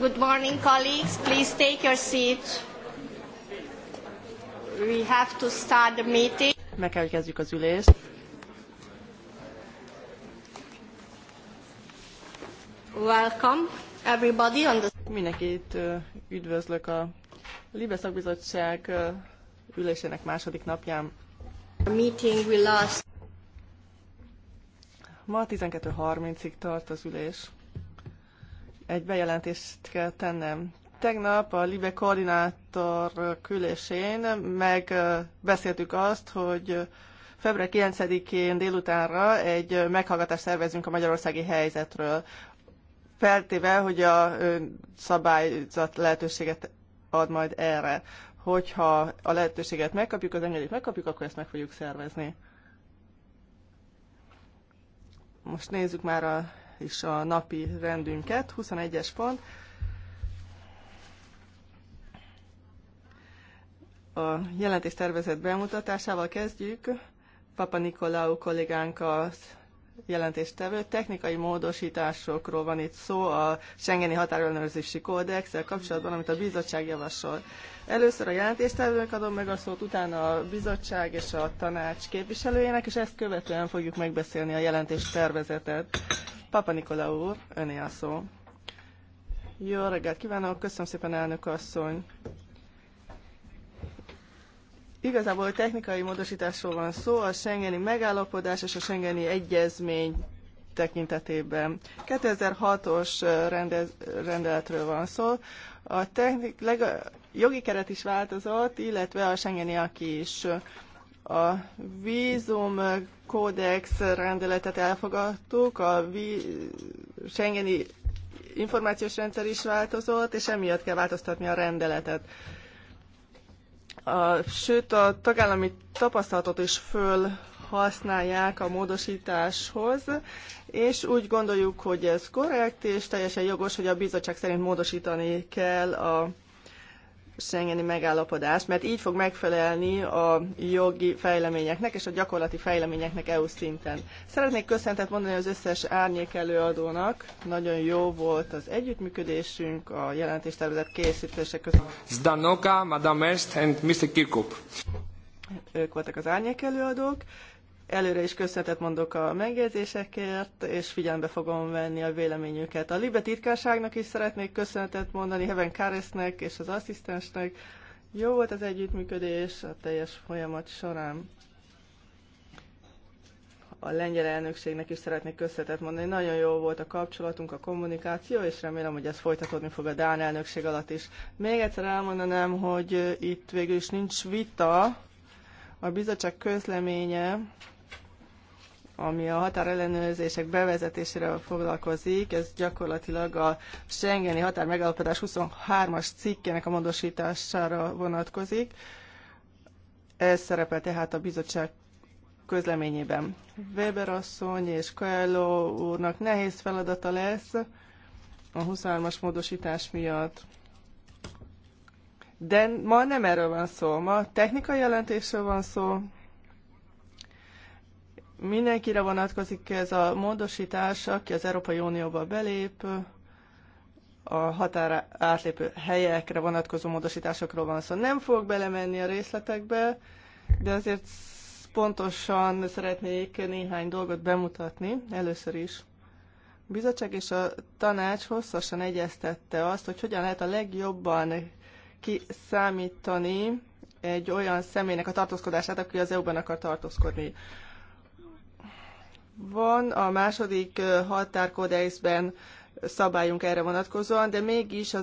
Good morning, colleagues. Please take your seat. We have to start the meeting. Meg kell, kezdjük az ülést. Welcome, everybody on the... Mindenkit üdvözlök a Libe Szakbizottság ülésének második napján. The meeting will last. Ma 12.30-ig tart az ülés egy bejelentést kell tennem. Tegnap a LIBE koordinátor külésén megbeszéltük azt, hogy február 9-én délutánra egy meghallgatást szervezünk a magyarországi helyzetről. Feltéve, hogy a szabályzat lehetőséget ad majd erre. Hogyha a lehetőséget megkapjuk, az engedélyt megkapjuk, akkor ezt meg fogjuk szervezni. Most nézzük már a is a napi rendünket. 21-es pont. A jelentés tervezett bemutatásával kezdjük. Papa Nikolau kollégánk a jelentéstevő. Technikai módosításokról van itt szó a Schengeni határellenőrzési kódexsel kapcsolatban, amit a bizottság javasol. Először a jelentéstevőnek adom meg a szót, utána a bizottság és a tanács képviselőjének, és ezt követően fogjuk megbeszélni a jelentés Papa Nikola úr, öné a szó. Jó reggelt kívánok, köszönöm szépen elnök asszony. Igazából technikai módosításról van szó, a Schengeni megállapodás és a Schengeni egyezmény tekintetében. 2006-os rendez, rendeletről van szó. A technik, leg, jogi keret is változott, illetve a Schengeni aki is. A vízum kódex rendeletet elfogadtuk, a ví... Schengeni információs rendszer is változott, és emiatt kell változtatni a rendeletet. A, sőt, a tagállami tapasztalatot is föl használják a módosításhoz, és úgy gondoljuk, hogy ez korrekt, és teljesen jogos, hogy a bizottság szerint módosítani kell a Schengeni megállapodás, mert így fog megfelelni a jogi fejleményeknek és a gyakorlati fejleményeknek EU szinten. Szeretnék köszöntet mondani az összes árnyék előadónak. Nagyon jó volt az együttműködésünk a jelentéstervezet készítése között. Zdanoka, Madame Ernst and Mr. Kirkup. Ők voltak az árnyék előadók. Előre is köszönetet mondok a megjegyzésekért, és figyelembe fogom venni a véleményüket. A Libe titkárságnak is szeretnék köszönetet mondani, Heaven Karesznek és az asszisztensnek. Jó volt az együttműködés a teljes folyamat során. A lengyel elnökségnek is szeretnék köszönetet mondani. Nagyon jó volt a kapcsolatunk, a kommunikáció, és remélem, hogy ez folytatódni fog a Dán elnökség alatt is. Még egyszer elmondanám, hogy itt végül is nincs vita, a bizottság közleménye ami a határellenőrzések bevezetésére foglalkozik, ez gyakorlatilag a Schengeni határ megállapodás 23-as cikkének a módosítására vonatkozik. Ez szerepel tehát a bizottság közleményében. Weber asszony és Coelho úrnak nehéz feladata lesz a 23-as módosítás miatt. De ma nem erről van szó, ma technikai jelentésről van szó, Mindenkire vonatkozik ez a módosítás, aki az Európai Unióba belép, a határ átlépő helyekre vonatkozó módosításokról van szó. Szóval nem fogok belemenni a részletekbe, de azért pontosan szeretnék néhány dolgot bemutatni. Először is a bizottság és a tanács hosszasan egyeztette azt, hogy hogyan lehet a legjobban kiszámítani egy olyan személynek a tartózkodását, aki az EU-ban akar tartózkodni van a második határkódexben szabályunk erre vonatkozóan, de mégis a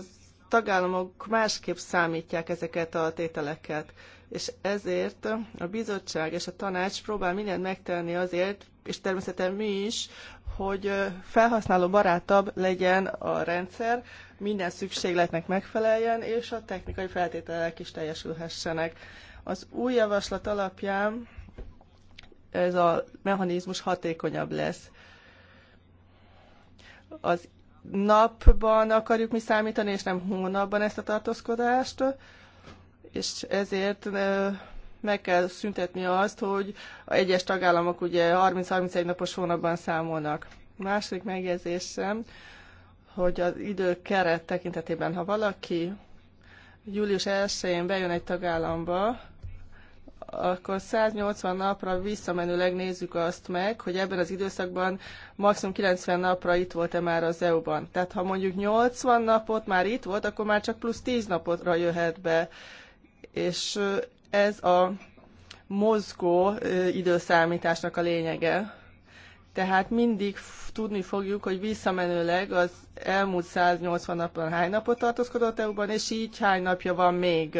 tagállamok másképp számítják ezeket a tételeket. És ezért a bizottság és a tanács próbál mindent megtenni azért, és természetesen mi is, hogy felhasználó barátabb legyen a rendszer, minden szükségletnek megfeleljen, és a technikai feltételek is teljesülhessenek. Az új javaslat alapján ez a mechanizmus hatékonyabb lesz. Az napban akarjuk mi számítani, és nem hónapban ezt a tartózkodást, és ezért meg kell szüntetni azt, hogy egyes tagállamok ugye 30-31 napos hónapban számolnak. Második megjegyzésem, hogy az idő keret tekintetében, ha valaki július 1-én bejön egy tagállamba, akkor 180 napra visszamenőleg nézzük azt meg, hogy ebben az időszakban maximum 90 napra itt volt-e már az EU-ban. Tehát ha mondjuk 80 napot már itt volt, akkor már csak plusz 10 napotra jöhet be. És ez a mozgó időszámításnak a lényege. Tehát mindig tudni fogjuk, hogy visszamenőleg az elmúlt 180 napban hány napot tartózkodott EU-ban, és így hány napja van még.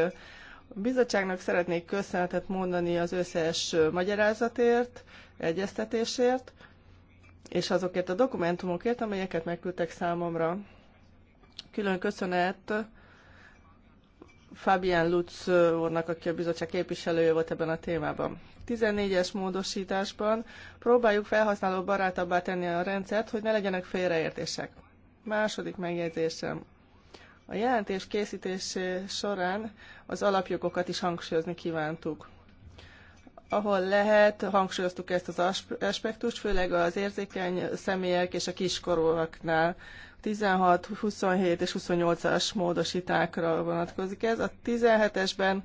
A bizottságnak szeretnék köszönetet mondani az összes magyarázatért, egyeztetésért, és azokért a dokumentumokért, amelyeket megküldtek számomra. Külön köszönet Fabian Lutz úrnak, aki a bizottság képviselője volt ebben a témában. 14-es módosításban próbáljuk felhasználó barátabbá tenni a rendszert, hogy ne legyenek félreértések. Második megjegyzésem. A jelentés készítése során az alapjogokat is hangsúlyozni kívántuk. Ahol lehet, hangsúlyoztuk ezt az aspektust, főleg az érzékeny személyek és a kiskorúaknál. 16, 27 és 28-as módosítákra vonatkozik ez. A 17-esben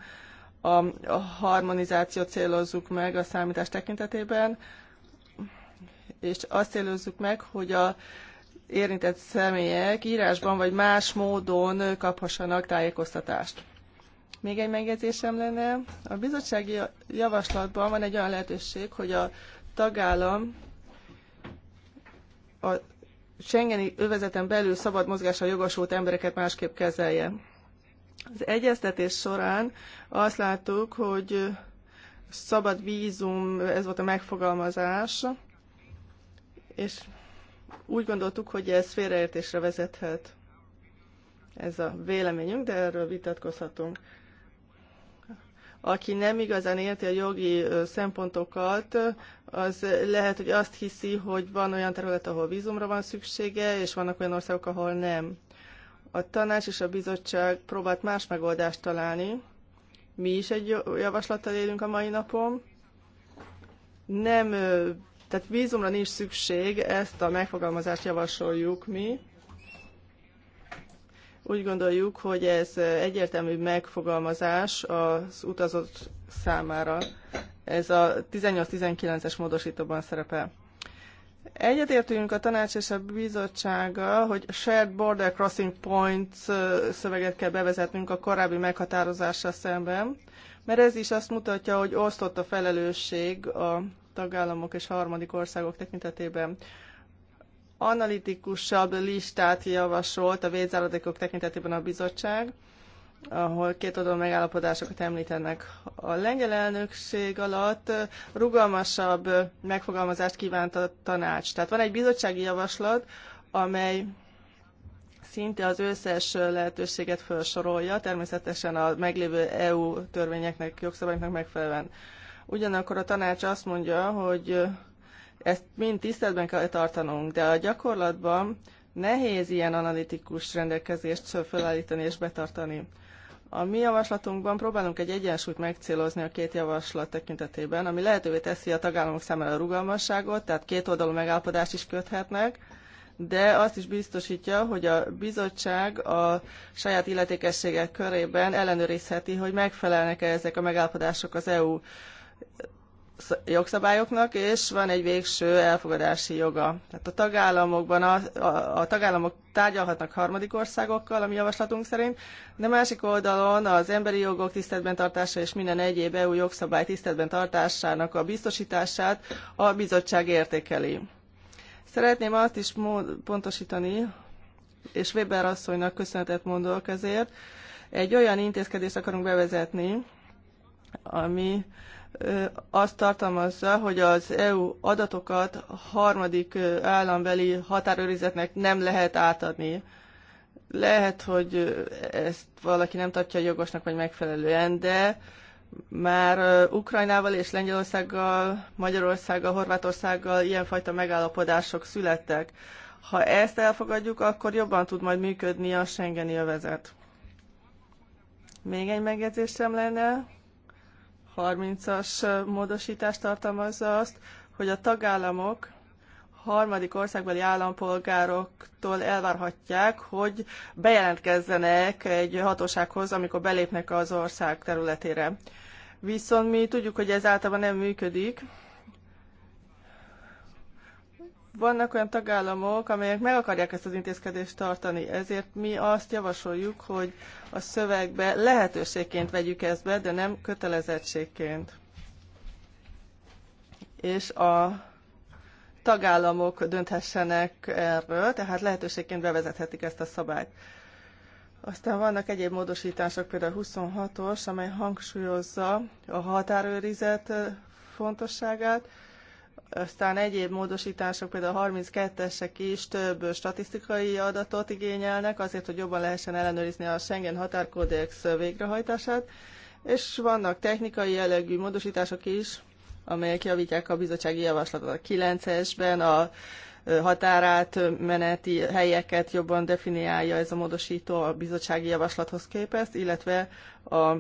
a, a harmonizációt célozzuk meg a számítás tekintetében, és azt célozzuk meg, hogy a érintett személyek írásban vagy más módon kaphassanak tájékoztatást. Még egy megjegyzésem lenne. A bizottsági javaslatban van egy olyan lehetőség, hogy a tagállam a Schengeni övezeten belül szabad mozgásra jogosult embereket másképp kezelje. Az egyeztetés során azt láttuk, hogy szabad vízum, ez volt a megfogalmazás, és úgy gondoltuk, hogy ez félreértésre vezethet. Ez a véleményünk, de erről vitatkozhatunk. Aki nem igazán érti a jogi szempontokat, az lehet, hogy azt hiszi, hogy van olyan terület, ahol vízumra van szüksége, és vannak olyan országok, ahol nem. A tanács és a bizottság próbált más megoldást találni. Mi is egy javaslattal élünk a mai napon. Nem tehát vízumra nincs szükség, ezt a megfogalmazást javasoljuk mi. Úgy gondoljuk, hogy ez egyértelmű megfogalmazás az utazott számára. Ez a 18-19-es módosítóban szerepel. Egyetértünk a tanács és a bizottsága, hogy Shared Border Crossing Points szöveget kell bevezetnünk a korábbi meghatározással szemben, mert ez is azt mutatja, hogy osztott a felelősség a tagállamok és harmadik országok tekintetében analitikusabb listát javasolt a védzáradékok tekintetében a bizottság, ahol két oldalon megállapodásokat említenek. A lengyel elnökség alatt rugalmasabb megfogalmazást kívánt a tanács. Tehát van egy bizottsági javaslat, amely szinte az összes lehetőséget felsorolja, természetesen a meglévő EU törvényeknek, jogszabályoknak megfelelően. Ugyanakkor a tanács azt mondja, hogy ezt mind tiszteletben kell tartanunk, de a gyakorlatban nehéz ilyen analitikus rendelkezést felállítani és betartani. A mi javaslatunkban próbálunk egy egyensúlyt megcélozni a két javaslat tekintetében, ami lehetővé teszi a tagállamok számára a rugalmasságot, tehát két oldalú megállapodást is köthetnek, de azt is biztosítja, hogy a bizottság a saját illetékességek körében ellenőrizheti, hogy megfelelnek-e ezek a megállapodások az EU jogszabályoknak, és van egy végső elfogadási joga. Tehát a tagállamokban a, a, a tagállamok tárgyalhatnak harmadik országokkal, ami javaslatunk szerint, de másik oldalon az emberi jogok tiszteletben tartása és minden egyéb EU jogszabály tiszteletben tartásának a biztosítását a bizottság értékeli. Szeretném azt is pontosítani, és Weber asszonynak köszönetet mondok ezért, egy olyan intézkedést akarunk bevezetni, ami azt tartalmazza, hogy az EU adatokat harmadik állambeli határőrizetnek nem lehet átadni. Lehet, hogy ezt valaki nem tartja jogosnak vagy megfelelően, de már Ukrajnával és Lengyelországgal, Magyarországgal, Horvátországgal ilyenfajta megállapodások születtek. Ha ezt elfogadjuk, akkor jobban tud majd működni a Schengeni övezet. Még egy megjegyzésem lenne 30-as módosítás tartalmazza azt, hogy a tagállamok harmadik országbeli állampolgároktól elvárhatják, hogy bejelentkezzenek egy hatósághoz, amikor belépnek az ország területére. Viszont mi tudjuk, hogy ez általában nem működik, vannak olyan tagállamok, amelyek meg akarják ezt az intézkedést tartani, ezért mi azt javasoljuk, hogy a szövegbe lehetőségként vegyük ezt be, de nem kötelezettségként. És a tagállamok dönthessenek erről, tehát lehetőségként bevezethetik ezt a szabályt. Aztán vannak egyéb módosítások, például 26-os, amely hangsúlyozza a határőrizet fontosságát, aztán egyéb módosítások, például a 32-esek is több statisztikai adatot igényelnek, azért, hogy jobban lehessen ellenőrizni a Schengen határkódex végrehajtását, és vannak technikai jellegű módosítások is, amelyek javítják a bizottsági javaslatot a 9-esben, a határát, meneti helyeket jobban definiálja ez a módosító a bizottsági javaslathoz képest, illetve a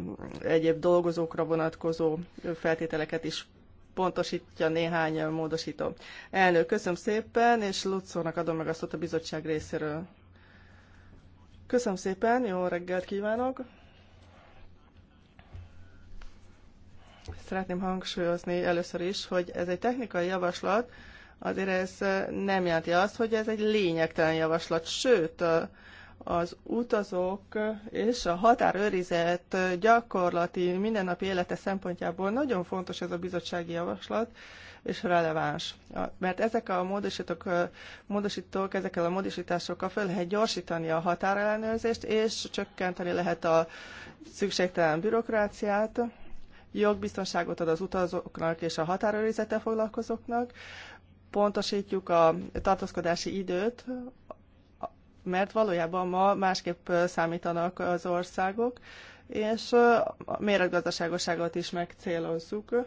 egyéb dolgozókra vonatkozó feltételeket is pontosítja néhány módosító. Elnök, köszönöm szépen, és Lutzónak adom meg azt a bizottság részéről. Köszönöm szépen, jó reggelt kívánok! Szeretném hangsúlyozni először is, hogy ez egy technikai javaslat, azért ez nem jelenti azt, hogy ez egy lényegtelen javaslat, sőt, az utazók és a határőrizet gyakorlati mindennapi élete szempontjából nagyon fontos ez a bizottsági javaslat, és releváns. Mert ezek a módosítók, módosítók ezekkel a módosításokkal fel lehet gyorsítani a határellenőrzést, és csökkenteni lehet a szükségtelen bürokráciát, jogbiztonságot ad az utazóknak és a határőrizete foglalkozóknak, pontosítjuk a tartózkodási időt mert valójában ma másképp számítanak az országok, és a méretgazdaságosságot is megcélozzuk.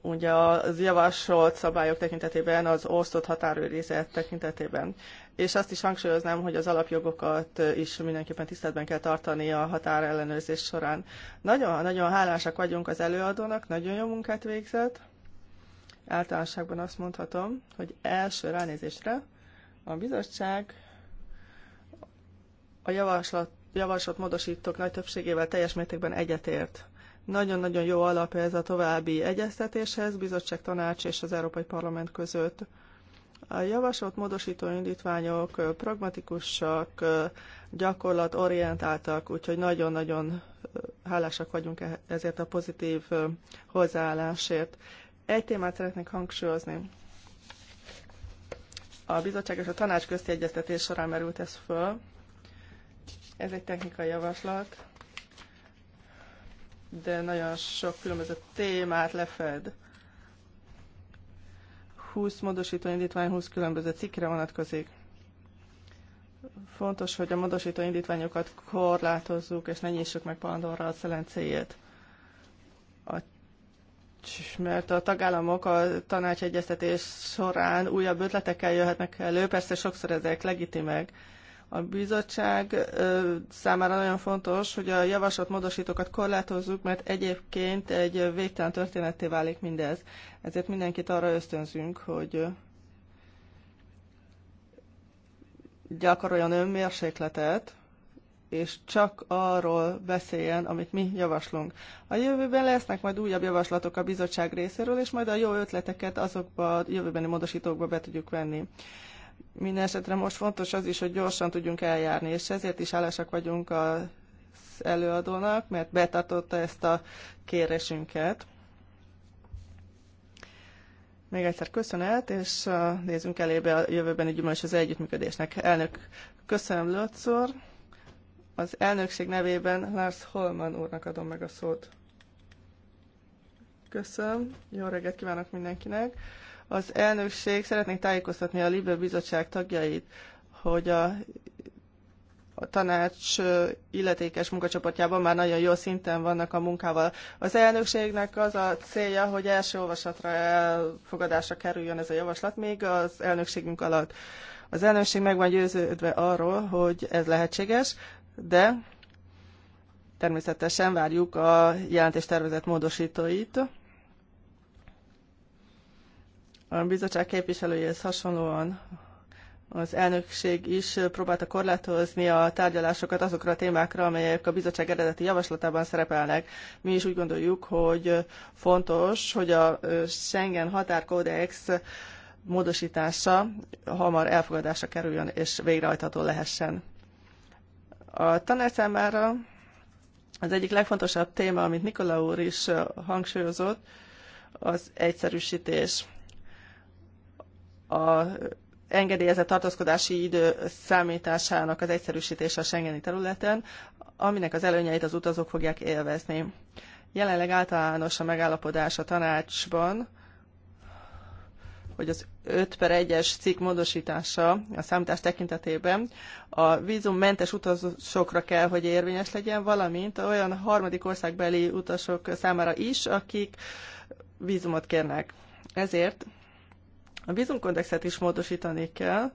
Ugye az javasolt szabályok tekintetében, az osztott határőrizet tekintetében. És azt is hangsúlyoznám, hogy az alapjogokat is mindenképpen tiszteletben kell tartani a határellenőrzés során. Nagyon-nagyon hálásak vagyunk az előadónak, nagyon jó munkát végzett. Általánosságban azt mondhatom, hogy első ránézésre a bizottság a javaslat, javaslat módosítók nagy többségével teljes mértékben egyetért. Nagyon-nagyon jó alap ez a további egyeztetéshez, bizottság tanács és az Európai Parlament között. A javasolt módosító indítványok pragmatikusak, gyakorlatorientáltak, úgyhogy nagyon-nagyon hálásak vagyunk e-, ezért a pozitív hozzáállásért. Egy témát szeretnék hangsúlyozni. A bizottság és a tanács közti egyeztetés során merült ez föl. Ez egy technikai javaslat, de nagyon sok különböző témát lefed. 20 módosító indítvány 20 különböző cikkre vonatkozik. Fontos, hogy a módosító indítványokat korlátozzuk, és ne nyissuk meg Pandora a szelencéjét mert a tagállamok a tanácsegyeztetés során újabb ötletekkel jöhetnek elő, persze sokszor ezek legitimek. A bizottság számára nagyon fontos, hogy a javasolt módosítókat korlátozzuk, mert egyébként egy végtelen történetté válik mindez. Ezért mindenkit arra ösztönzünk, hogy gyakoroljon önmérsékletet, és csak arról beszéljen, amit mi javaslunk. A jövőben lesznek majd újabb javaslatok a bizottság részéről, és majd a jó ötleteket azokba a jövőbeni módosítókba be tudjuk venni. Mindenesetre most fontos az is, hogy gyorsan tudjunk eljárni, és ezért is állásak vagyunk az előadónak, mert betartotta ezt a kérésünket. Még egyszer köszönet, és uh, nézzünk elébe a jövőbeni gyümölcs az együttműködésnek. Elnök, köszönöm Lötszor! Az elnökség nevében Lars Holman úrnak adom meg a szót. Köszönöm, jó reggelt kívánok mindenkinek. Az elnökség szeretnék tájékoztatni a Libe Bizottság tagjait, hogy a a tanács illetékes munkacsoportjában már nagyon jó szinten vannak a munkával. Az elnökségnek az a célja, hogy első olvasatra elfogadásra kerüljön ez a javaslat még az elnökségünk alatt. Az elnökség meg van győződve arról, hogy ez lehetséges, de természetesen várjuk a jelentés tervezett módosítóit. A bizottság képviselőjéhez hasonlóan az elnökség is próbálta korlátozni a tárgyalásokat azokra a témákra, amelyek a bizottság eredeti javaslatában szerepelnek. Mi is úgy gondoljuk, hogy fontos, hogy a Schengen határkódex módosítása hamar elfogadásra kerüljön és végrehajtható lehessen. A tanár számára az egyik legfontosabb téma, amit Nikola úr is hangsúlyozott, az egyszerűsítés. A engedélyezett tartózkodási idő számításának az egyszerűsítése a Schengeni területen, aminek az előnyeit az utazók fogják élvezni. Jelenleg általános a megállapodás a tanácsban hogy az 5 per 1-es cikk módosítása a számítás tekintetében a vízummentes utasokra kell, hogy érvényes legyen, valamint olyan harmadik országbeli utasok számára is, akik vízumot kérnek. Ezért a vízumkondexet is módosítani kell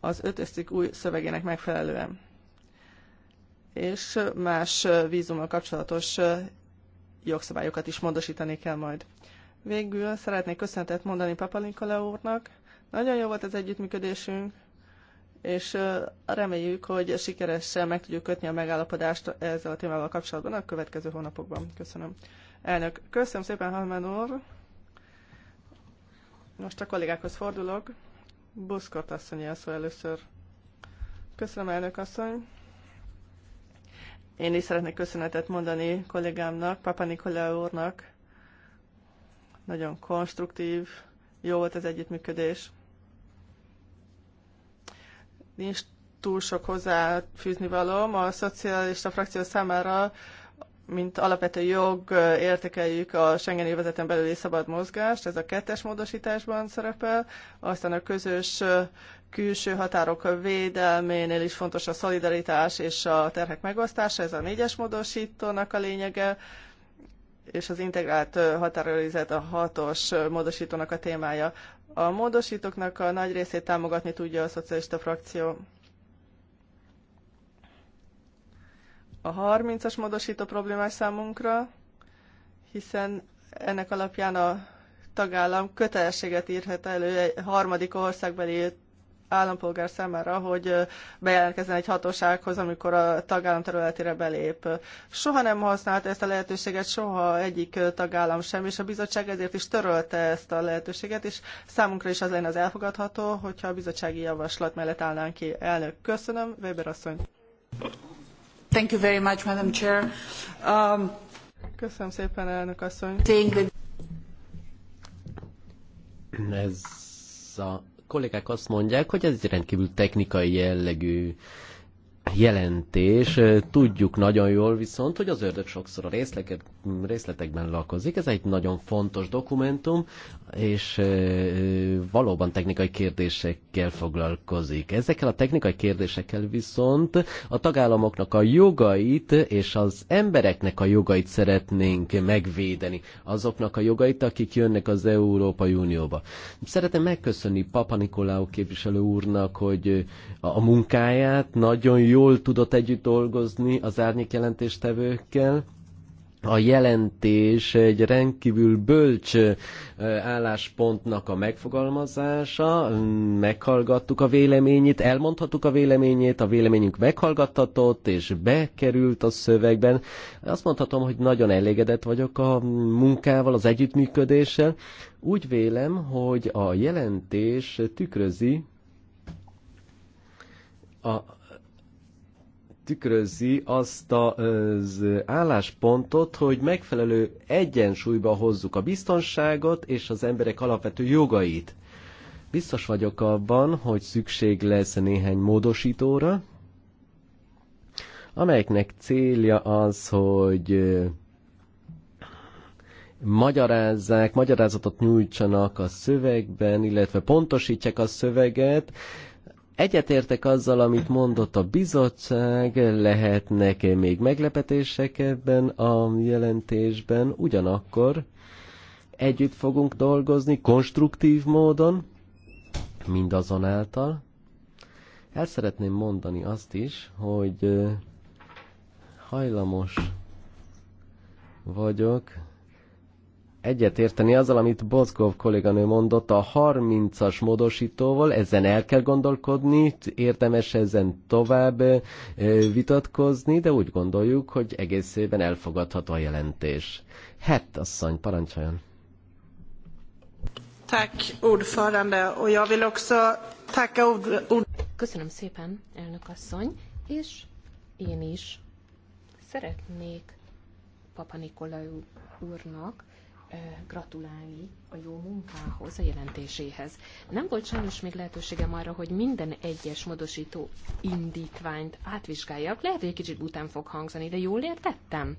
az 5 cikk új szövegének megfelelően és más vízummal kapcsolatos jogszabályokat is módosítani kell majd. Végül szeretnék köszöntet mondani Papa Nikola úrnak. Nagyon jó volt az együttműködésünk, és reméljük, hogy sikeresen meg tudjuk kötni a megállapodást ezzel a témával kapcsolatban a következő hónapokban. Köszönöm. Elnök, köszönöm szépen, Halman úr. Most a kollégákhoz fordulok. Buszkort asszony szó először. Köszönöm, elnök asszony. Én is szeretnék köszönetet mondani kollégámnak, Papa Nikola úrnak nagyon konstruktív, jó volt az együttműködés. Nincs túl sok hozzáfűzni valóm. A szocialista frakció számára, mint alapvető jog értékeljük a Schengen évezeten belüli szabad mozgást, ez a kettes módosításban szerepel, aztán a közös külső határok védelménél is fontos a szolidaritás és a terhek megosztása, ez a négyes módosítónak a lényege, és az integrált határőrizet a hatos módosítónak a témája. A módosítóknak a nagy részét támogatni tudja a szocialista frakció. A 30-as módosító problémás számunkra, hiszen ennek alapján a tagállam kötelességet írhat elő egy harmadik országbeli állampolgár számára, hogy bejelentkezzen egy hatósághoz, amikor a tagállam területére belép. Soha nem használta ezt a lehetőséget, soha egyik tagállam sem, és a bizottság ezért is törölte ezt a lehetőséget, és számunkra is az lenne az elfogadható, hogyha a bizottsági javaslat mellett állnánk ki. Elnök, köszönöm, Weber asszony. Thank you very much, Madam Chair. Um, köszönöm szépen, elnök asszony. Ez a kollégák azt mondják, hogy ez egy rendkívül technikai jellegű jelentés. Tudjuk nagyon jól viszont, hogy az ördög sokszor a részleket részletekben lakozik. Ez egy nagyon fontos dokumentum, és valóban technikai kérdésekkel foglalkozik. Ezekkel a technikai kérdésekkel viszont a tagállamoknak a jogait és az embereknek a jogait szeretnénk megvédeni. Azoknak a jogait, akik jönnek az Európai Unióba. Szeretem megköszönni Papa Nikolau képviselő úrnak, hogy a munkáját nagyon jól tudott együtt dolgozni az árnyék jelentéstevőkkel a jelentés egy rendkívül bölcs álláspontnak a megfogalmazása, meghallgattuk a véleményét, elmondhattuk a véleményét, a véleményünk meghallgattatott és bekerült a szövegben. Azt mondhatom, hogy nagyon elégedett vagyok a munkával, az együttműködéssel. Úgy vélem, hogy a jelentés tükrözi a tükrözi azt az álláspontot, hogy megfelelő egyensúlyba hozzuk a biztonságot és az emberek alapvető jogait. Biztos vagyok abban, hogy szükség lesz néhány módosítóra, amelyeknek célja az, hogy magyarázzák, magyarázatot nyújtsanak a szövegben, illetve pontosítják a szöveget, Egyetértek azzal, amit mondott a bizottság, lehetnek még meglepetések ebben a jelentésben, ugyanakkor együtt fogunk dolgozni konstruktív módon, mindazonáltal. El szeretném mondani azt is, hogy hajlamos vagyok egyet érteni azzal, amit Bozkov kolléganő mondott a 30-as módosítóval, ezen el kell gondolkodni, érdemes ezen tovább vitatkozni, de úgy gondoljuk, hogy egészében elfogadható a jelentés. Hát, asszony, parancsoljon! Köszönöm szépen, elnök asszony, és én is szeretnék Papa Nikolai úrnak gratulálni a jó munkához, a jelentéséhez. Nem volt sajnos még lehetőségem arra, hogy minden egyes modosító indítványt átvizsgáljak. Lehet, hogy egy kicsit után fog hangzani, de jól értettem,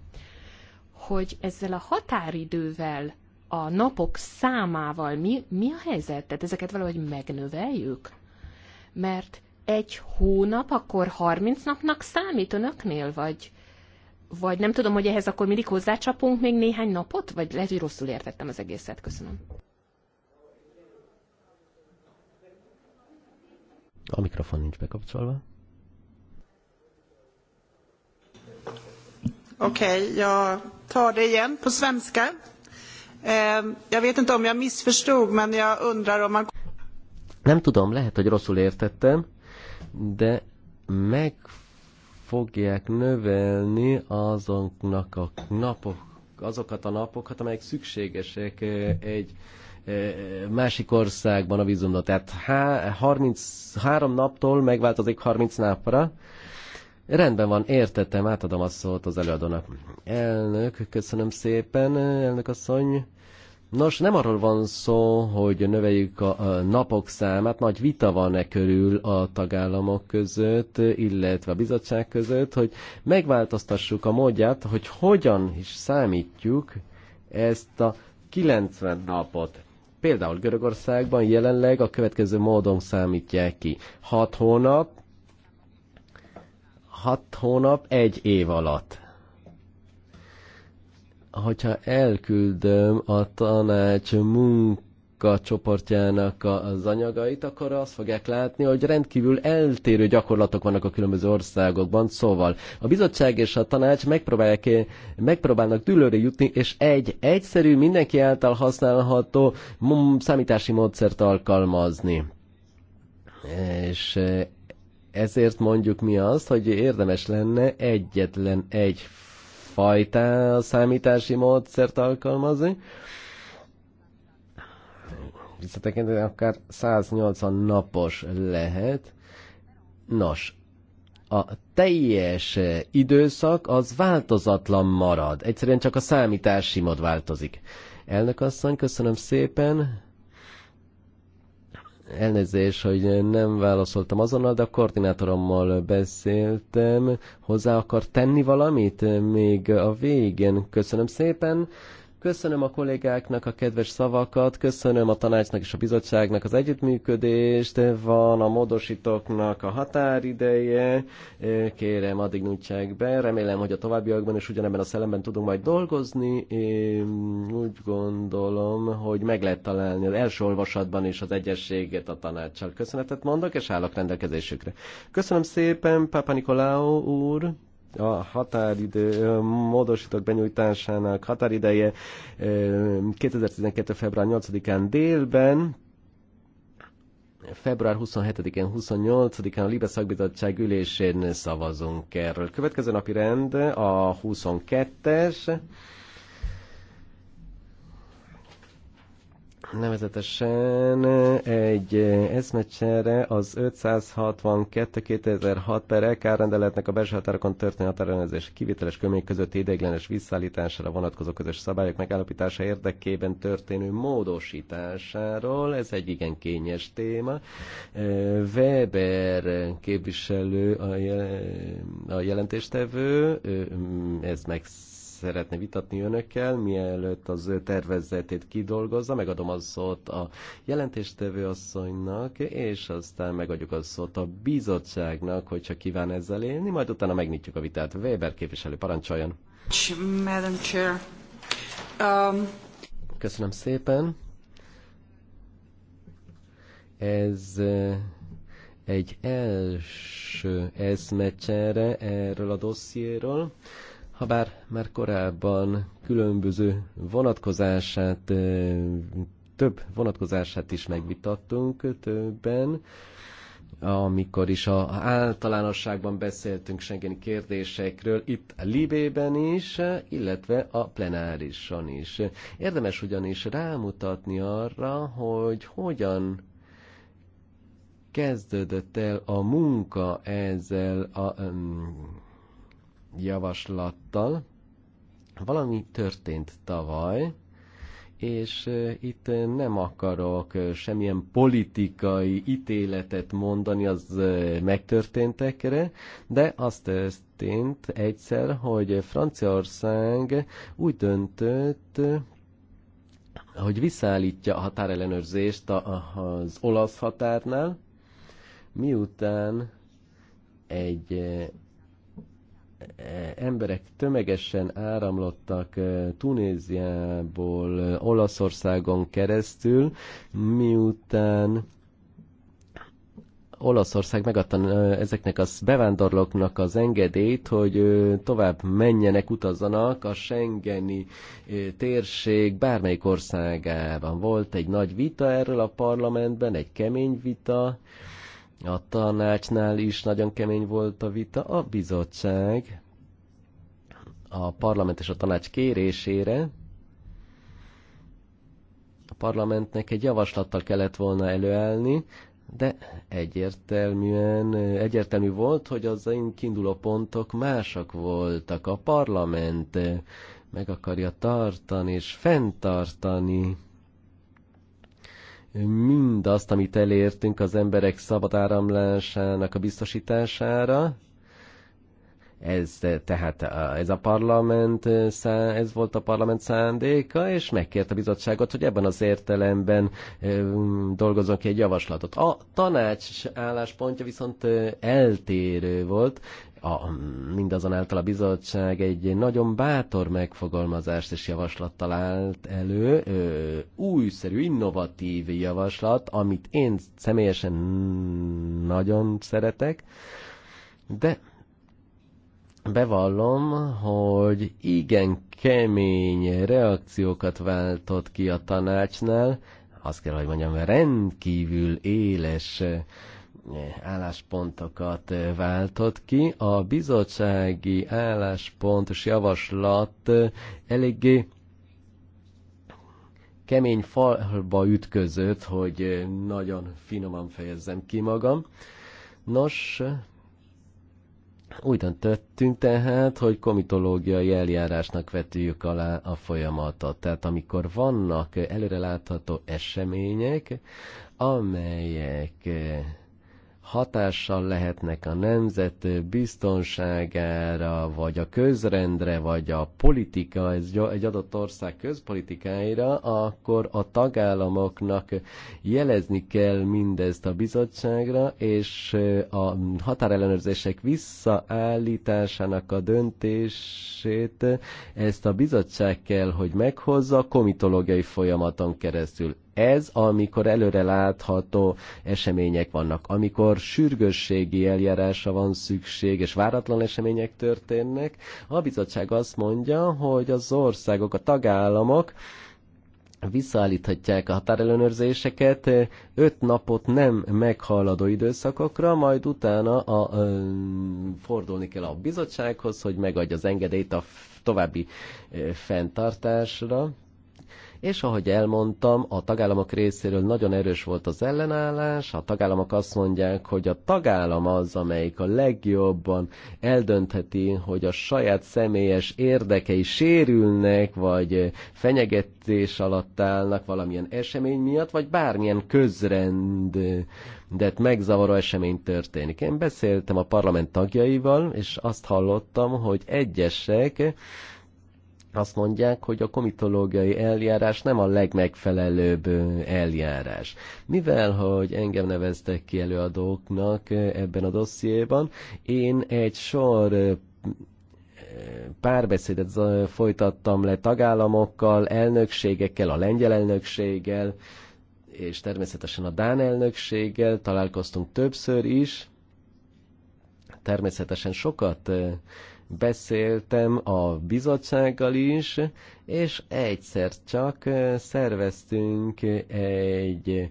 hogy ezzel a határidővel, a napok számával mi, mi a helyzet? Tehát ezeket valahogy megnöveljük? Mert egy hónap akkor 30 napnak számít önöknél, vagy vagy nem tudom, hogy ehhez akkor mindig hozzácsapunk még néhány napot, vagy lehet, hogy rosszul értettem az egészet. Köszönöm. A mikrofon nincs bekapcsolva. Okej, okay, jag tar det igen på svenska. Eh, jag vet inte om jag missförstod, men jag undrar om man... Nem tudom, lehet, hogy rosszul értettem, de meg fogják növelni azoknak a napok, azokat a napokat, amelyek szükségesek egy másik országban a vízumra. Tehát há, 33 naptól megváltozik 30 napra. Rendben van, értettem, átadom a szót az előadónak. Elnök, köszönöm szépen, elnök asszony. Nos, nem arról van szó, hogy növeljük a, napok számát, nagy vita van e körül a tagállamok között, illetve a bizottság között, hogy megváltoztassuk a módját, hogy hogyan is számítjuk ezt a 90 napot. Például Görögországban jelenleg a következő módon számítják ki. 6 hónap, 6 hónap egy év alatt hogyha elküldöm a tanács munkacsoportjának az anyagait, akkor azt fogják látni, hogy rendkívül eltérő gyakorlatok vannak a különböző országokban. Szóval a bizottság és a tanács megpróbálják, megpróbálnak dülőre jutni, és egy egyszerű, mindenki által használható számítási módszert alkalmazni. És eh, ezért mondjuk mi azt, hogy érdemes lenne egyetlen egy fajta számítási módszert alkalmazni. Visszatekintve akár 180 napos lehet. Nos, a teljes időszak az változatlan marad. Egyszerűen csak a számítási mód változik. Elnök asszony, köszönöm szépen elnézés, hogy nem válaszoltam azonnal, de a koordinátorommal beszéltem. Hozzá akar tenni valamit még a végén. Köszönöm szépen. Köszönöm a kollégáknak a kedves szavakat, köszönöm a tanácsnak és a bizottságnak az együttműködést, van a módosítóknak a határideje, kérem addig nyújtsák be, remélem, hogy a továbbiakban is ugyanebben a szellemben tudunk majd dolgozni, én úgy gondolom, hogy meg lehet találni az első olvasatban is az egyességet a tanácssal. Köszönetet mondok, és állok rendelkezésükre. Köszönöm szépen, Papa Nikolau úr! a határidő, a módosítók benyújtásának határideje 2012. február 8-án délben, február 27-én, 28-án a Libe Szakbizottság ülésén szavazunk erről. Következő napi rend a 22-es. nevezetesen eh, egy eh, eszmecsere az 562-2006 per EK rendeletnek a belső határokon történő határellenőrzés kivételes kömény közötti ideiglenes visszaállítására vonatkozó közös szabályok megállapítása érdekében történő módosításáról. Ez egy igen kényes téma. Eh, Weber képviselő a, jelentéstevő, mm, ez meg szeretne vitatni önökkel, mielőtt az ő tervezetét kidolgozza. Megadom a szót a jelentéstevő asszonynak, és aztán megadjuk a szót a bizottságnak, hogyha kíván ezzel élni, majd utána megnyitjuk a vitát. Weber képviselő, parancsoljon! Madam Chair. Um... Köszönöm szépen. Ez eh, egy első eszmecsere erről a dossziéről ha bár már korábban különböző vonatkozását, több vonatkozását is megvitattunk többen, amikor is a általánosságban beszéltünk Schengeni kérdésekről, itt a Libében is, illetve a plenárison is. Érdemes ugyanis rámutatni arra, hogy hogyan kezdődött el a munka ezzel a um, javaslattal. Valami történt tavaly, és itt nem akarok semmilyen politikai ítéletet mondani az megtörténtekre, de azt történt egyszer, hogy Franciaország úgy döntött, hogy visszaállítja a határellenőrzést az olasz határnál, miután egy emberek tömegesen áramlottak eh, Tunéziából eh, Olaszországon keresztül, miután Olaszország megadta eh, ezeknek a bevándorlóknak az engedélyt, hogy tovább menjenek, utazzanak a Schengeni térség bármelyik országában. Volt egy nagy vita erről a parlamentben, egy kemény vita, a tanácsnál is nagyon kemény volt a vita. A bizottság a parlament és a tanács kérésére a parlamentnek egy javaslattal kellett volna előállni, de egyértelműen, egyértelmű volt, hogy az én kiinduló pontok másak voltak. A parlament meg akarja tartani és fenntartani mindazt, amit elértünk az emberek szabad áramlásának a biztosítására. Ez tehát ez a parlament, ez volt a parlament szándéka, és megkért a bizottságot, hogy ebben az értelemben dolgozzon ki egy javaslatot. A tanács álláspontja viszont eltérő volt, a, mindazonáltal a bizottság egy nagyon bátor megfogalmazást és javaslattal állt elő, ö, újszerű, innovatív javaslat, amit én személyesen nagyon szeretek, de bevallom, hogy igen kemény reakciókat váltott ki a tanácsnál, azt kell, hogy mondjam, rendkívül éles álláspontokat váltott ki. A bizottsági álláspontos javaslat eléggé kemény falba ütközött, hogy nagyon finoman fejezzem ki magam. Nos, úgy döntöttünk tehát, hogy komitológiai eljárásnak vetjük alá a folyamatot. Tehát amikor vannak előrelátható események, amelyek hatással lehetnek a nemzet biztonságára, vagy a közrendre, vagy a politika, egy adott ország közpolitikáira, akkor a tagállamoknak jelezni kell mindezt a bizottságra, és a határellenőrzések visszaállításának a döntését ezt a bizottság kell, hogy meghozza komitológiai folyamaton keresztül ez, amikor előre látható események vannak, amikor sürgősségi eljárásra van szükség, és váratlan események történnek, a bizottság azt mondja, hogy az országok, a tagállamok visszaállíthatják a határellenőrzéseket öt napot nem meghaladó időszakokra, majd utána a, a, fordulni kell a bizottsághoz, hogy megadja az engedélyt a további fenntartásra, és ahogy elmondtam, a tagállamok részéről nagyon erős volt az ellenállás, a tagállamok azt mondják, hogy a tagállam az, amelyik a legjobban eldöntheti, hogy a saját személyes érdekei sérülnek, vagy fenyegetés alatt állnak valamilyen esemény miatt, vagy bármilyen közrend de megzavaró esemény történik. Én beszéltem a parlament tagjaival, és azt hallottam, hogy egyesek azt mondják, hogy a komitológiai eljárás nem a legmegfelelőbb eljárás. Mivel, hogy engem neveztek ki előadóknak ebben a dossziéban, én egy sor párbeszédet folytattam le tagállamokkal, elnökségekkel, a lengyel elnökséggel, és természetesen a Dán elnökséggel találkoztunk többször is. Természetesen sokat Beszéltem a bizottsággal is, és egyszer csak szerveztünk egy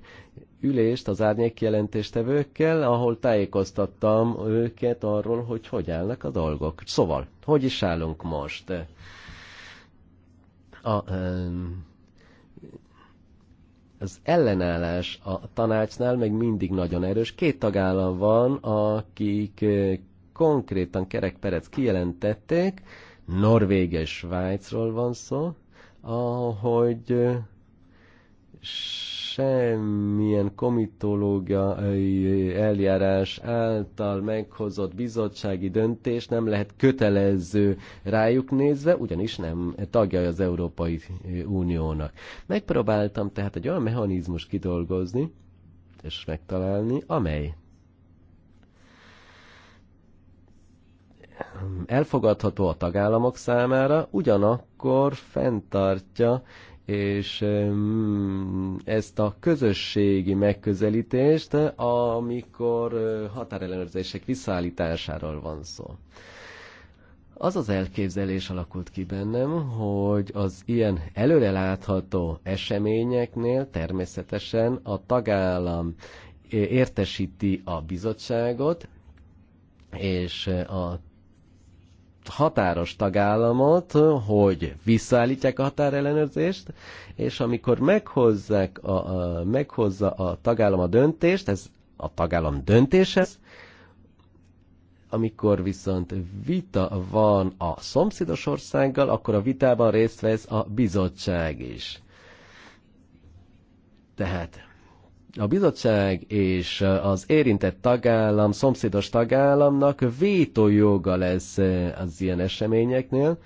ülést az árnyék jelentéstevőkkel, ahol tájékoztattam őket arról, hogy hogy állnak a dolgok. Szóval, hogy is állunk most? A, az ellenállás a tanácsnál meg mindig nagyon erős. Két tagállam van, akik konkrétan kerekperet kijelentették, Norvégia és Svájcról van szó, ahogy semmilyen komitológiai eljárás által meghozott bizottsági döntés nem lehet kötelező rájuk nézve, ugyanis nem tagja az Európai Uniónak. Megpróbáltam tehát egy olyan mechanizmus kidolgozni, és megtalálni, amely elfogadható a tagállamok számára, ugyanakkor fenntartja és mm, ezt a közösségi megközelítést, amikor határellenőrzések visszaállításáról van szó. Az az elképzelés alakult ki bennem, hogy az ilyen előrelátható eseményeknél természetesen a tagállam értesíti a bizottságot, és a határos tagállamot, hogy visszaállítják a határellenőrzést, és amikor meghozzák a, a, meghozza a tagállam a döntést, ez a tagállam döntése, amikor viszont vita van a szomszédos országgal, akkor a vitában részt vesz a bizottság is. Tehát a bizottság és az érintett tagállam, szomszédos tagállamnak vétójoga lesz eh, az ilyen eseményeknél.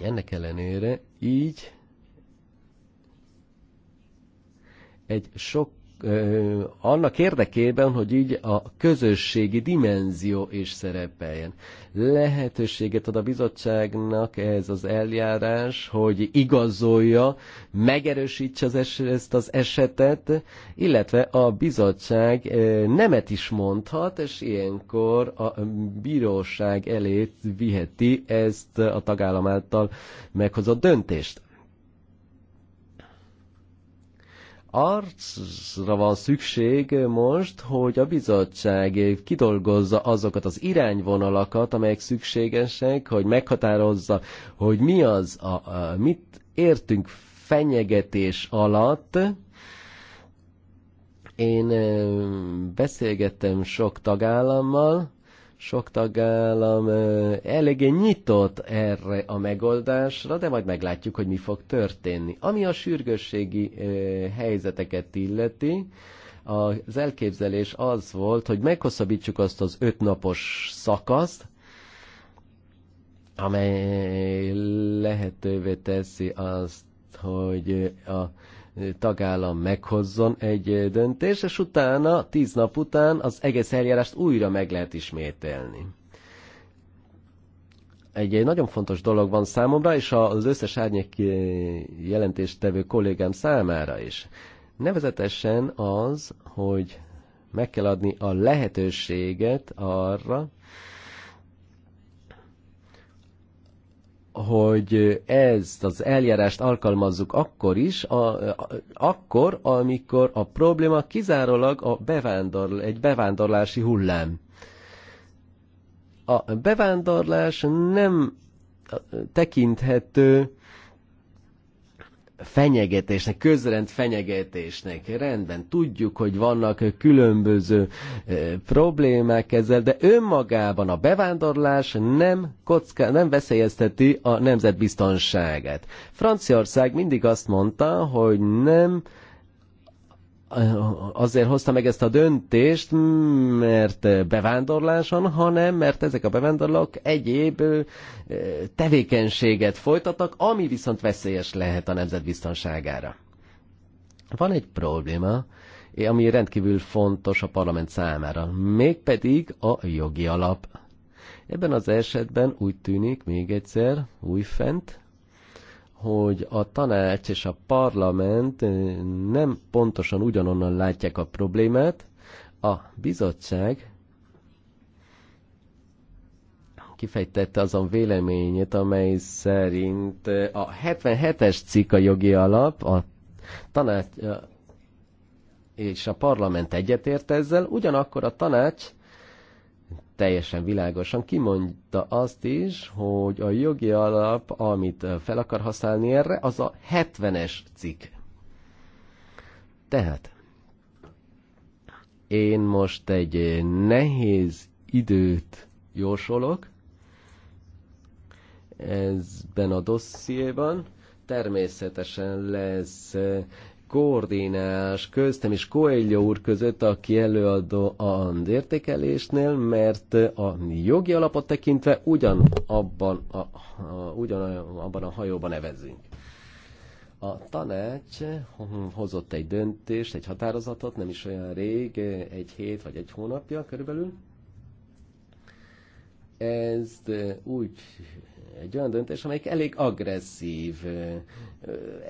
Ennek ellenére így egy sok annak érdekében, hogy így a közösségi dimenzió is szerepeljen. Lehetőséget ad a bizottságnak ez az eljárás, hogy igazolja, megerősítse az es- ezt az esetet, illetve a bizottság nemet is mondhat, és ilyenkor a bíróság elé viheti ezt a tagállam által meghozott döntést. arcra van szükség most, hogy a bizottság kidolgozza azokat az irányvonalakat, amelyek szükségesek, hogy meghatározza, hogy mi az, a, a, mit értünk fenyegetés alatt. Én beszélgettem sok tagállammal, sok tagállam eléggé nyitott erre a megoldásra, de majd meglátjuk, hogy mi fog történni. Ami a sürgősségi helyzeteket illeti, az elképzelés az volt, hogy meghosszabbítsuk azt az ötnapos szakaszt, amely lehetővé teszi azt, hogy a tagállam meghozzon egy döntést, és utána, tíz nap után az egész eljárást újra meg lehet ismételni. Egy, egy nagyon fontos dolog van számomra, és az összes árnyék jelentéstevő kollégám számára is. Nevezetesen az, hogy meg kell adni a lehetőséget arra, hogy ezt az eljárást alkalmazzuk akkor is, a, a, akkor, amikor a probléma kizárólag a bevándor, egy bevándorlási hullám. A bevándorlás nem tekinthető fenyegetésnek, közrend fenyegetésnek. Rendben, tudjuk, hogy vannak különböző eh, problémák ezzel, de önmagában a bevándorlás nem, kocká, nem veszélyezteti a nemzetbiztonságát. Franciaország mindig azt mondta, hogy nem azért hozta meg ezt a döntést, mert bevándorláson, hanem mert ezek a bevándorlók egyéb tevékenységet folytatnak, ami viszont veszélyes lehet a nemzet biztonságára. Van egy probléma, ami rendkívül fontos a parlament számára, mégpedig a jogi alap. Ebben az esetben úgy tűnik, még egyszer, újfent, hogy a tanács és a parlament eh, nem pontosan ugyanonnan látják a problémát, a bizottság kifejtette azon véleményét, amely szerint eh, a 77-es cikk a jogi alap, a tanács eh, és a parlament egyetért ezzel, ugyanakkor a tanács teljesen világosan kimondta azt is, hogy a jogi alap, amit eh, fel akar használni erre, az a 70-es cikk. Tehát én most egy eh, nehéz időt jósolok ezben a dossziéban. Természetesen lesz eh, koordinás köztem és Coelho úr között, aki előadó a értékelésnél, mert a jogi alapot tekintve ugyanabban a, a, abban a hajóban nevezünk. A tanács hozott egy döntést, egy határozatot, nem is olyan rég, egy hét vagy egy hónapja körülbelül. Ez úgy egy olyan döntés, amelyik elég agresszív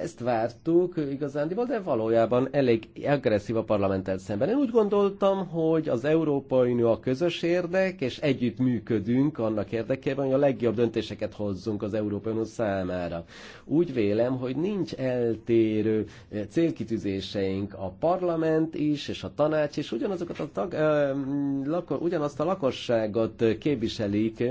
ezt vártuk igazándiból, de valójában elég agresszív a parlamenttel szemben. Én úgy gondoltam, hogy az Európai Unió a közös érdek, és együtt működünk annak érdekében, hogy a legjobb döntéseket hozzunk az Európai Unió számára. Úgy vélem, hogy nincs eltérő célkitűzéseink a parlament is, és a tanács is, ugyanazokat a tag, ö, lako, ugyanazt a lakosságot képviselik,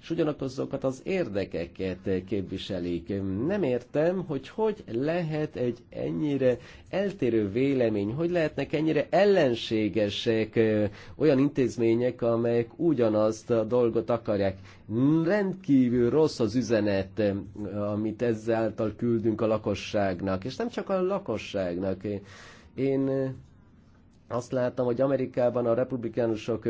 és ugyanazokat az érdekeket képviselik. Nem értem, hogy hogy hogy lehet egy ennyire eltérő vélemény, hogy lehetnek ennyire ellenségesek olyan intézmények, amelyek ugyanazt a dolgot akarják. Rendkívül rossz az üzenet, amit ezáltal küldünk a lakosságnak, és nem csak a lakosságnak. Én azt láttam, hogy Amerikában a republikánusok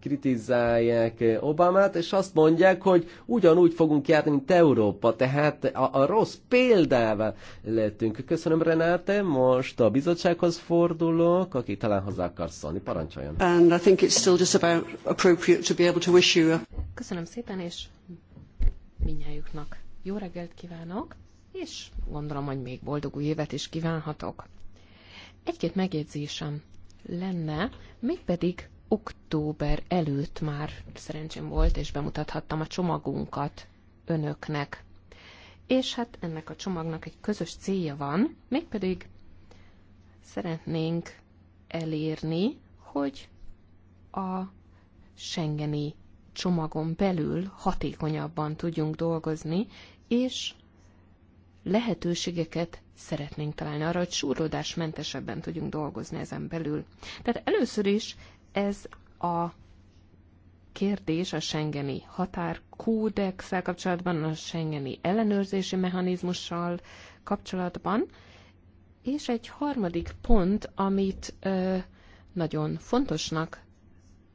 kritizálják Obamát, és azt mondják, hogy ugyanúgy fogunk járni, mint Európa, tehát a, a rossz példával lettünk. Köszönöm, Renáte, most a bizottsághoz fordulok, aki talán hozzá akar szólni. Parancsoljon. Köszönöm szépen, és minnyájuknak jó reggelt kívánok, és gondolom, hogy még boldog új évet is kívánhatok. Egy-két megjegyzésem lenne, mégpedig október előtt már szerencsém volt, és bemutathattam a csomagunkat önöknek. És hát ennek a csomagnak egy közös célja van, mégpedig szeretnénk elérni, hogy a Schengeni csomagon belül hatékonyabban tudjunk dolgozni, és lehetőségeket szeretnénk találni arra, hogy súrlódásmentesebben tudjunk dolgozni ezen belül. Tehát először is ez a kérdés a Schengeni határkódexsel kapcsolatban, a Schengeni ellenőrzési mechanizmussal kapcsolatban, és egy harmadik pont, amit ö, nagyon fontosnak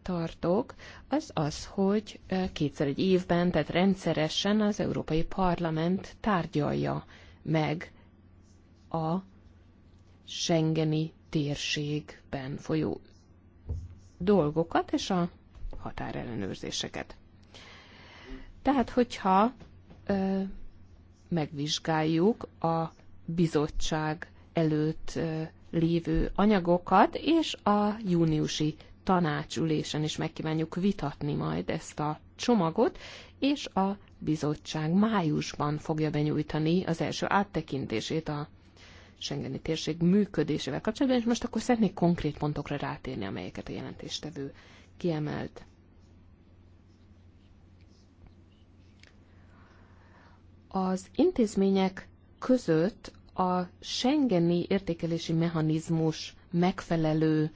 tartok, az az, hogy kétszer egy évben, tehát rendszeresen az Európai Parlament tárgyalja meg a Schengeni térségben folyó dolgokat és a határellenőrzéseket. Tehát, hogyha ö, megvizsgáljuk a bizottság előtt ö, lévő anyagokat, és a júniusi tanácsülésen is megkívánjuk vitatni majd ezt a csomagot, és a bizottság májusban fogja benyújtani az első áttekintését a Schengeni térség működésével kapcsolatban, és most akkor szeretnék konkrét pontokra rátérni, amelyeket a jelentéstevő kiemelt. Az intézmények között a Schengeni értékelési mechanizmus megfelelő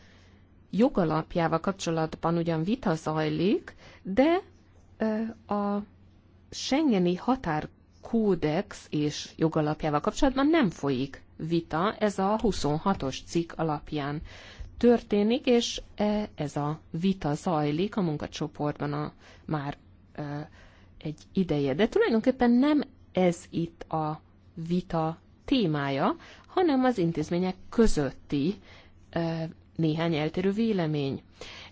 jogalapjával kapcsolatban ugyan vita zajlik, de a Schengeni határ kódex és jogalapjával kapcsolatban nem folyik vita, ez a 26-os cikk alapján történik, és e, ez a vita zajlik a munkacsoportban a, már e, egy ideje. De tulajdonképpen nem ez itt a vita témája, hanem az intézmények közötti e, néhány eltérő vélemény.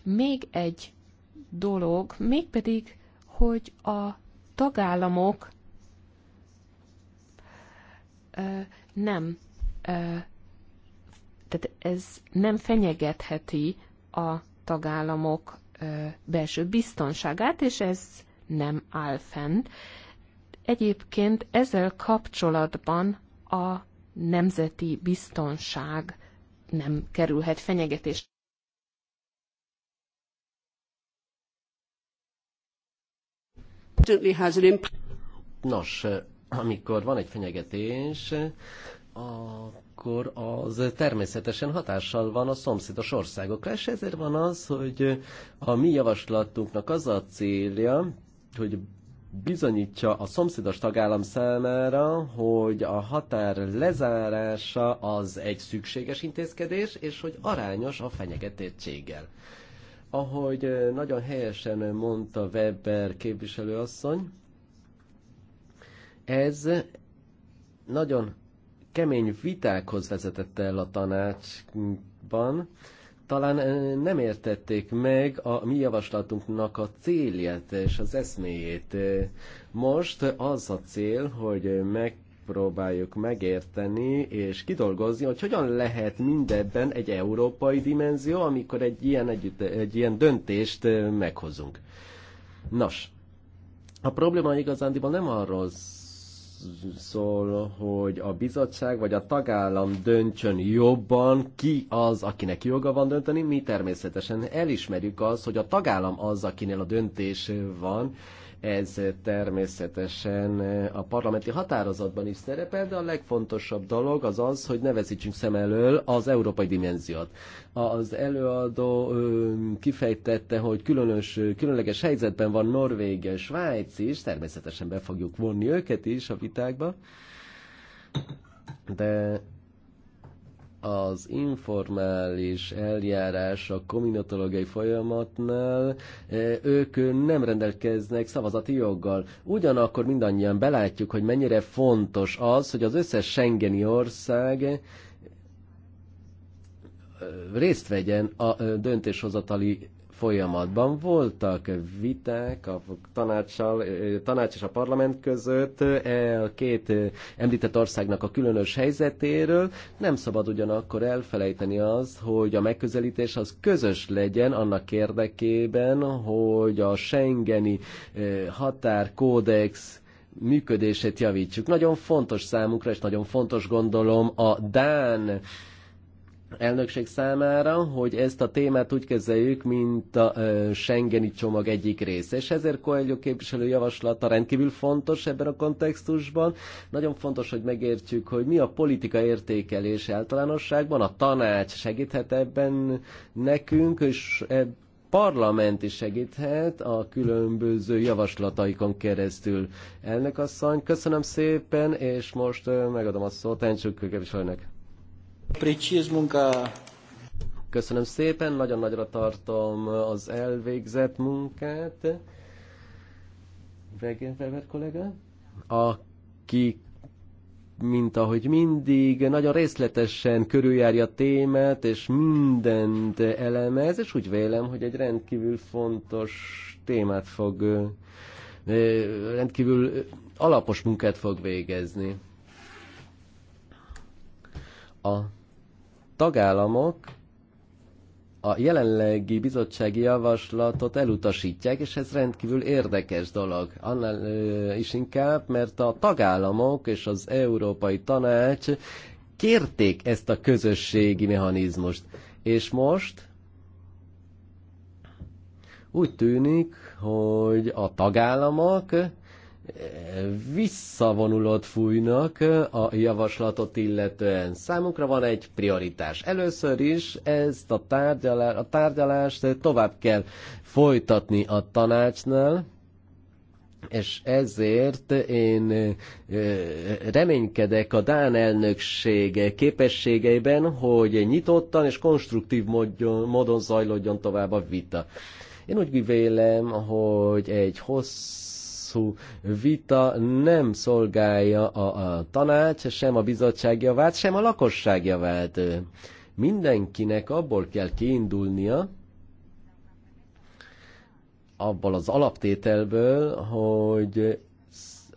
Még egy dolog, mégpedig, hogy a tagállamok nem, tehát ez nem fenyegetheti a tagállamok belső biztonságát, és ez nem áll fenn. Egyébként ezzel kapcsolatban a nemzeti biztonság nem kerülhet fenyegetést. Nos, amikor van egy fenyegetés, akkor az természetesen hatással van a szomszédos országokra, és ezért van az, hogy a mi javaslatunknak az a célja, hogy bizonyítsa a szomszédos tagállam számára, hogy a határ lezárása az egy szükséges intézkedés, és hogy arányos a fenyegetettséggel. Ahogy nagyon helyesen mondta Weber képviselőasszony, ez nagyon kemény vitákhoz vezetett el a tanácsban. Talán nem értették meg a mi javaslatunknak a célját és az eszméjét. Most az a cél, hogy meg próbáljuk megérteni és kidolgozni, hogy hogyan lehet mindebben egy európai dimenzió, amikor egy ilyen, együtt, egy ilyen döntést meghozunk. Nos, a probléma igazándiból nem arról szól, hogy a bizottság vagy a tagállam döntsön jobban, ki az, akinek joga van dönteni. Mi természetesen elismerjük az, hogy a tagállam az, akinél a döntés van, ez természetesen a parlamenti határozatban is szerepel, de a legfontosabb dolog az az, hogy ne veszítsünk szem elől az európai dimenziót. Az előadó kifejtette, hogy különös, különleges helyzetben van Norvégia, Svájc is, természetesen be fogjuk vonni őket is a vitákba, de az informális eljárás a kominatológiai folyamatnál e, ők nem rendelkeznek szavazati joggal. Ugyanakkor mindannyian belátjuk, hogy mennyire fontos az, hogy az összes Schengeni ország e, részt vegyen a e, döntéshozatali folyamatban. Voltak viták a tanácssal, tanács és a parlament között a két említett országnak a különös helyzetéről. Nem szabad ugyanakkor elfelejteni az, hogy a megközelítés az közös legyen annak érdekében, hogy a Schengeni határkódex működését javítsuk. Nagyon fontos számunkra, és nagyon fontos gondolom a Dán elnökség számára, hogy ezt a témát úgy kezeljük, mint a ö, Schengeni csomag egyik része. És ezért Coelho képviselő javaslata rendkívül fontos ebben a kontextusban. Nagyon fontos, hogy megértjük, hogy mi a politika értékelés általánosságban. A tanács segíthet ebben nekünk, és e parlament is segíthet a különböző javaslataikon keresztül. Elnök asszony, köszönöm szépen, és most megadom a szót Encsuk képviselőnek. Precíz munka. Köszönöm szépen, nagyon nagyra tartom az elvégzett munkát. Wegenfelber kollega, aki mint ahogy mindig, nagyon részletesen körüljárja a témát, és mindent elemez, és úgy vélem, hogy egy rendkívül fontos témát fog, rendkívül alapos munkát fog végezni. A tagállamok a jelenlegi bizottsági javaslatot elutasítják, és ez rendkívül érdekes dolog. Annál is inkább, mert a tagállamok és az Európai Tanács kérték ezt a közösségi mechanizmust. És most úgy tűnik, hogy a tagállamok visszavonulót fújnak a javaslatot illetően. Számunkra van egy prioritás. Először is ezt a, tárgyalá- a tárgyalást tovább kell folytatni a tanácsnál, és ezért én reménykedek a Dán elnökség képességeiben, hogy nyitottan és konstruktív módon zajlódjon tovább a vita. Én úgy vélem, hogy egy hossz hosszú vita nem szolgálja a, a tanács, sem a bizottság javát, sem a lakosság javát. Mindenkinek abból kell kiindulnia, abból az alaptételből, hogy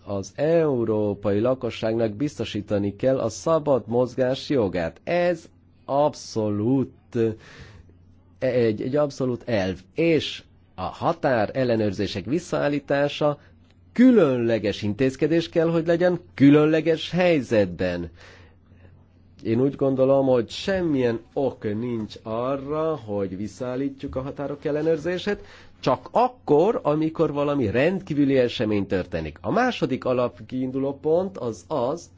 az európai lakosságnak biztosítani kell a szabad mozgás jogát. Ez abszolút egy, egy abszolút elv. És a határ ellenőrzések visszaállítása különleges intézkedés kell, hogy legyen különleges helyzetben. Én úgy gondolom, hogy semmilyen ok nincs arra, hogy visszaállítjuk a határok ellenőrzését, csak akkor, amikor valami rendkívüli esemény történik. A második alapkiinduló pont az az,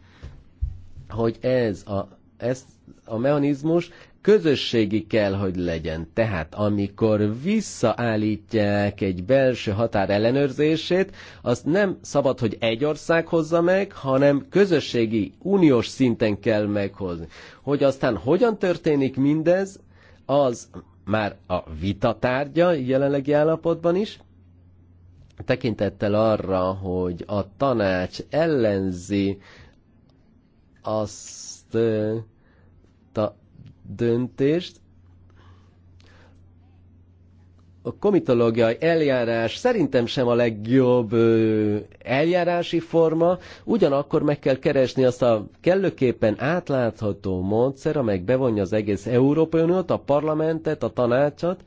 hogy ez a, ez a mechanizmus közösségi kell, hogy legyen. Tehát amikor visszaállítják egy belső határ ellenőrzését, azt nem szabad, hogy egy ország hozza meg, hanem közösségi, uniós szinten kell meghozni. Hogy aztán hogyan történik mindez, az már a vita tárgya jelenlegi állapotban is, tekintettel arra, hogy a tanács ellenzi azt a döntést, a komitológiai eljárás szerintem sem a legjobb ö, eljárási forma, ugyanakkor meg kell keresni azt a kellőképpen átlátható módszer, amely bevonja az egész Európai Uniót, a parlamentet, a tanácsot.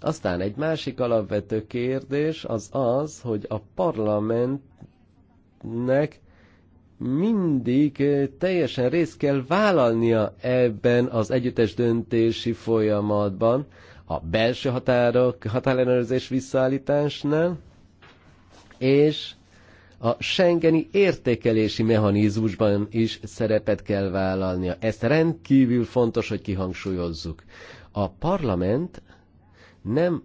Aztán egy másik alapvető kérdés az az, hogy a parlamentnek mindig eh, teljesen részt kell vállalnia ebben az együttes döntési folyamatban, a belső határok, határellenőrzés visszaállításnál, és a Schengeni értékelési mechanizmusban is szerepet kell vállalnia. Ezt rendkívül fontos, hogy kihangsúlyozzuk. A parlament nem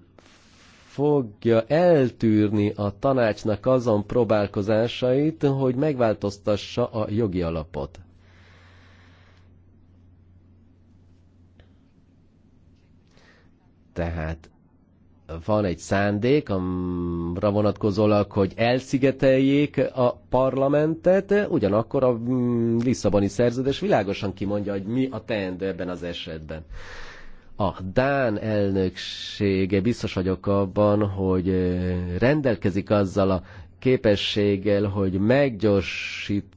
fogja eltűrni a tanácsnak azon próbálkozásait, hogy megváltoztassa a jogi alapot. Tehát van egy szándék, amra vonatkozólag, hogy elszigeteljék a parlamentet, ugyanakkor a mm, Lisszaboni szerződés világosan kimondja, hogy mi a teendő ebben az esetben a Dán elnöksége biztos vagyok abban, hogy rendelkezik azzal a képességgel, hogy meggyorsít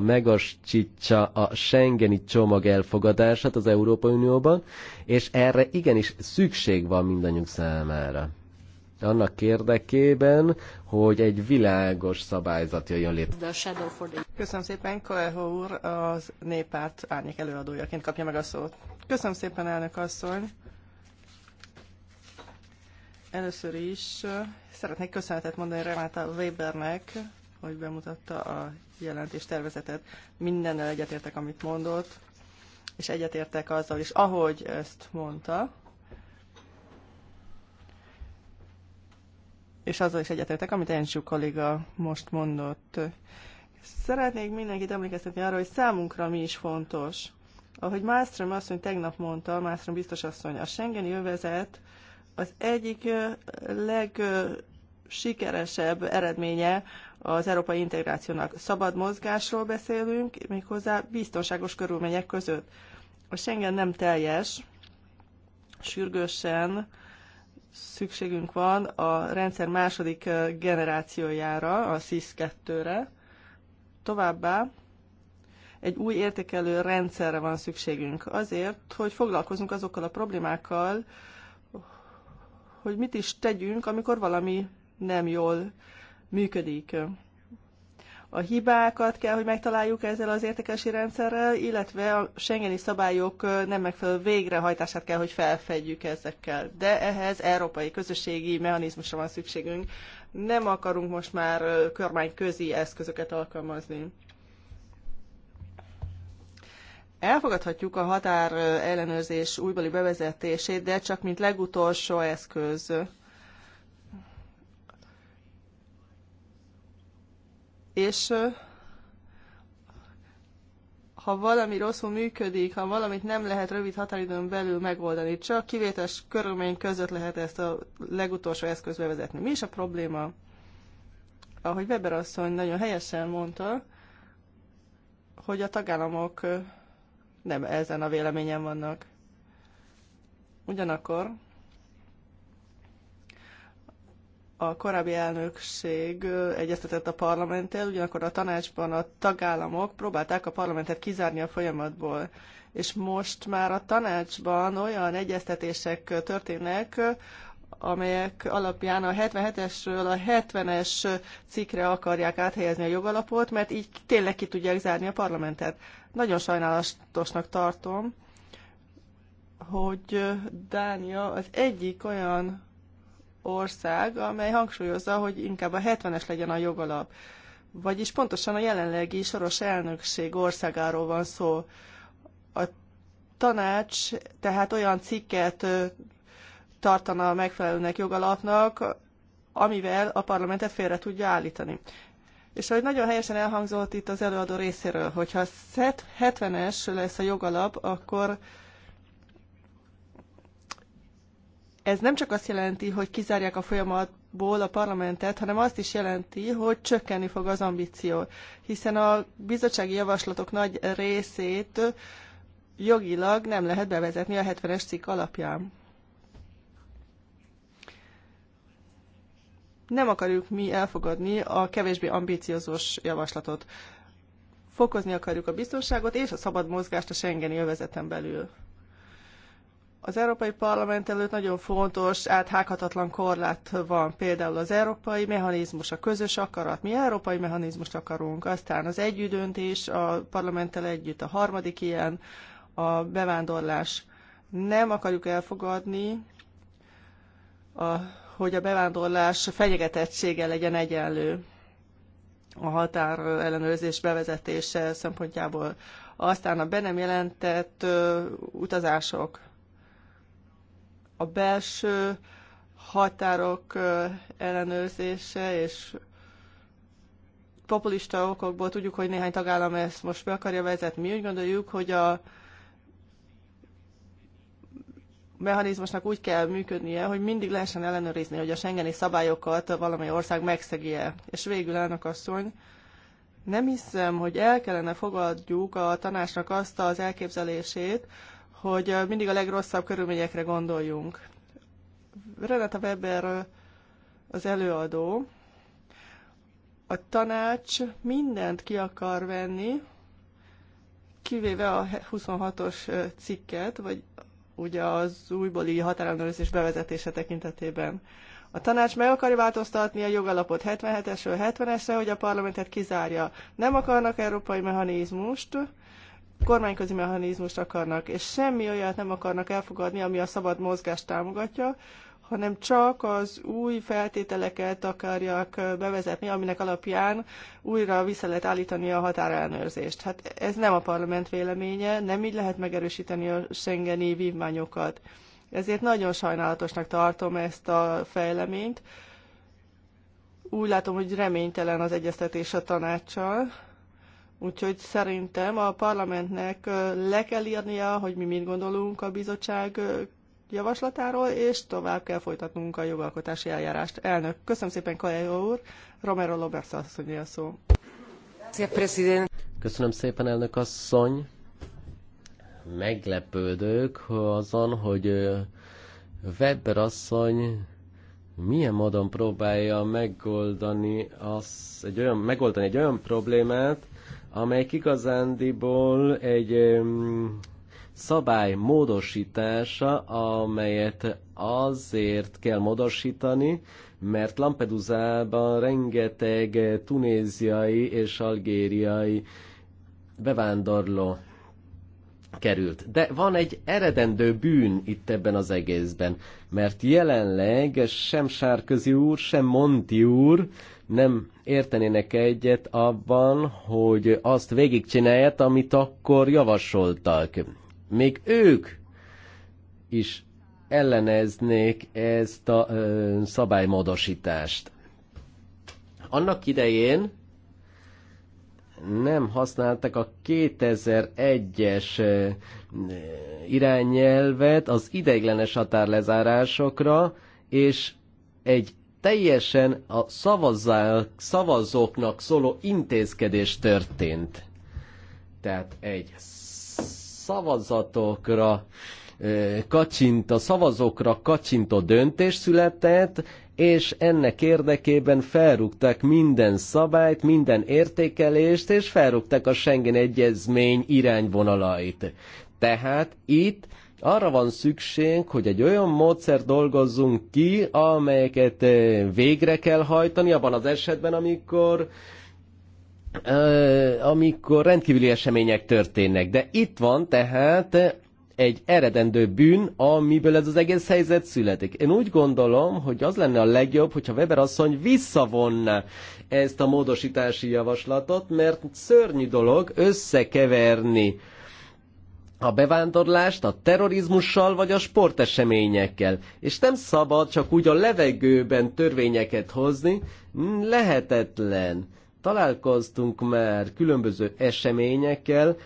megasítsa a Schengeni csomag elfogadását az Európai Unióban, és erre igenis szükség van mindannyiunk számára annak érdekében, hogy egy világos szabályzat jöjjön létre. Köszönöm szépen, Koeho úr, az Népárt árnyék előadójaként kapja meg a szót. Köszönöm szépen, elnök asszony. Először is szeretnék köszönetet mondani Renáta Webernek, hogy bemutatta a jelentés tervezetet. Mindennel egyetértek, amit mondott, és egyetértek azzal is, ahogy ezt mondta, és azzal is egyetértek, amit Ensú kolléga most mondott. Szeretnék mindenkit emlékeztetni arra, hogy számunkra mi is fontos. Ahogy Mástrom asszony tegnap mondta, Mástrom biztos asszony, a Schengeni övezet az egyik legsikeresebb eredménye az európai integrációnak. Szabad mozgásról beszélünk, méghozzá biztonságos körülmények között. A Schengen nem teljes, sürgősen szükségünk van a rendszer második generációjára, a SIS-2-re. Továbbá egy új értékelő rendszerre van szükségünk azért, hogy foglalkozunk azokkal a problémákkal, hogy mit is tegyünk, amikor valami nem jól működik. A hibákat kell, hogy megtaláljuk ezzel az értékesi rendszerrel, illetve a Schengeni szabályok nem megfelelő végrehajtását kell, hogy felfedjük ezekkel. De ehhez európai közösségi mechanizmusra van szükségünk. Nem akarunk most már kormányközi eszközöket alkalmazni elfogadhatjuk a határ ellenőrzés újbali bevezetését, de csak mint legutolsó eszköz. és ha valami rosszul működik, ha valamit nem lehet rövid határidőn belül megoldani, csak kivételes körülmény között lehet ezt a legutolsó eszközbe vezetni. Mi is a probléma? Ahogy Weber asszony nagyon helyesen mondta, hogy a tagállamok nem ezen a véleményen vannak. Ugyanakkor a korábbi elnökség egyeztetett a parlamenttel, ugyanakkor a tanácsban a tagállamok próbálták a parlamentet kizárni a folyamatból. És most már a tanácsban olyan egyeztetések történnek, amelyek alapján a 77-esről a 70-es cikkre akarják áthelyezni a jogalapot, mert így tényleg ki tudják zárni a parlamentet. Nagyon sajnálatosnak tartom, hogy Dánia az egyik olyan ország, amely hangsúlyozza, hogy inkább a 70-es legyen a jogalap. Vagyis pontosan a jelenlegi soros elnökség országáról van szó. A tanács tehát olyan cikket tartana megfelelőnek jogalapnak, amivel a parlamentet félre tudja állítani. És ahogy nagyon helyesen elhangzott itt az előadó részéről, hogyha 70-es lesz a jogalap, akkor ez nem csak azt jelenti, hogy kizárják a folyamatból a parlamentet, hanem azt is jelenti, hogy csökkenni fog az ambíció, hiszen a bizottsági javaslatok nagy részét jogilag nem lehet bevezetni a 70-es cikk alapján. Nem akarjuk mi elfogadni a kevésbé ambíciózus javaslatot. Fokozni akarjuk a biztonságot és a szabad mozgást a Schengeni övezeten belül. Az Európai Parlament előtt nagyon fontos, áthághatatlan korlát van például az európai mechanizmus, a közös akarat. Mi európai mechanizmust akarunk, aztán az együttdöntés a parlamenttel együtt, a harmadik ilyen, a bevándorlás. Nem akarjuk elfogadni, a, hogy a bevándorlás fenyegetettsége legyen egyenlő a határ ellenőrzés bevezetése szempontjából. Aztán a be nem jelentett ö, utazások a belső határok ellenőrzése és populista okokból tudjuk, hogy néhány tagállam ezt most be akarja vezetni. Mi úgy gondoljuk, hogy a mechanizmusnak úgy kell működnie, hogy mindig lehessen ellenőrizni, hogy a Schengeni szabályokat valami ország megszegi-e. És végül elnök asszony, nem hiszem, hogy el kellene fogadjuk a tanácsnak azt az elképzelését, hogy mindig a legrosszabb körülményekre gondoljunk. Renata Weber az előadó. A tanács mindent ki akar venni, kivéve a 26-os cikket, vagy ugye az újbóli határellenőrzés bevezetése tekintetében. A tanács meg akarja változtatni a jogalapot 77-esről 70-esre, hogy a parlamentet kizárja. Nem akarnak európai mechanizmust, kormányközi mechanizmust akarnak, és semmi olyat nem akarnak elfogadni, ami a szabad mozgást támogatja, hanem csak az új feltételeket akarják bevezetni, aminek alapján újra vissza lehet állítani a határelnőrzést. Hát ez nem a parlament véleménye, nem így lehet megerősíteni a Schengeni vívmányokat. Ezért nagyon sajnálatosnak tartom ezt a fejleményt. Úgy látom, hogy reménytelen az egyeztetés a tanácssal, Úgyhogy szerintem a parlamentnek le kell írnia, hogy mi mit gondolunk a bizottság javaslatáról, és tovább kell folytatnunk a jogalkotási eljárást. Elnök, köszönöm szépen, Kajajó úr. Romero López asszony a szó. Köszönöm szépen, elnök asszony. Meglepődök azon, hogy Weber asszony milyen módon próbálja megoldani, az, egy olyan, megoldani egy olyan problémát, amelyik igazándiból egy szabály módosítása, amelyet azért kell módosítani, mert Lampedusában rengeteg tunéziai és algériai bevándorló került. De van egy eredendő bűn itt ebben az egészben, mert jelenleg sem Sárközi úr, sem Monti úr nem értenének egyet abban, hogy azt végigcsinálják, amit akkor javasoltak. Még ők is elleneznék ezt a ö, szabálymódosítást. Annak idején nem használtak a 2001-es irányelvet az ideiglenes határlezárásokra, és egy teljesen a szavazzák, szavazóknak szóló intézkedés történt. Tehát egy szavazatokra kacsint, a szavazókra kacsintó döntés született, és ennek érdekében felrúgták minden szabályt, minden értékelést, és felrúgták a Schengen egyezmény irányvonalait. Tehát itt arra van szükség, hogy egy olyan módszer dolgozzunk ki, amelyeket eh, végre kell hajtani abban az esetben, amikor eh, amikor rendkívüli események történnek. De itt van tehát egy eredendő bűn, amiből ez az egész helyzet születik. Én úgy gondolom, hogy az lenne a legjobb, hogyha Weber asszony visszavonna ezt a módosítási javaslatot, mert szörnyű dolog összekeverni a bevándorlást a terrorizmussal vagy a sporteseményekkel. És nem szabad csak úgy a levegőben törvényeket hozni, lehetetlen. Találkoztunk már különböző eseményekkel,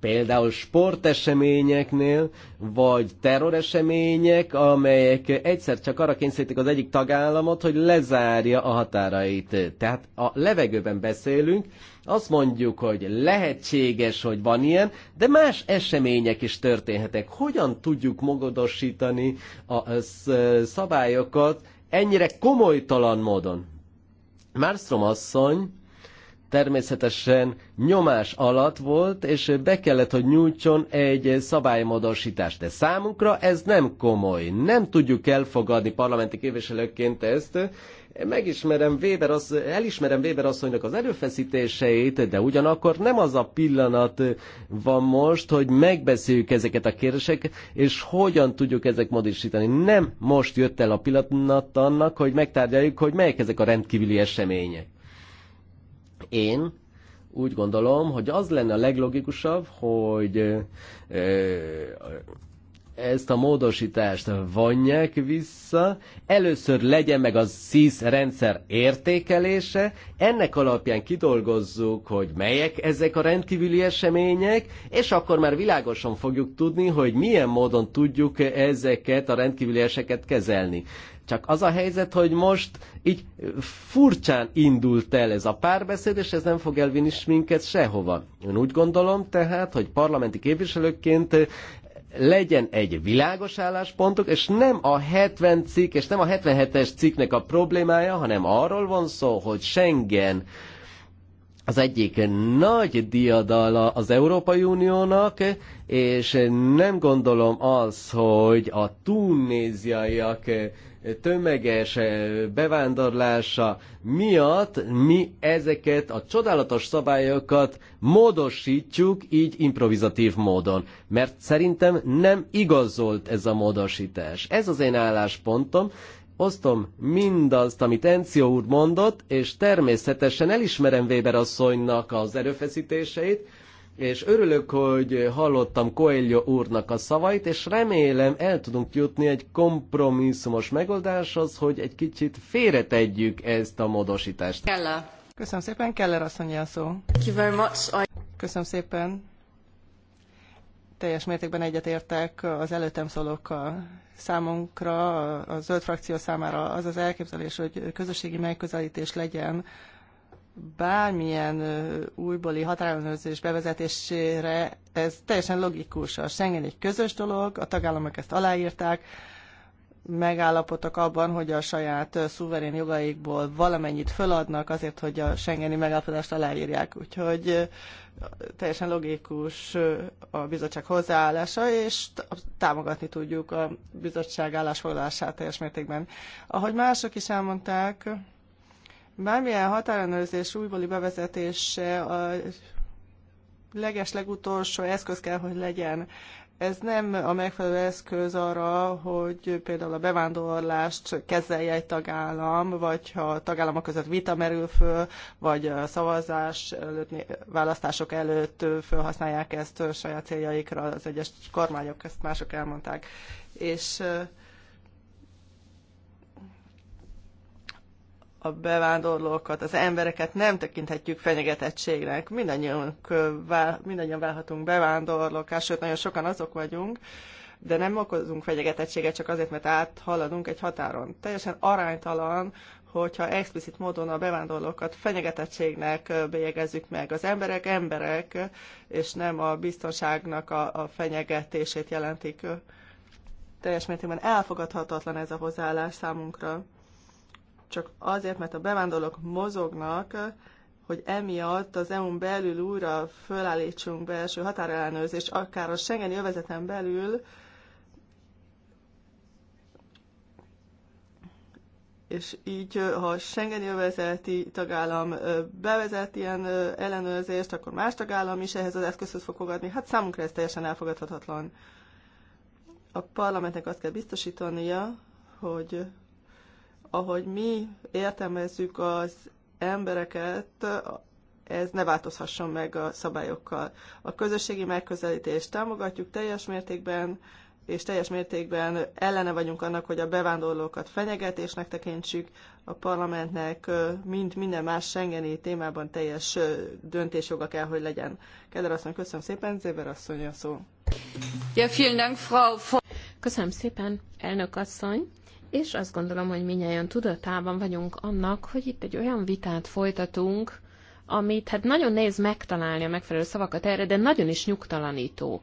például sporteseményeknél, vagy terroresemények, amelyek egyszer csak arra kényszerítik az egyik tagállamot, hogy lezárja a határait. Tehát a levegőben beszélünk, azt mondjuk, hogy lehetséges, hogy van ilyen, de más események is történhetek. Hogyan tudjuk magadosítani a szabályokat ennyire komolytalan módon? Márstrom asszony természetesen nyomás alatt volt, és be kellett, hogy nyújtson egy szabálymodosítást. De számunkra ez nem komoly. Nem tudjuk elfogadni parlamenti képviselőként ezt. Megismerem Weber az, elismerem Weber asszonynak az erőfeszítéseit, de ugyanakkor nem az a pillanat van most, hogy megbeszéljük ezeket a kérdéseket, és hogyan tudjuk ezek modisítani. Nem most jött el a pillanat annak, hogy megtárgyaljuk, hogy melyek ezek a rendkívüli események. Én úgy gondolom, hogy az lenne a leglogikusabb, hogy eh, ezt a módosítást vonják vissza, először legyen meg a SZISZ rendszer értékelése, ennek alapján kidolgozzuk, hogy melyek ezek a rendkívüli események, és akkor már világosan fogjuk tudni, hogy milyen módon tudjuk ezeket a rendkívüli eseket kezelni. Csak az a helyzet, hogy most így furcsán indult el ez a párbeszéd, és ez nem fog elvinni minket sehova. Én úgy gondolom tehát, hogy parlamenti képviselőként legyen egy világos álláspontok, és nem a 70 cikk, és nem a 77-es cikknek a problémája, hanem arról van szó, hogy Schengen az egyik nagy diadala az Európai Uniónak, és nem gondolom az, hogy a tunéziaiak tömeges bevándorlása miatt mi ezeket a csodálatos szabályokat módosítjuk így improvizatív módon. Mert szerintem nem igazolt ez a módosítás. Ez az én álláspontom, osztom mindazt, amit Encio úr mondott, és természetesen elismerem Weber asszonynak az erőfeszítéseit, és örülök, hogy hallottam Coelho úrnak a szavait, és remélem el tudunk jutni egy kompromisszumos megoldáshoz, hogy egy kicsit félretegyük ezt a módosítást. Keller. Köszönöm szépen, Keller asszony a szó. Thank you very much. I... Köszönöm szépen teljes mértékben egyetértek az előttem szólókkal. Számunkra, a zöld frakció számára az az elképzelés, hogy közösségi megközelítés legyen bármilyen újbóli határellenőrzés bevezetésére, ez teljesen logikus. A Schengen egy közös dolog, a tagállamok ezt aláírták, megállapodtak abban, hogy a saját szuverén jogaikból valamennyit föladnak azért, hogy a Schengeni megállapodást aláírják. Úgyhogy teljesen logikus a bizottság hozzáállása, és támogatni tudjuk a bizottság állásfoglalását teljes mértékben. Ahogy mások is elmondták, bármilyen határenőrzés újbóli bevezetése a leges legutolsó eszköz kell, hogy legyen. Ez nem a megfelelő eszköz arra, hogy például a bevándorlást kezelje egy tagállam, vagy ha a tagállamok között vita merül föl, vagy a szavazás előtt, választások előtt felhasználják ezt saját céljaikra, az egyes kormányok ezt mások elmondták. És a bevándorlókat, az embereket nem tekinthetjük fenyegetettségnek. Mindannyian, mindannyian válhatunk bevándorlóká, sőt, nagyon sokan azok vagyunk, de nem okozunk fenyegetettséget csak azért, mert áthaladunk egy határon. Teljesen aránytalan, hogyha explicit módon a bevándorlókat fenyegetettségnek bélyegezzük meg. Az emberek emberek, és nem a biztonságnak a, a fenyegetését jelentik. Teljes mértékben elfogadhatatlan ez a hozzáállás számunkra csak azért, mert a bevándorlók mozognak, hogy emiatt az EU-n belül újra fölállítsunk belső határellenőrzést, akár a Schengeni övezeten belül, és így, ha a Schengeni övezeti tagállam bevezet ilyen ellenőrzést, akkor más tagállam is ehhez az eszközhöz fog fogadni. Hát számunkra ez teljesen elfogadhatatlan. A parlamentnek azt kell biztosítania, hogy ahogy mi értelmezzük az embereket, ez ne változhasson meg a szabályokkal. A közösségi megközelítést támogatjuk teljes mértékben, és teljes mértékben ellene vagyunk annak, hogy a bevándorlókat fenyegetésnek tekintsük, a parlamentnek mind minden más Schengeni témában teljes döntésjoga kell, hogy legyen. Kedves asszony, köszönöm szépen, Zéber asszony a szó. Ja, vielen Dank, Frau Köszönöm szépen, elnök asszony és azt gondolom, hogy minnyáján tudatában vagyunk annak, hogy itt egy olyan vitát folytatunk, amit hát nagyon néz megtalálni a megfelelő szavakat erre, de nagyon is nyugtalanító.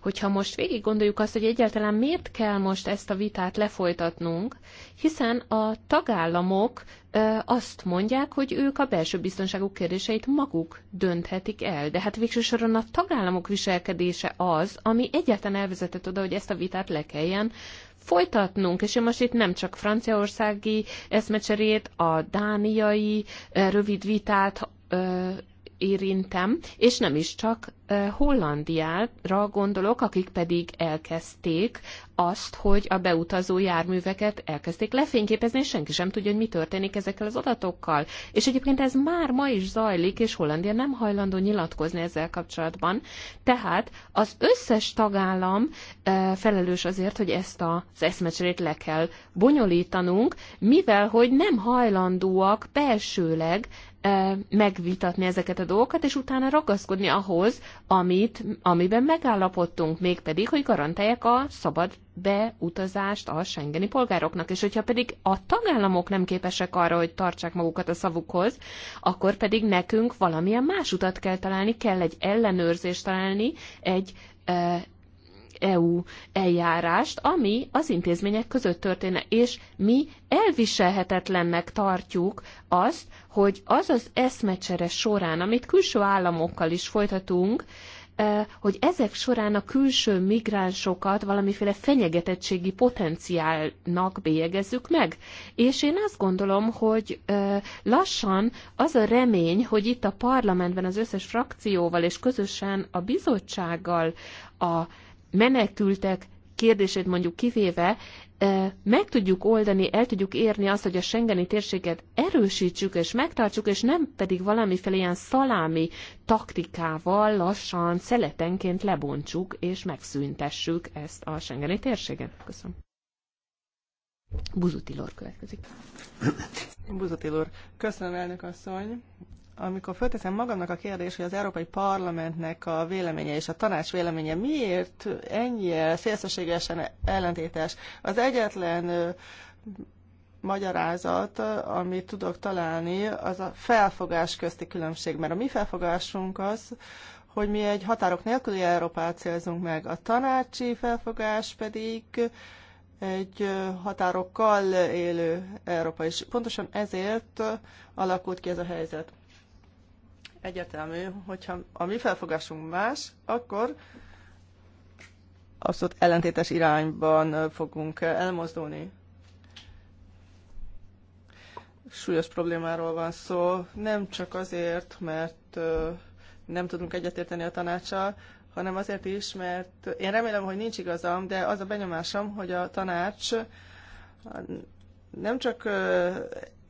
Hogyha most végig gondoljuk azt, hogy egyáltalán miért kell most ezt a vitát lefolytatnunk, hiszen a tagállamok ö, azt mondják, hogy ők a belső biztonságuk kérdéseit maguk dönthetik el. De hát végső soron a tagállamok viselkedése az, ami egyáltalán elvezetett oda, hogy ezt a vitát le kelljen folytatnunk, és én most itt nem csak franciaországi eszmecserét, a dániai eh, rövid vitát eh, érintem, és nem is csak Hollandiára gondolok, akik pedig elkezdték azt, hogy a beutazó járműveket elkezdték lefényképezni, és senki sem tudja, hogy mi történik ezekkel az adatokkal. És egyébként ez már ma is zajlik, és Hollandia nem hajlandó nyilatkozni ezzel kapcsolatban. Tehát az összes tagállam felelős azért, hogy ezt az eszmecserét le kell bonyolítanunk, mivel hogy nem hajlandóak belsőleg megvitatni ezeket a dolgokat, és utána ragaszkodni ahhoz, amit, amiben megállapodtunk, mégpedig, hogy garantálják a szabad beutazást a Schengeni polgároknak, és hogyha pedig a tagállamok nem képesek arra, hogy tartsák magukat a szavukhoz, akkor pedig nekünk valamilyen más utat kell találni, kell egy ellenőrzést találni, egy EU eljárást, ami az intézmények között történne, és mi elviselhetetlennek tartjuk azt, hogy az az eszmecsere során, amit külső államokkal is folytatunk, eh, hogy ezek során a külső migránsokat valamiféle fenyegetettségi potenciálnak bélyegezzük meg. És én azt gondolom, hogy eh, lassan az a remény, hogy itt a parlamentben az összes frakcióval és közösen a bizottsággal a menekültek kérdését mondjuk kivéve, meg tudjuk oldani, el tudjuk érni azt, hogy a Schengeni térséget erősítsük és megtartsuk, és nem pedig valamiféle ilyen szalámi taktikával lassan, szeletenként lebontsuk és megszüntessük ezt a Schengeni térséget. Köszönöm. Buzutilor következik. Buzutilor. Köszönöm, elnök asszony amikor fölteszem magamnak a kérdést, hogy az Európai Parlamentnek a véleménye és a tanács véleménye miért ennyire szélsőségesen ellentétes, az egyetlen magyarázat, amit tudok találni, az a felfogás közti különbség. Mert a mi felfogásunk az, hogy mi egy határok nélküli Európát célzunk meg. A tanácsi felfogás pedig egy határokkal élő Európa És Pontosan ezért alakult ki ez a helyzet egyetemű, hogyha a mi felfogásunk más, akkor abszolút ellentétes irányban fogunk elmozdulni. Súlyos problémáról van szó, nem csak azért, mert nem tudunk egyetérteni a tanácssal, hanem azért is, mert én remélem, hogy nincs igazam, de az a benyomásom, hogy a tanács nem csak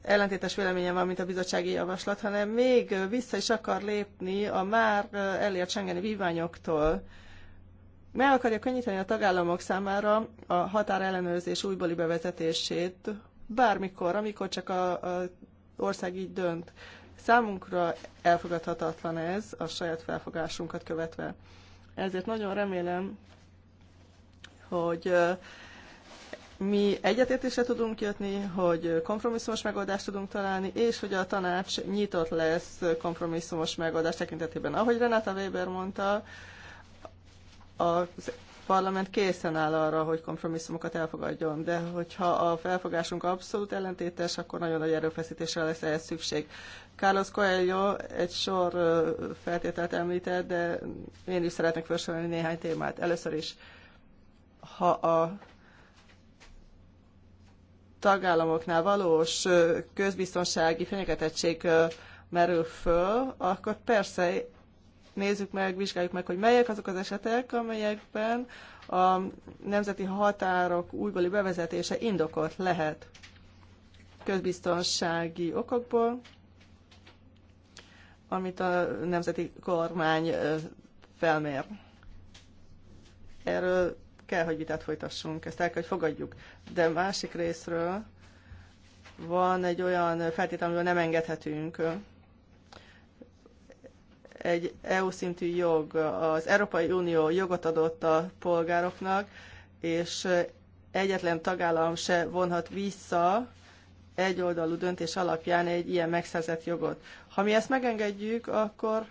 ellentétes véleménye van, mint a bizottsági javaslat, hanem még vissza is akar lépni a már elért Schengeni vívványoktól. Meg akarja könnyíteni a tagállamok számára a határellenőrzés újbóli bevezetését bármikor, amikor csak a, a ország így dönt. Számunkra elfogadhatatlan ez, a saját felfogásunkat követve. Ezért nagyon remélem, hogy mi egyetértésre tudunk jutni, hogy kompromisszumos megoldást tudunk találni, és hogy a tanács nyitott lesz kompromisszumos megoldás tekintetében. Ahogy Renata Weber mondta, a parlament készen áll arra, hogy kompromisszumokat elfogadjon, de hogyha a felfogásunk abszolút ellentétes, akkor nagyon nagy erőfeszítésre lesz ehhez szükség. Carlos Coelho egy sor feltételt említett, de én is szeretnék felsorolni néhány témát. Először is, ha a tagállamoknál valós közbiztonsági fenyegetettség merül föl, akkor persze nézzük meg, vizsgáljuk meg, hogy melyek azok az esetek, amelyekben a nemzeti határok újbóli bevezetése indokolt lehet közbiztonsági okokból, amit a nemzeti kormány felmér. Erről kell, hogy vitát folytassunk, ezt el kell, hogy fogadjuk. De másik részről van egy olyan feltétel, amivel nem engedhetünk. Egy EU szintű jog, az Európai Unió jogot adott a polgároknak, és egyetlen tagállam se vonhat vissza egyoldalú döntés alapján egy ilyen megszerzett jogot. Ha mi ezt megengedjük, akkor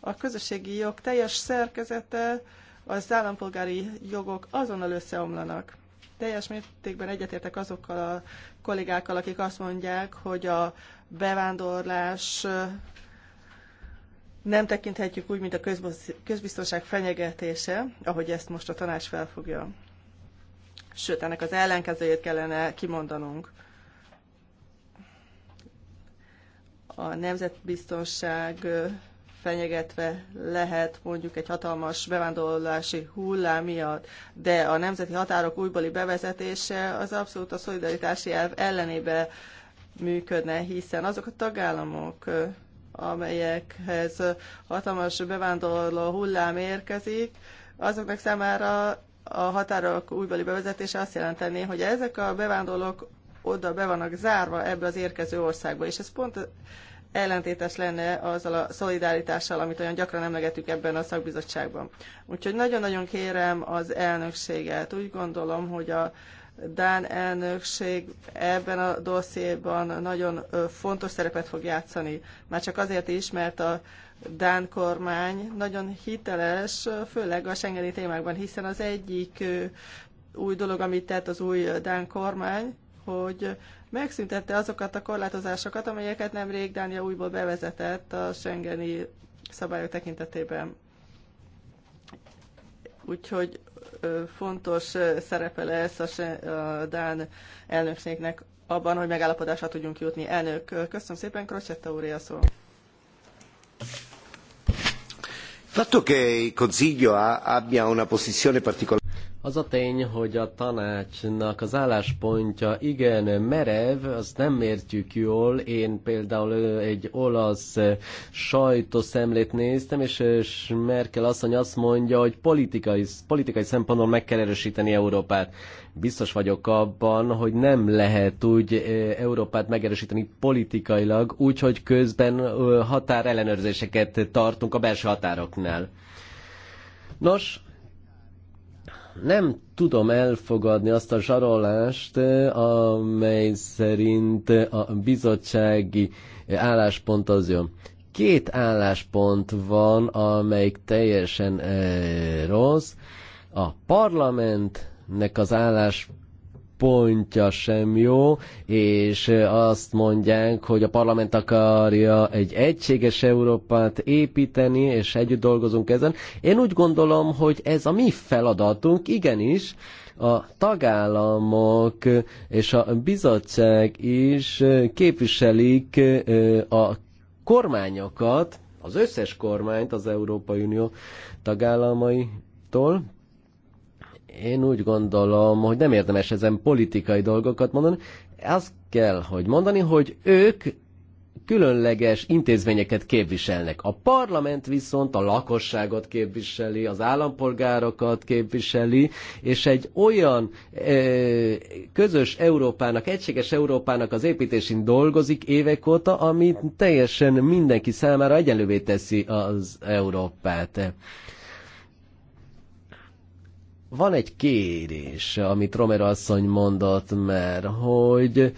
a közösségi jog teljes szerkezete az állampolgári jogok azonnal összeomlanak. Teljes mértékben egyetértek azokkal a kollégákkal, akik azt mondják, hogy a bevándorlás nem tekinthetjük úgy, mint a közbiztonság fenyegetése, ahogy ezt most a tanács felfogja. Sőt, ennek az ellenkezőjét kellene kimondanunk. A nemzetbiztonság fenyegetve lehet mondjuk egy hatalmas bevándorlási hullám miatt, de a nemzeti határok újbóli bevezetése az abszolút a szolidaritási elv ellenébe működne, hiszen azok a tagállamok, amelyekhez hatalmas bevándorló hullám érkezik, azoknak számára a határok újbeli bevezetése azt jelenteni, hogy ezek a bevándorlók oda be vannak zárva ebbe az érkező országba, és ez pont ellentétes lenne azzal a szolidaritással, amit olyan gyakran emlegetünk ebben a szakbizottságban. Úgyhogy nagyon-nagyon kérem az elnökséget. Úgy gondolom, hogy a Dán elnökség ebben a dossziéban nagyon fontos szerepet fog játszani. Már csak azért is, mert a Dán kormány nagyon hiteles, főleg a Schengeni témákban, hiszen az egyik új dolog, amit tett az új Dán kormány, hogy megszüntette azokat a korlátozásokat, amelyeket nemrég Dánia újból bevezetett a Schengeni szabályok tekintetében. Úgyhogy fontos szerepe lesz a Dán elnökségnek abban, hogy megállapodásra tudjunk jutni. Elnök, köszönöm szépen, Krocsetta úr, a szó. Fatto che il Consiglio abbia una posizione particolare. Az a tény, hogy a tanácsnak az álláspontja igen merev, azt nem értjük jól. Én például egy olasz sajtószemlét néztem, és Merkel asszony azt mondja, hogy politikai, politikai szempontból meg kell erősíteni Európát. Biztos vagyok abban, hogy nem lehet úgy Európát megerősíteni politikailag, úgyhogy közben határellenőrzéseket tartunk a belső határoknál. Nos, nem tudom elfogadni azt a zsarolást, eh, amely szerint a bizottsági álláspont az jön. Két álláspont van, amelyik teljesen eh, rossz. A parlamentnek az állás pontja sem jó, és azt mondják, hogy a parlament akarja egy egységes Európát építeni, és együtt dolgozunk ezen. Én úgy gondolom, hogy ez a mi feladatunk, igenis, a tagállamok és a bizottság is képviselik a kormányokat, az összes kormányt az Európai Unió tagállamaitól, én úgy gondolom, hogy nem érdemes ezen politikai dolgokat mondani. Azt kell, hogy mondani, hogy ők különleges intézményeket képviselnek. A parlament viszont a lakosságot képviseli, az állampolgárokat képviseli, és egy olyan ö, közös Európának, egységes Európának az építésén dolgozik évek óta, ami teljesen mindenki számára egyenlővé teszi az Európát. Van egy kérés, amit Romer asszony mondott mert hogy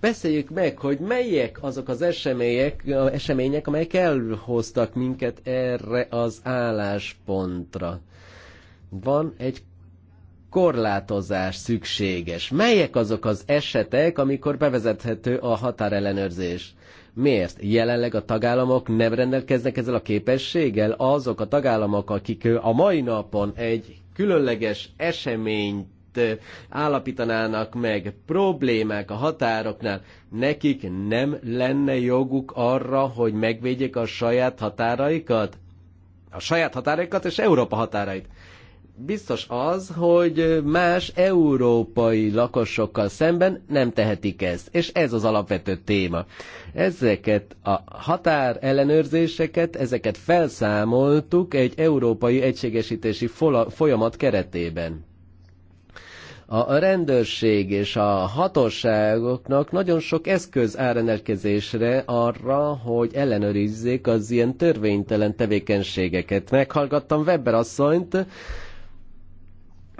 beszéljük meg, hogy melyek azok az események, események amelyek elhoztak minket erre az álláspontra. Van egy korlátozás szükséges. Melyek azok az esetek, amikor bevezethető a határellenőrzés? Miért? Jelenleg a tagállamok nem rendelkeznek ezzel a képességgel? Azok a tagállamok, akik a mai napon egy különleges eseményt állapítanának meg problémák a határoknál, nekik nem lenne joguk arra, hogy megvédjék a saját határaikat? A saját határaikat és Európa határait biztos az, hogy más európai lakosokkal szemben nem tehetik ezt, és ez az alapvető téma. Ezeket a határ ellenőrzéseket, ezeket felszámoltuk egy európai egységesítési folyamat keretében a rendőrség és a hatóságoknak nagyon sok eszköz áll rendelkezésre arra, hogy ellenőrizzék az ilyen törvénytelen tevékenységeket. Meghallgattam Weber asszonyt,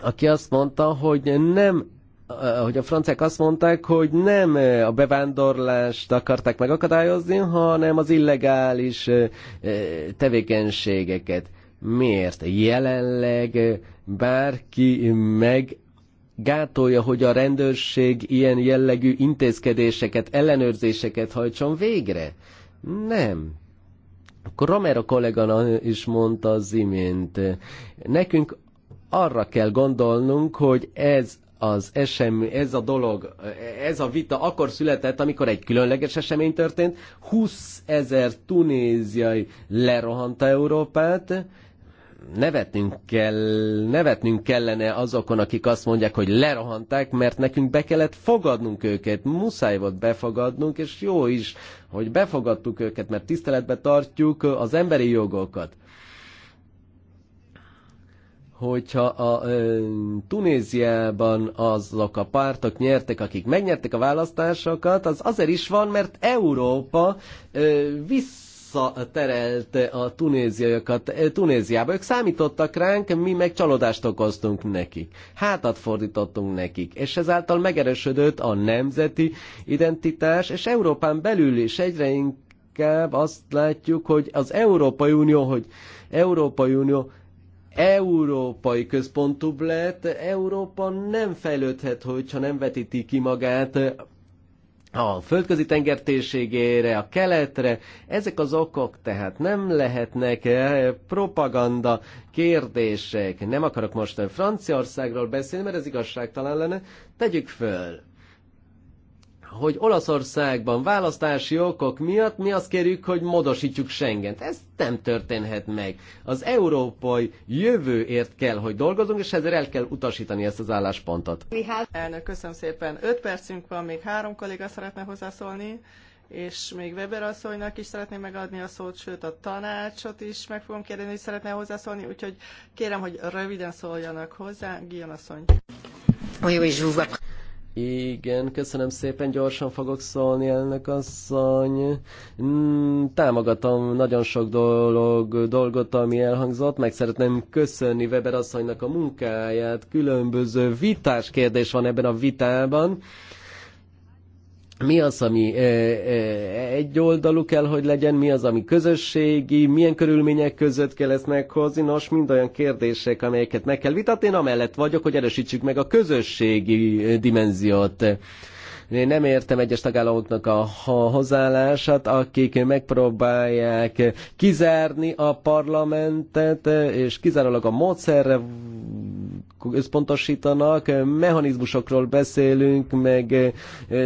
aki azt mondta, hogy nem eh, hogy a franciák azt mondták, hogy nem eh, a bevándorlást akarták megakadályozni, hanem az illegális eh, tevékenységeket. Miért? Jelenleg bárki meg gátolja, hogy a rendőrség ilyen jellegű intézkedéseket, ellenőrzéseket hajtson végre? Nem. Romero kollégana is mondta az imént, nekünk arra kell gondolnunk, hogy ez az esemény, ez a dolog, ez a vita akkor született, amikor egy különleges esemény történt. 20 ezer tunéziai lerohanta Európát, nevetnünk, kell, nevetnünk kellene azokon, akik azt mondják, hogy lerohanták, mert nekünk be kellett fogadnunk őket, muszáj volt befogadnunk, és jó is, hogy befogadtuk őket, mert tiszteletbe tartjuk az emberi jogokat hogyha a Tunéziában azok a pártok nyertek, akik megnyertek a választásokat, az azért is van, mert Európa vissza terelte a tunéziaiakat Tunéziába. Ők számítottak ránk, mi meg csalódást okoztunk nekik. Hátat fordítottunk nekik, és ezáltal megerősödött a nemzeti identitás, és Európán belül is egyre inkább azt látjuk, hogy az Európai Unió, hogy Európai Unió európai központú lett, Európa nem fejlődhet, hogyha nem vetíti ki magát a földközi tengertérségére, a keletre, ezek az okok tehát nem lehetnek eh, propaganda kérdések. Nem akarok most eh, Franciaországról beszélni, mert ez igazságtalan lenne. Tegyük föl, hogy Olaszországban választási okok miatt mi azt kérjük, hogy modosítjuk Schengent. Ez nem történhet meg. Az európai jövőért kell, hogy dolgozunk, és ezért el kell utasítani ezt az álláspontot. Elnök, köszönöm szépen. Öt percünk van, még három kolléga szeretne hozzászólni, és még Weber asszonynak is szeretném megadni a szót, sőt a tanácsot is meg fogom kérni, hogy szeretne hozzászólni, úgyhogy kérem, hogy röviden szóljanak hozzá. Gion asszony. Oui, oui, je vous igen, köszönöm szépen, gyorsan fogok szólni, elnök asszony. Mm, támogatom nagyon sok dolog, dolgot, ami elhangzott, meg szeretném köszönni Weber asszonynak a munkáját. Különböző vitás kérdés van ebben a vitában mi az, ami e, e, egyoldalú kell, hogy legyen, mi az, ami közösségi, milyen körülmények között kell ezt meghozni, nos, mind olyan kérdések, amelyeket meg kell vitatni, én amellett vagyok, hogy erősítsük meg a közösségi dimenziót. Én nem értem egyes tagállamoknak a hozzáállását, akik megpróbálják kizárni a parlamentet, és kizárólag a módszerre összpontosítanak, mechanizmusokról beszélünk, meg eh,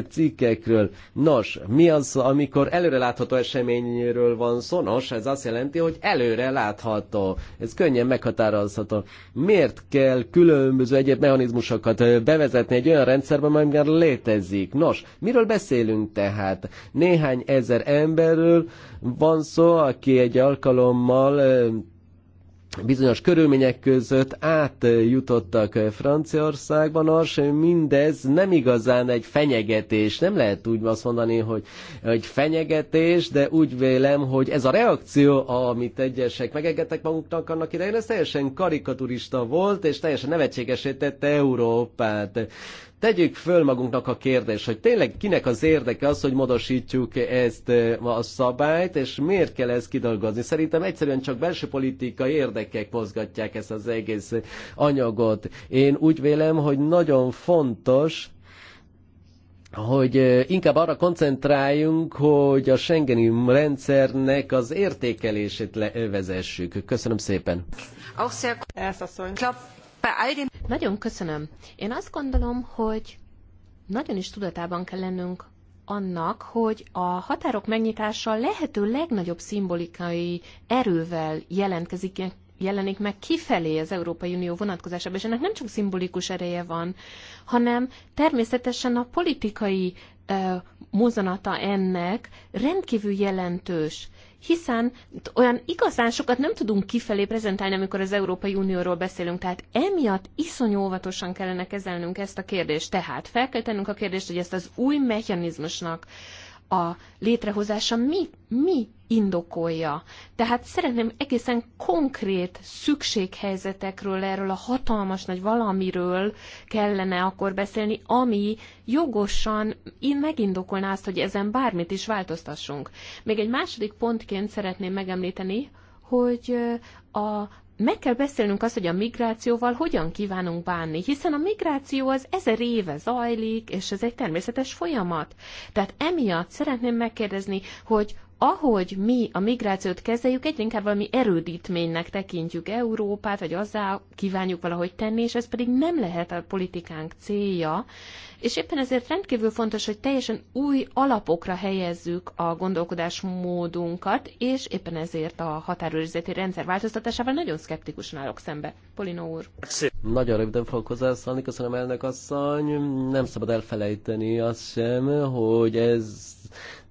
cikkekről. Nos, mi az, amikor előrelátható eseményről van szó? Nos, ez azt jelenti, hogy előre látható. Ez könnyen meghatározható. Miért kell különböző egyéb mechanizmusokat eh, bevezetni egy olyan rendszerbe, amely már létezik? Nos, miről beszélünk tehát? Néhány ezer emberről van szó, aki egy alkalommal eh, bizonyos körülmények között átjutottak eh, Franciaországban, az mindez nem igazán egy fenyegetés. Nem lehet úgy azt mondani, hogy, egy fenyegetés, de úgy vélem, hogy ez a reakció, amit egyesek megegettek maguknak annak idején, ez teljesen karikaturista volt, és teljesen nevetségesítette Európát. Tegyük föl magunknak a kérdést, hogy tényleg kinek az érdeke az, hogy modosítjuk ezt eh, a szabályt, és miért kell ezt kidolgozni. Szerintem egyszerűen csak belső politikai érdekek mozgatják ezt az egész anyagot. Én úgy vélem, hogy nagyon fontos, hogy eh, inkább arra koncentráljunk, hogy a Schengeni rendszernek az értékelését levezessük. Köszönöm szépen. Elsz asszony. Nagyon köszönöm. Én azt gondolom, hogy nagyon is tudatában kell lennünk annak, hogy a határok megnyitása lehető legnagyobb szimbolikai erővel jelentkezik jelenik meg kifelé az Európai Unió vonatkozásában, és ennek nem csak szimbolikus ereje van, hanem természetesen a politikai uh, mozanata ennek rendkívül jelentős hiszen olyan igazán sokat nem tudunk kifelé prezentálni, amikor az Európai Unióról beszélünk, tehát emiatt iszonyú óvatosan kellene kezelnünk ezt a kérdést. Tehát fel kell tennünk a kérdést, hogy ezt az új mechanizmusnak a létrehozása mi, mi indokolja. Tehát szeretném egészen konkrét szükséghelyzetekről, erről a hatalmas nagy valamiről kellene akkor beszélni, ami jogosan én megindokolná azt, hogy ezen bármit is változtassunk. Még egy második pontként szeretném megemlíteni, hogy a meg kell beszélnünk azt, hogy a migrációval hogyan kívánunk bánni, hiszen a migráció az ezer éve zajlik, és ez egy természetes folyamat. Tehát emiatt szeretném megkérdezni, hogy ahogy mi a migrációt kezeljük, egyre inkább valami erődítménynek tekintjük Európát, vagy azzá kívánjuk valahogy tenni, és ez pedig nem lehet a politikánk célja. És éppen ezért rendkívül fontos, hogy teljesen új alapokra helyezzük a gondolkodásmódunkat, és éppen ezért a határőrizeti rendszer változtatásával nagyon szkeptikusan állok szembe. Polino úr. Nagyon röviden fogok hozzászólni, köszönöm elnök asszony. Nem szabad elfelejteni azt sem, hogy ez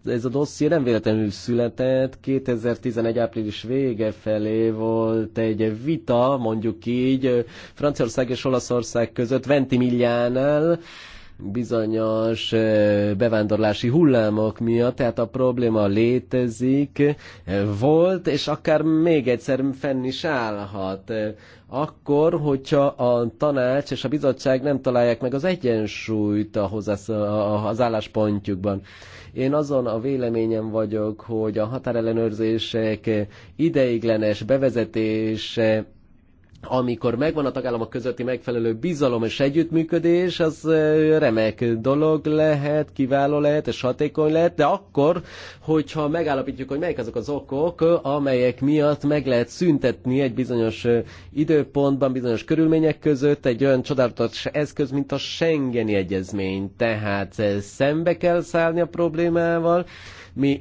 ez a dosszié nem véletlenül született. 2011 április vége felé volt egy vita, mondjuk így, Franciaország és Olaszország között Ventimiliánál, bizonyos bevándorlási hullámok miatt, tehát a probléma létezik, volt, és akár még egyszer fenn is állhat. Akkor, hogyha a tanács és a bizottság nem találják meg az egyensúlyt a az álláspontjukban. Én azon a véleményem vagyok, hogy a határellenőrzések ideiglenes bevezetése amikor megvan a tagállamok közötti megfelelő bizalom és együttműködés, az remek dolog lehet, kiváló lehet és hatékony lehet, de akkor, hogyha megállapítjuk, hogy melyik azok az okok, amelyek miatt meg lehet szüntetni egy bizonyos időpontban, bizonyos körülmények között egy olyan csodálatos eszköz, mint a Schengeni Egyezmény. Tehát szembe kell szállni a problémával, mi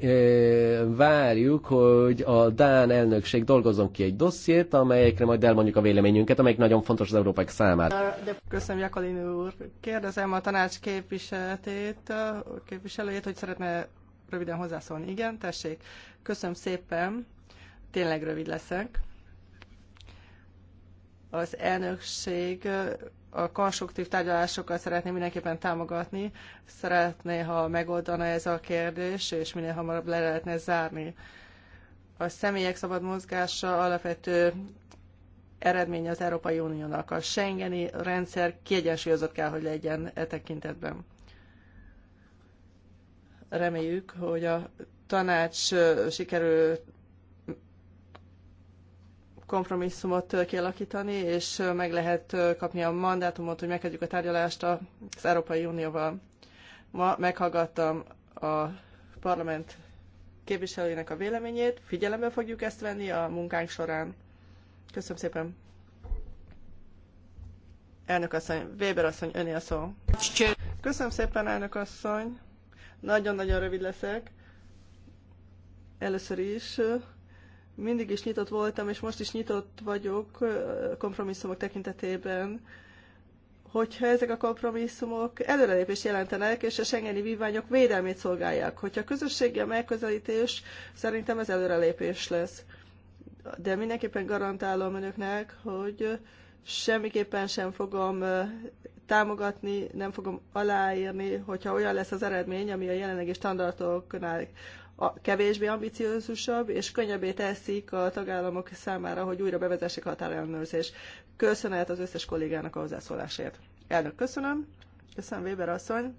várjuk, hogy a Dán elnökség dolgozzon ki egy dossziét, amelyekre majd elmondjuk a véleményünket, amelyik nagyon fontos az európai számára. Köszönöm, Jakalin úr. Kérdezem a tanács képviseletét, képviselőjét, hogy szeretne röviden hozzászólni. Igen, tessék. Köszönöm szépen. Tényleg rövid leszek. Az elnökség a konstruktív tárgyalásokat szeretné mindenképpen támogatni, szeretné, ha megoldana ez a kérdés, és minél hamarabb le lehetne zárni. A személyek szabad mozgása alapvető eredménye az Európai Uniónak. A Schengeni rendszer kiegyensúlyozott kell, hogy legyen e tekintetben. Reméljük, hogy a tanács sikerül kompromisszumot kialakítani, és meg lehet kapni a mandátumot, hogy megkezdjük a tárgyalást az Európai Unióval. Ma meghallgattam a parlament képviselőinek a véleményét, figyelembe fogjuk ezt venni a munkánk során. Köszönöm szépen. Elnök asszony, Weber asszony, öné a szó. Köszönöm szépen, elnök asszony. Nagyon-nagyon rövid leszek. Először is mindig is nyitott voltam, és most is nyitott vagyok kompromisszumok tekintetében, hogyha ezek a kompromisszumok előrelépést jelentenek, és a Schengeni vívványok védelmét szolgálják. Hogyha a közösségi a megközelítés, szerintem ez előrelépés lesz. De mindenképpen garantálom önöknek, hogy semmiképpen sem fogom támogatni, nem fogom aláírni, hogyha olyan lesz az eredmény, ami a jelenlegi standardoknál a kevésbé ambiciózusabb, és könnyebbé teszik a tagállamok számára, hogy újra bevezessék a határellenőrzést. Köszönet az összes kollégának a hozzászólásért. Elnök, köszönöm. Köszönöm, Weber asszony.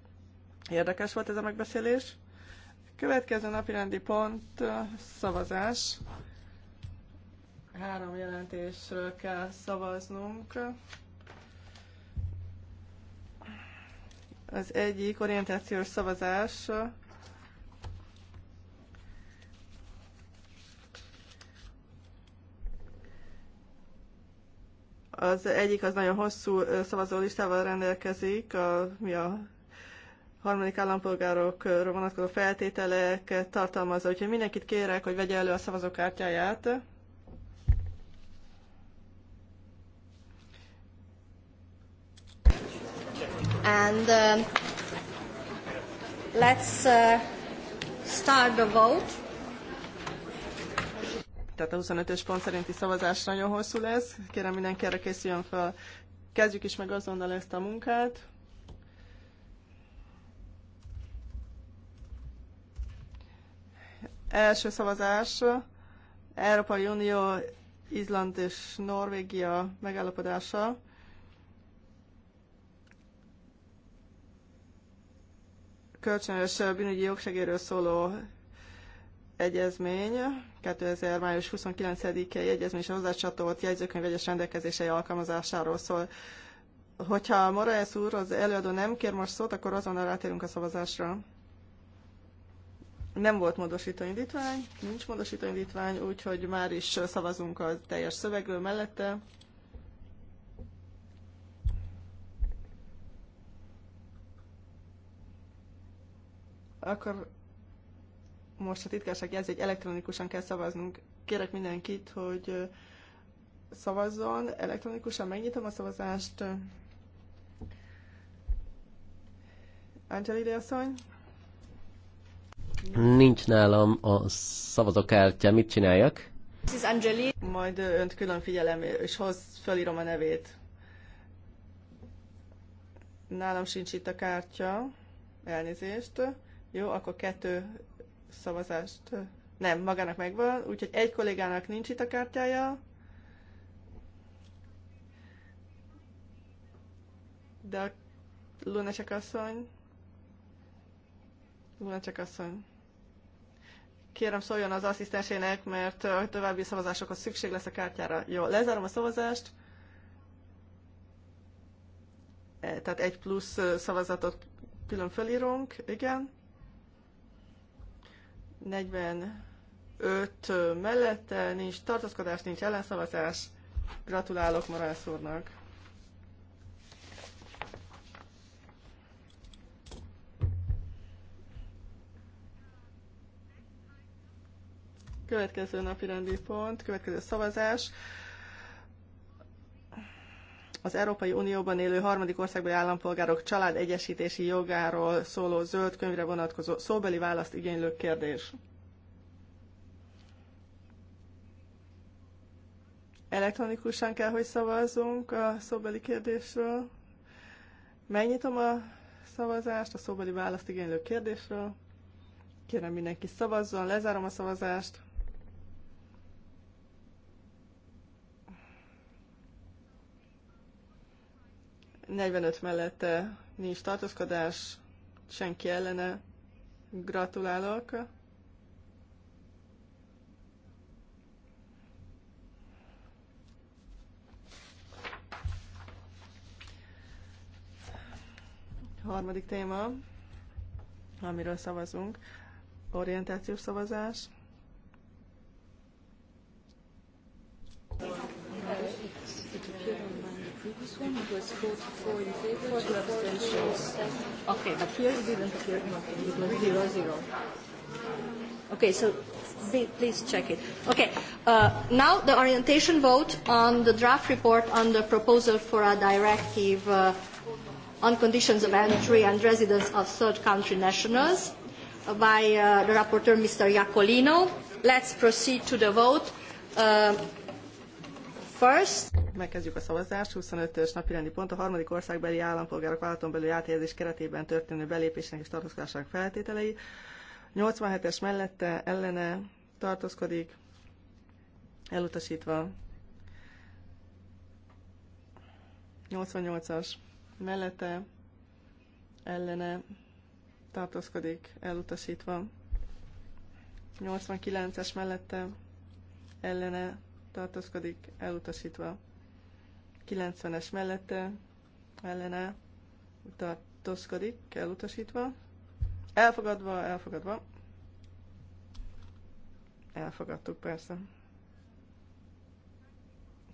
Érdekes volt ez a megbeszélés. Következő napirendi pont szavazás. Három jelentésről kell szavaznunk. Az egyik orientációs szavazás Az egyik az nagyon hosszú szavazólistával rendelkezik, a, mi a harmadik állampolgárokról vonatkozó feltételeket tartalmazza. Úgyhogy mindenkit kérek, hogy vegye elő a szavazókártyáját. And uh, let's uh, start the vote tehát a 25-ös pont szerinti szavazás nagyon hosszú lesz. Kérem mindenki erre készüljön fel. Kezdjük is meg azonnal ezt a munkát. Első szavazás. Európai Unió, Izland és Norvégia megállapodása. Kölcsönös bűnügyi jogsegéről szóló egyezmény. 2000. május 29-i egyezmény és hozzácsatolt jegyzőkönyv egyes rendelkezései alkalmazásáról szól. Hogyha Moraes úr, az előadó nem kér most szót, akkor azonnal rátérünk a szavazásra. Nem volt módosító indítvány, nincs módosító indítvány, úgyhogy már is szavazunk a teljes szövegről mellette. Akkor most a titkárság jelzi, hogy elektronikusan kell szavaznunk. Kérek mindenkit, hogy szavazzon. Elektronikusan megnyitom a szavazást. Angeli asszony? Nincs nálam a szavazókártya. Mit csináljak? Mrs. Angeli, Majd önt külön figyelem, és hoz, fölírom a nevét. Nálam sincs itt a kártya. Elnézést. Jó, akkor kettő szavazást. Nem, magának megvan, úgyhogy egy kollégának nincs itt a kártyája. De a csak asszony... csak asszony... Kérem szóljon az asszisztensének, mert a további szavazásokhoz szükség lesz a kártyára. Jó, lezárom a szavazást e, tehát egy plusz szavazatot külön felírunk, igen. 45 mellette, nincs tartozkodás nincs ellenszavazás. Gratulálok Marász úrnak! Következő napi rendi pont, következő szavazás az Európai Unióban élő harmadik országbeli állampolgárok család egyesítési jogáról szóló zöld könyvre vonatkozó szóbeli választ igénylő kérdés. Elektronikusan kell, hogy szavazzunk a szóbeli kérdésről. Megnyitom a szavazást a szóbeli választ igénylő kérdésről. Kérem mindenki szavazzon, lezárom a szavazást. 45 mellette nincs tartózkodás, senki ellene. Gratulálok! Harmadik téma, amiről szavazunk, orientációs szavazás. Okay, but here it didn't appear nothing. It was zero, zero. Okay, so please check it. Okay, uh, now the orientation vote on the draft report on the proposal for a directive uh, on conditions of entry and residence of third country nationals by uh, the rapporteur, Mr. Iacolino. Let's proceed to the vote. Uh, First. Megkezdjük a szavazást. 25-ös napirendi pont a harmadik országbeli állampolgárok vállalaton belül áthelyezés keretében történő belépésnek és tartózkodásának feltételei. 87-es mellette ellene tartózkodik, elutasítva. 88-as mellette ellene tartózkodik, elutasítva. 89-es mellette ellene tartózkodik, elutasítva. 90-es mellette, ellene tartózkodik, elutasítva. Elfogadva, elfogadva. Elfogadtuk persze.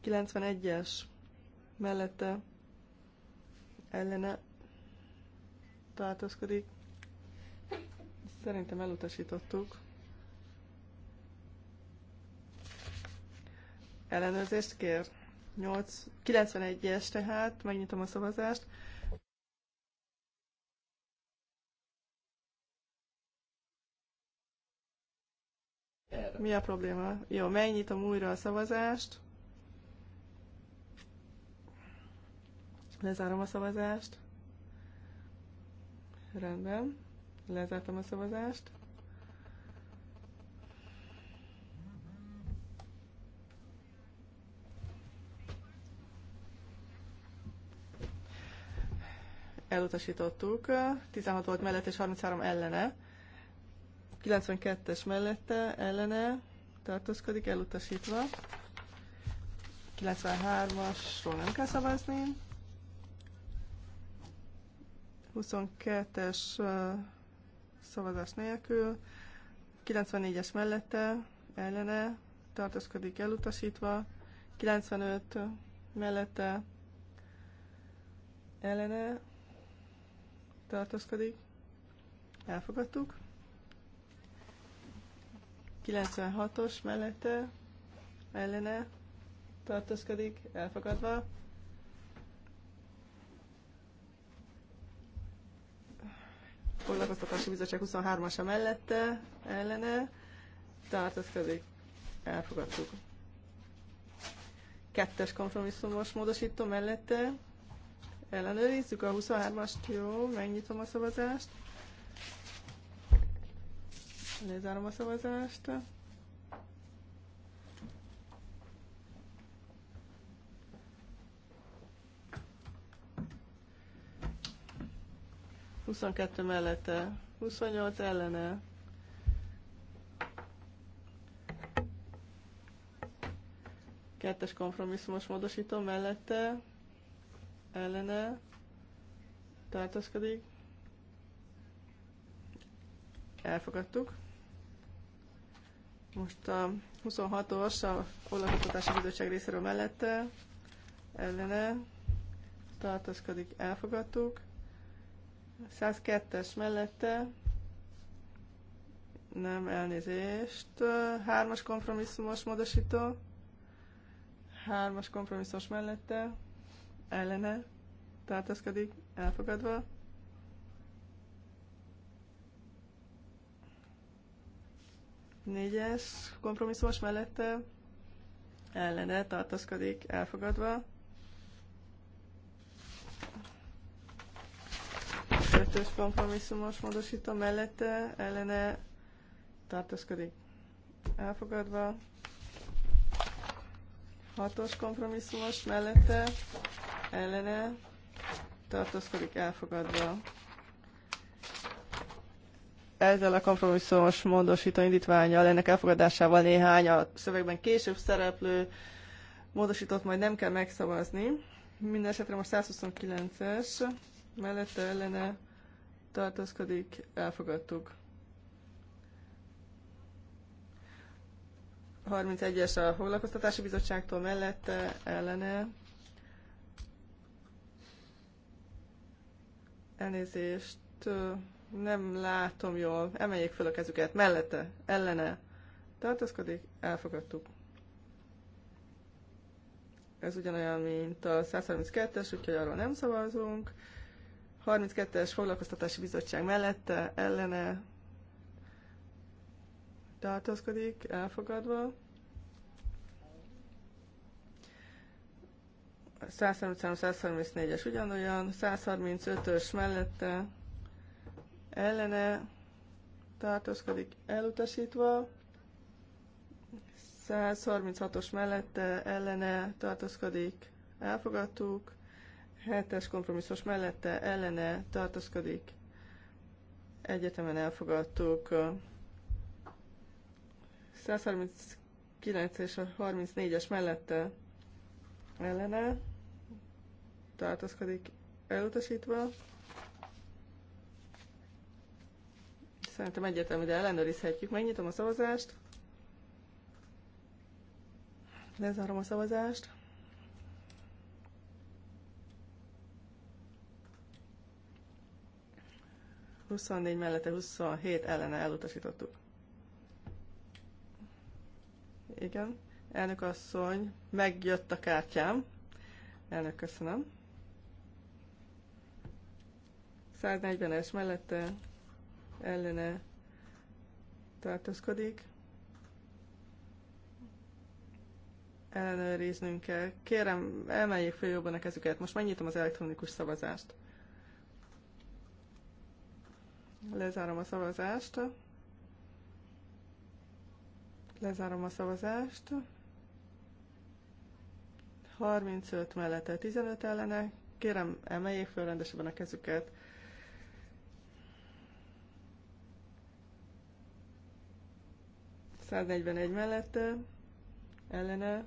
91-es mellette ellene tartózkodik. Szerintem elutasítottuk. ellenőrzést kér. 91-es tehát, megnyitom a szavazást. Erre. Mi a probléma? Jó, megnyitom újra a szavazást. Lezárom a szavazást. Rendben. Lezártam a szavazást. elutasítottuk, 16 volt mellette és 33 ellene, 92-es mellette ellene tartózkodik, elutasítva, 93-asról nem kell szavazni, 22-es szavazás nélkül, 94-es mellette ellene tartózkodik elutasítva, 95 mellette ellene tartózkodik, elfogadtuk. 96-os mellette, ellene, tartózkodik, elfogadva. Foglalkoztatási Bizottság 23-asa mellette, ellene, tartózkodik, elfogadtuk. Kettes kompromisszumos módosító mellette, Ellenőrizzük a 23-ast, jó, megnyitom a szavazást. Lezárom a szavazást. Huszonkettő mellette, 28 ellene. Kettes kompromisszumos módosító mellette, ellene tartózkodik. Elfogadtuk. Most a 26-os a Foglalkoztatási Bizottság részéről mellette ellene tartózkodik. Elfogadtuk. 102-es mellette nem elnézést. Hármas kompromisszumos módosító. Hármas kompromisszumos mellette ellene tartózkodik, elfogadva. Négyes kompromisszumos mellette ellene tartózkodik, elfogadva. Ötös kompromisszumos módosító mellette ellene tartózkodik, elfogadva. Hatos kompromisszumos mellette ellene tartózkodik elfogadva. Ezzel a kompromisszumos módosító indítványjal, ennek elfogadásával néhány a szövegben később szereplő módosítót majd nem kell megszavazni. Mindenesetre most 129-es, mellette ellene tartózkodik, elfogadtuk. 31-es a foglalkoztatási bizottságtól mellette ellene Elnézést, nem látom jól. Emeljék fel a kezüket. Mellette, ellene. Tartózkodik, elfogadtuk. Ez ugyanolyan, mint a 132-es, úgyhogy arról nem szavazunk. 32-es foglalkoztatási bizottság mellette, ellene. Tartózkodik, elfogadva. 133-134-es ugyanolyan, 135-ös mellette ellene tartózkodik elutasítva, 136-os mellette ellene tartózkodik, elfogadtuk, 7-es kompromisszos mellette ellene tartózkodik, egyetemen elfogadtuk, 139 és a 34-es mellette ellene tartozkodik elutasítva. Szerintem egyetem, de ellenőrizhetjük. Megnyitom a szavazást. Lezárom a szavazást. Huszonnégy mellette 27 ellene elutasítottuk. Igen. Elnök asszony, megjött a kártyám. Elnök, köszönöm. 140-es mellette ellene tartózkodik. Ellenőriznünk kell. Kérem, emeljék fel jobban a kezüket. Most megnyitom az elektronikus szavazást. Lezárom a szavazást. Lezárom a szavazást. 35 mellette 15 ellene. Kérem, emeljék föl rendesebben a kezüket. egy mellette ellene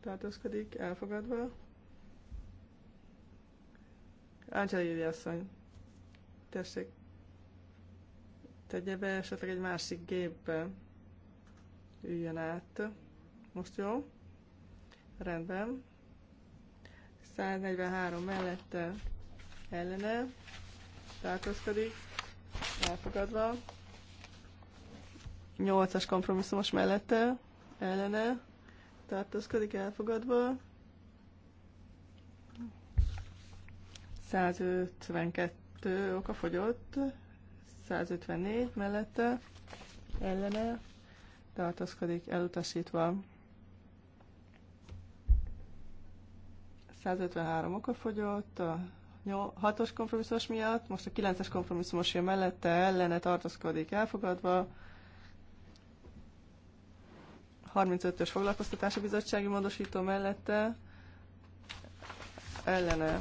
tartózkodik, elfogadva. Angelili asszony, tessék, tegye be esetleg egy másik gépbe, üljön át. Most jó? Rendben. 143 mellette ellene tartózkodik, elfogadva. 8-as kompromisszumos mellette ellene tartózkodik, elfogadva. 152 oka fogyott, 154 mellette ellene tartózkodik, elutasítva. 153 fogyott. a 6-os kompromisszos miatt, most a 9-es kompromisszumos jön mellette, ellene tartozkodik elfogadva. 35-ös foglalkoztatási bizottsági módosító mellette, ellene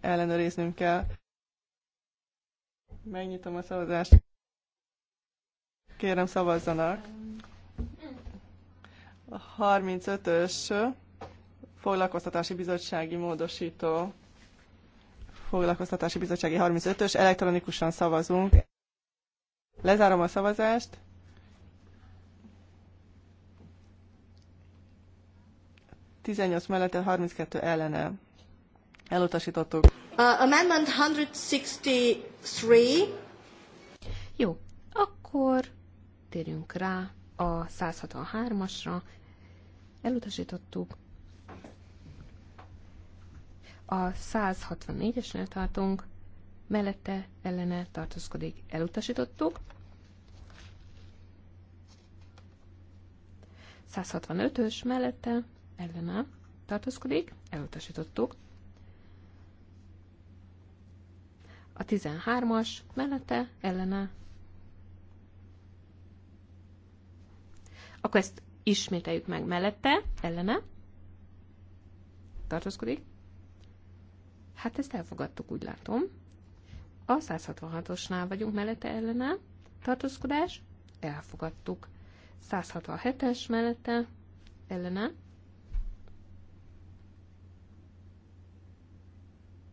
ellenőriznünk kell. Megnyitom a szavazást. Kérem szavazzanak. 35-ös foglalkoztatási bizottsági módosító, foglalkoztatási bizottsági 35-ös, elektronikusan szavazunk. Lezárom a szavazást. Tizennyolc mellett, 32 ellene. Elutasítottuk. Uh, amendment 163. Jó, akkor térjünk rá a 163-asra elutasítottuk. A 164-esnél tartunk, mellette ellene tartózkodik, elutasítottuk. 165-ös mellette ellene tartózkodik, elutasítottuk. A 13-as mellette ellene. Akkor ezt ismételjük meg mellette, ellene, tartózkodik. Hát ezt elfogadtuk, úgy látom. A 166-osnál vagyunk mellette ellene, tartózkodás, elfogadtuk. 167-es mellette ellene.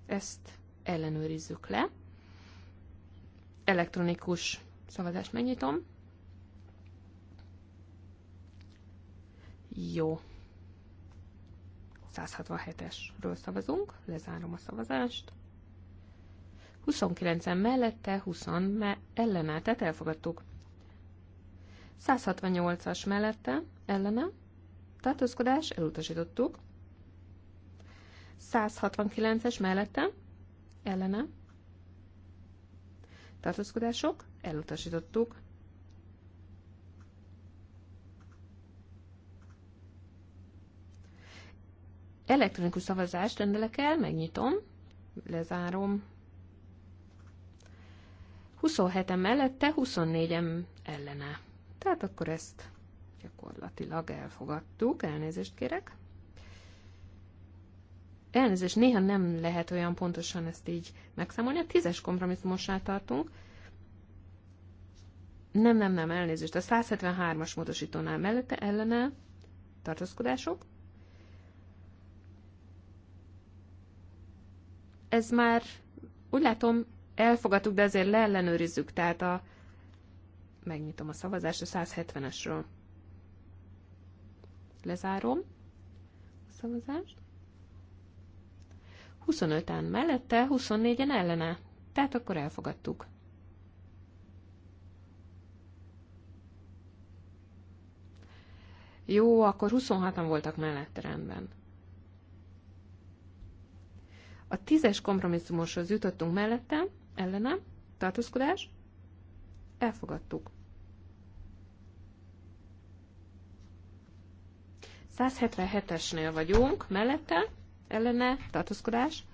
Ezt ellenőrizzük le. Elektronikus szavazást megnyitom. Jó. 167-esről szavazunk, lezárom a szavazást. 29-en mellette, 20 me ellene, tehát elfogadtuk. 168-as mellette, ellene, tartózkodás, elutasítottuk. 169-es mellette, ellene, tartózkodások, elutasítottuk. Elektronikus szavazást rendelek el, megnyitom, lezárom. 27-en mellette, 24-en ellene. Tehát akkor ezt gyakorlatilag elfogadtuk, elnézést kérek. Elnézést, néha nem lehet olyan pontosan ezt így megszámolni. A tízes kompromisszumosnál tartunk. Nem, nem, nem, elnézést. A 173-as módosítónál mellette ellene tartózkodások ez már úgy látom elfogadtuk, de azért leellenőrizzük, tehát a megnyitom a szavazást a 170-esről. Lezárom a szavazást. 25-en mellette, 24-en ellene. Tehát akkor elfogadtuk. Jó, akkor 26-an voltak mellette rendben. A tízes kompromisszumoshoz jutottunk mellette, ellenem, tartózkodás, elfogadtuk. 177-esnél vagyunk, mellette, ellene, tartózkodás.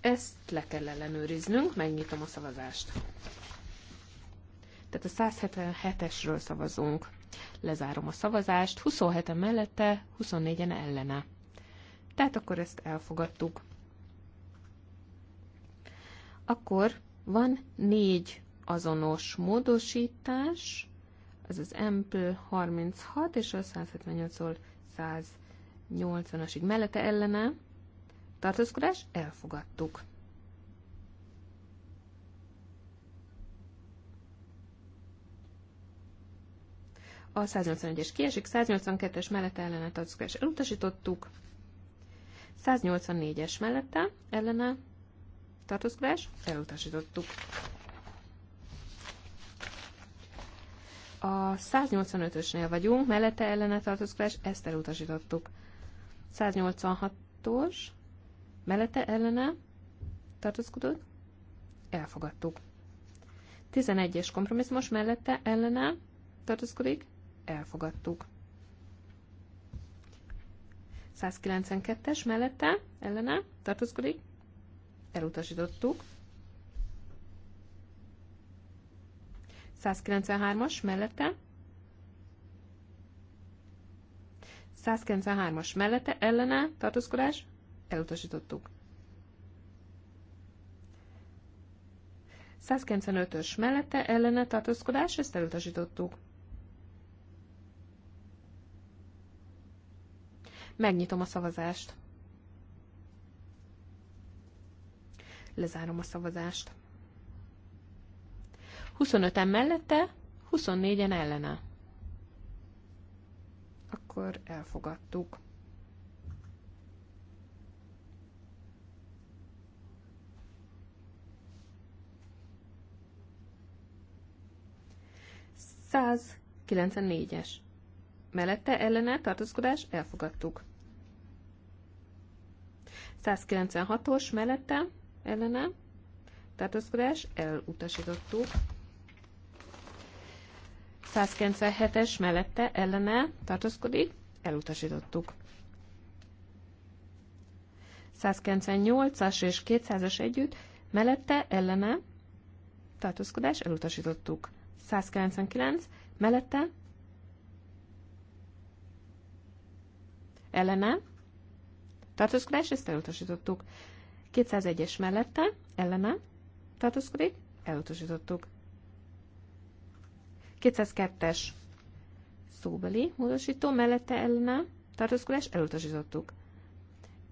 Ezt le kell ellenőriznünk, megnyitom a szavazást. Tehát a 177-esről szavazunk. Lezárom a szavazást, 27-en mellette, 24-en ellene. Tehát akkor ezt elfogadtuk. Akkor van négy azonos módosítás, ez az mp 36 és a 178-ról 180-asig mellette ellene tartózkodás, elfogadtuk. A 181-es kiesik, 182-es mellette ellene tartózkodás elutasítottuk, 184-es mellette ellene tartózkodás elutasítottuk. A 185-ösnél vagyunk, mellette ellene tartózkodás, ezt elutasítottuk. 186-os, mellette ellene tartózkodott, elfogadtuk. 11-es kompromisszumos mellette ellene tartózkodik, elfogadtuk. 192-es mellette, ellene, tartózkodik, elutasítottuk. 193-as mellette, 193-as mellette, ellene, tartózkodás, elutasítottuk. 195-ös mellette, ellene, tartózkodás, ezt elutasítottuk. Megnyitom a szavazást. Lezárom a szavazást. 25-en mellette, 24-en ellene. Akkor elfogadtuk. Száz es Mellette ellene tartózkodás elfogadtuk. 196-os mellette, ellene, tartózkodás, elutasítottuk. 197-es mellette, ellene, tartózkodik, elutasítottuk. 198-as és 200-as együtt, mellette, ellene, tartózkodás, elutasítottuk. 199, mellette, ellene, tartózkodás, ezt elutasítottuk. 201-es mellette, ellene, tartózkodik, elutasítottuk. 202-es szóbeli módosító, mellette ellene, tartózkodás, elutasítottuk.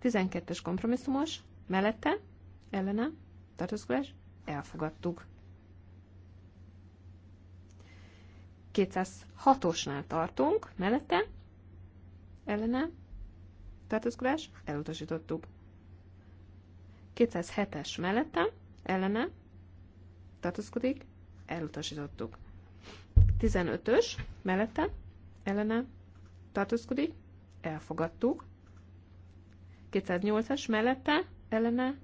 12-es kompromisszumos, mellette, ellene, tartózkodás, elfogadtuk. 206-osnál tartunk, mellette, ellene, tartózkodás, elutasítottuk. 207-es mellette, ellene, tartózkodik, elutasítottuk. 15-ös mellette, ellene, tartózkodik, elfogadtuk. 208 es mellette, ellene,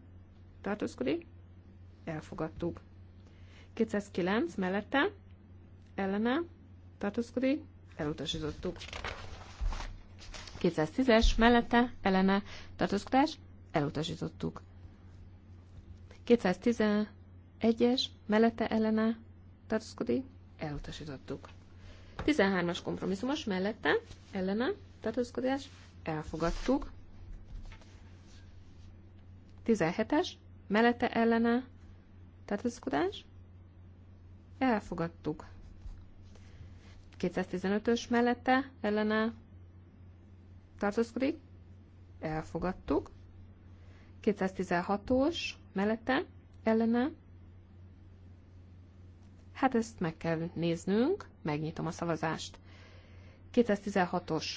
tartózkodik, elfogadtuk. 209 mellette, ellene, tartózkodik, elutasítottuk. 210-es mellette ellene tartózkodás elutasítottuk. 211-es mellette ellene tartózkodik elutasítottuk. 13-as kompromisszumos mellette ellene tartózkodás elfogadtuk. 17-es mellette ellene tartózkodás elfogadtuk. 215-ös mellette ellene tartózkodik, elfogadtuk. 216-os mellette, ellene. Hát ezt meg kell néznünk, megnyitom a szavazást. 216-os.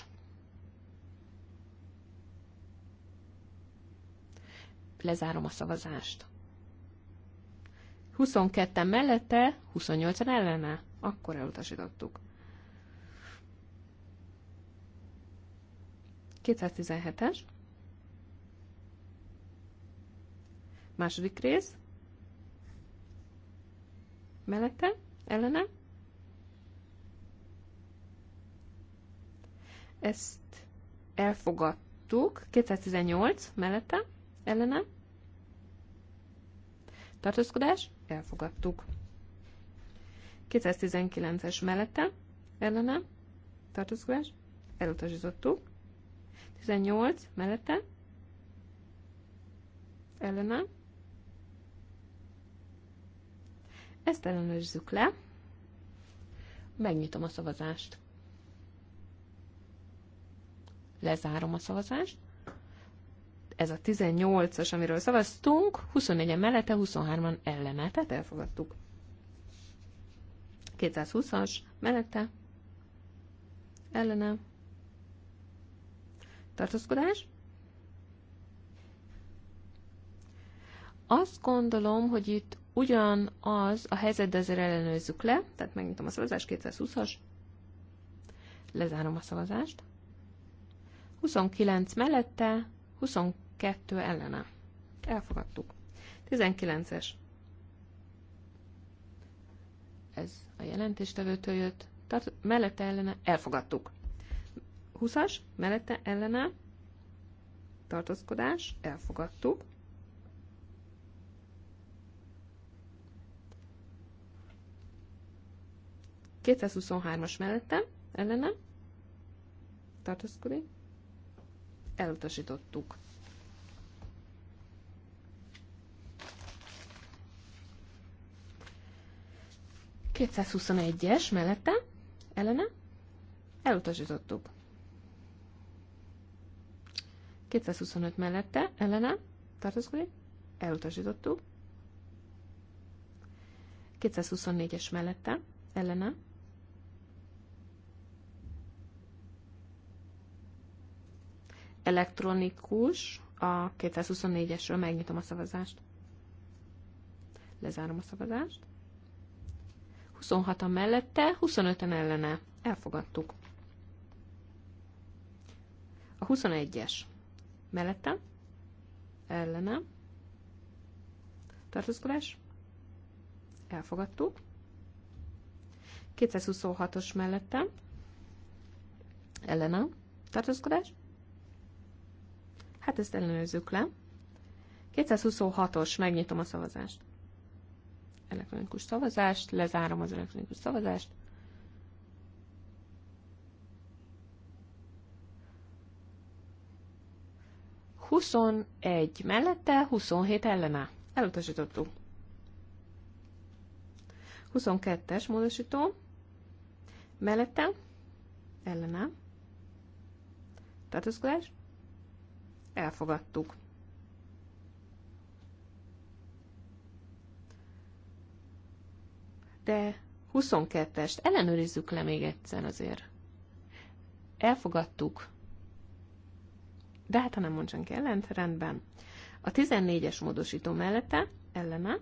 Lezárom a szavazást. 22-en mellette, 28-en ellene. Akkor elutasítottuk. 217-es. Második rész. Mellette, ellene. Ezt elfogadtuk. 218 mellette, ellene. Tartózkodás, elfogadtuk. 219-es mellette, ellene. Tartózkodás, elutasítottuk. 18 mellette, ellene. Ezt ellenőrizzük le. Megnyitom a szavazást. Lezárom a szavazást. Ez a 18-as, amiről szavaztunk, 24-en mellette, 23-an ellene, tehát elfogadtuk. 220-as mellette, ellene, Tartózkodás? Azt gondolom, hogy itt ugyanaz a helyzet, de ezért ellenőrizzük le. Tehát megnyitom a szavazást, 220-as. Lezárom a szavazást. 29 mellette, 22 ellene. Elfogadtuk. 19-es. Ez a jelentéstevőtől jött. Tehát mellette ellene elfogadtuk. 20-as, mellette ellene tartózkodás, elfogadtuk. as mellette ellene tartózkodik, elutasítottuk. Kétszázhuszonegyes mellette ellene elutasítottuk. 225 mellette, ellene, tartózkodik, elutasítottuk. 224-es mellette, ellene. Elektronikus, a 224-esről megnyitom a szavazást. Lezárom a szavazást. 26-an mellette, 25-en ellene. Elfogadtuk. A 21-es Mellettem, ellenem, tartózkodás, elfogadtuk. 226-os mellettem, ellenem, tartózkodás, hát ezt ellenőrzzük le. 226-os, megnyitom a szavazást. Elektronikus szavazást, lezárom az elektronikus szavazást, 21 mellette, 27 ellene. Elutasítottuk. 22-es módosító. Mellette, ellene. Tartózkodás. Elfogadtuk. De 22-est ellenőrizzük le még egyszer azért. Elfogadtuk de hát ha nem mond senki ellent, rendben. A 14-es módosító mellette ellene.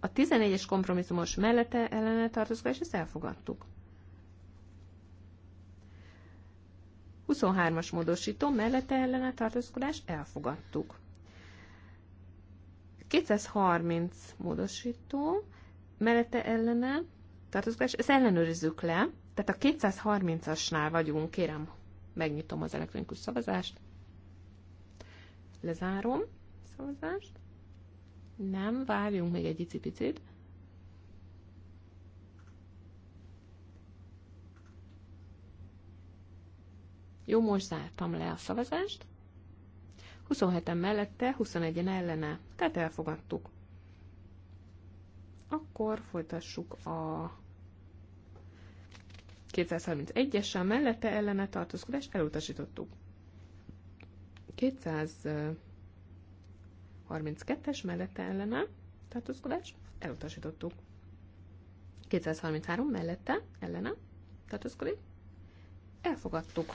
A 14-es kompromisszumos mellette ellene és ezt elfogadtuk. 23-as módosító mellette ellene tartózkodás, elfogadtuk. 230 módosító mellette ellene tartózkodás, ezt ellenőrizzük le, tehát a 230-asnál vagyunk, kérem, megnyitom az elektronikus szavazást. Lezárom szavazást. Nem, várjunk még egy icipicit. Jó, most zártam le a szavazást. 27-en mellette, 21-en ellene, tehát elfogadtuk. Akkor folytassuk a 231-essel mellette ellene tartózkodást elutasítottuk. 232-es mellette ellene tartózkodás elutasítottuk. 233 mellette ellene tartózkodik elfogadtuk.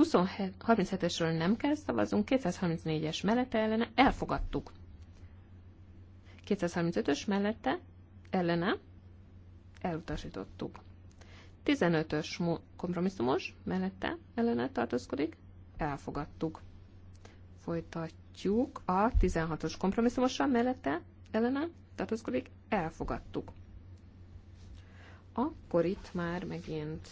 237 esről nem kell szavazunk, 234-es mellette ellene elfogadtuk. 235-ös mellette ellene elutasítottuk. 15-ös kompromisszumos mellette ellene tartózkodik, elfogadtuk. Folytatjuk a 16-os kompromisszumosra mellette ellene tartózkodik, elfogadtuk. Akkor itt már megint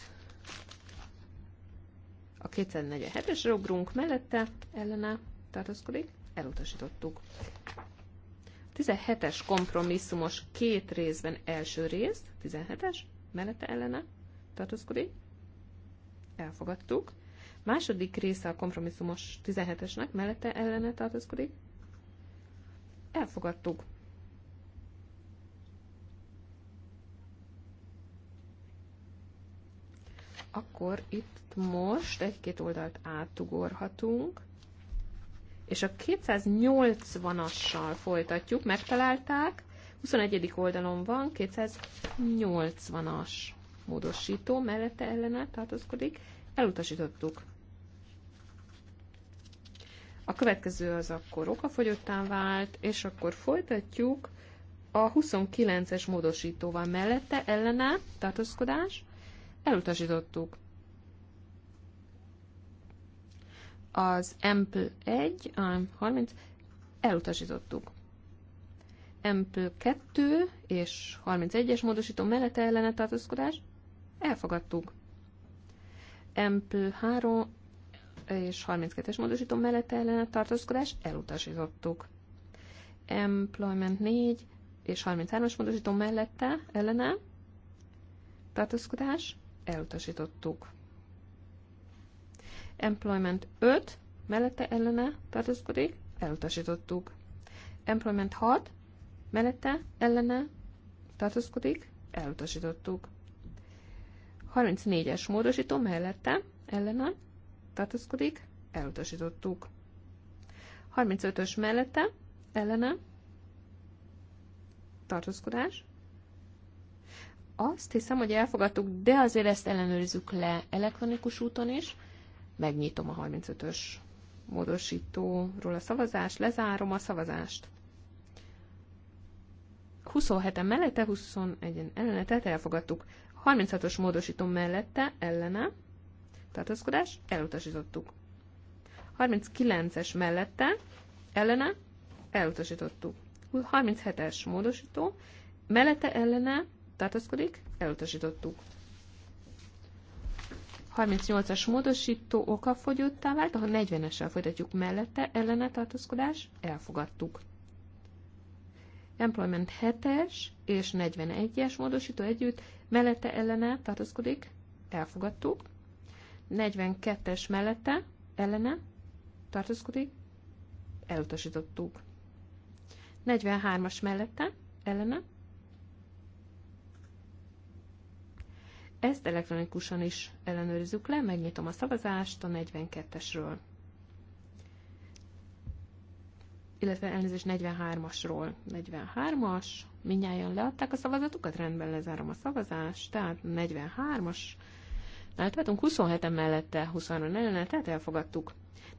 a 247-esre ugrunk, mellette ellene tartozkodik, elutasítottuk. 17-es kompromisszumos két részben első rész, 17-es, mellette ellene tartozkodik, elfogadtuk. Második része a kompromisszumos 17-esnek, mellette ellene tartozkodik, elfogadtuk. akkor itt most egy-két oldalt átugorhatunk, és a 280-assal folytatjuk, megtalálták, 21. oldalon van 280-as módosító, mellette ellene tartozkodik, elutasítottuk. A következő az akkor okafogyottán vált, és akkor folytatjuk a 29-es módosítóval mellette ellene tartózkodás, elutasítottuk. Az mp 1, a 30, elutasítottuk. mp 2 és 31-es módosító mellette ellene tartózkodás, elfogadtuk. Ampl 3 és 32-es módosító mellette ellene tartózkodás, elutasítottuk. Employment 4 és 33-as módosító mellette ellene tartózkodás, elutasítottuk. Employment 5, mellette ellene tartózkodik, elutasítottuk. Employment 6, mellette ellene tartózkodik, elutasítottuk. 34-es módosító mellette ellene tartózkodik, elutasítottuk. 35-ös mellette ellene tartózkodás, azt hiszem, hogy elfogadtuk, de azért ezt ellenőrizzük le elektronikus úton is. Megnyitom a 35-ös módosítóról a szavazást, lezárom a szavazást. 27-en mellette, 21-en ellene, tehát elfogadtuk. 36-os módosító mellette, ellene, tartózkodás, elutasítottuk. 39-es mellette, ellene, elutasítottuk. 37-es módosító, mellette, ellene, tartózkodik, elutasítottuk. 38-as módosító fogyottá vált, a 40-essel folytatjuk mellette, ellene tartózkodás, elfogadtuk. Employment 7-es és 41-es módosító együtt, mellette ellene tartózkodik, elfogadtuk. 42-es mellette ellene tartózkodik, elutasítottuk. 43-as mellette ellene Ezt elektronikusan is ellenőrizzük le, megnyitom a szavazást a 42-esről. Illetve elnézést 43-asról. 43-as, mindjárt leadták a szavazatukat, rendben lezárom a szavazást, tehát 43-as. Hát vettünk 27-en mellette, 23 ellene, tehát elfogadtuk.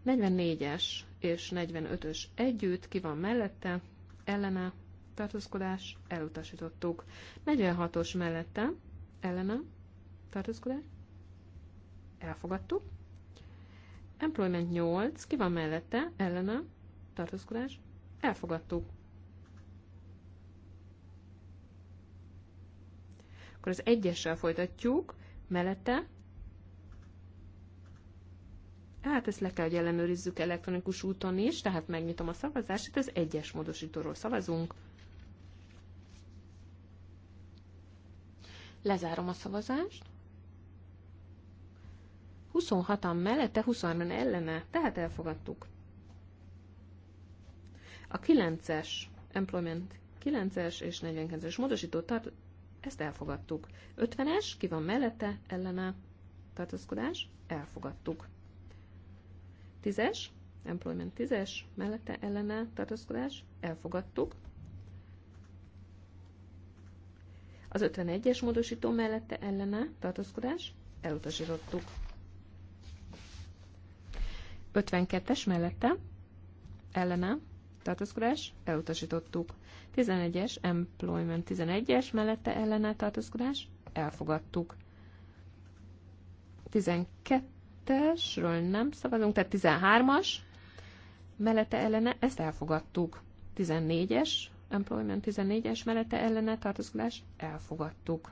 44-es és 45-ös együtt, ki van mellette, ellene, tartózkodás, elutasítottuk. 46-os mellette, ellene, tartózkodás, elfogadtuk. Employment 8, ki van mellette, ellene, tartózkodás, elfogadtuk. Akkor az egyessel folytatjuk, mellette, Hát ezt le kell, hogy ellenőrizzük elektronikus úton is, tehát megnyitom a szavazást, itt az egyes módosítóról szavazunk. Lezárom a szavazást. 26-an mellette, 23-an ellene, tehát elfogadtuk. A 9-es employment 9-es és 49-es módosító tart, ezt elfogadtuk. 50-es, ki van mellette, ellene, tartózkodás, elfogadtuk. 10-es, employment 10-es, mellette, ellene, tartózkodás, elfogadtuk. Az 51-es módosító mellette, ellene, tartózkodás, elutasítottuk. 52-es mellette, ellene, tartózkodás, elutasítottuk. 11-es, employment 11-es, mellette ellene tartózkodás, elfogadtuk. 12-esről nem szavazunk, tehát 13-as, mellette ellene, ezt elfogadtuk. 14-es, employment 14-es, mellette ellene tartózkodás, elfogadtuk.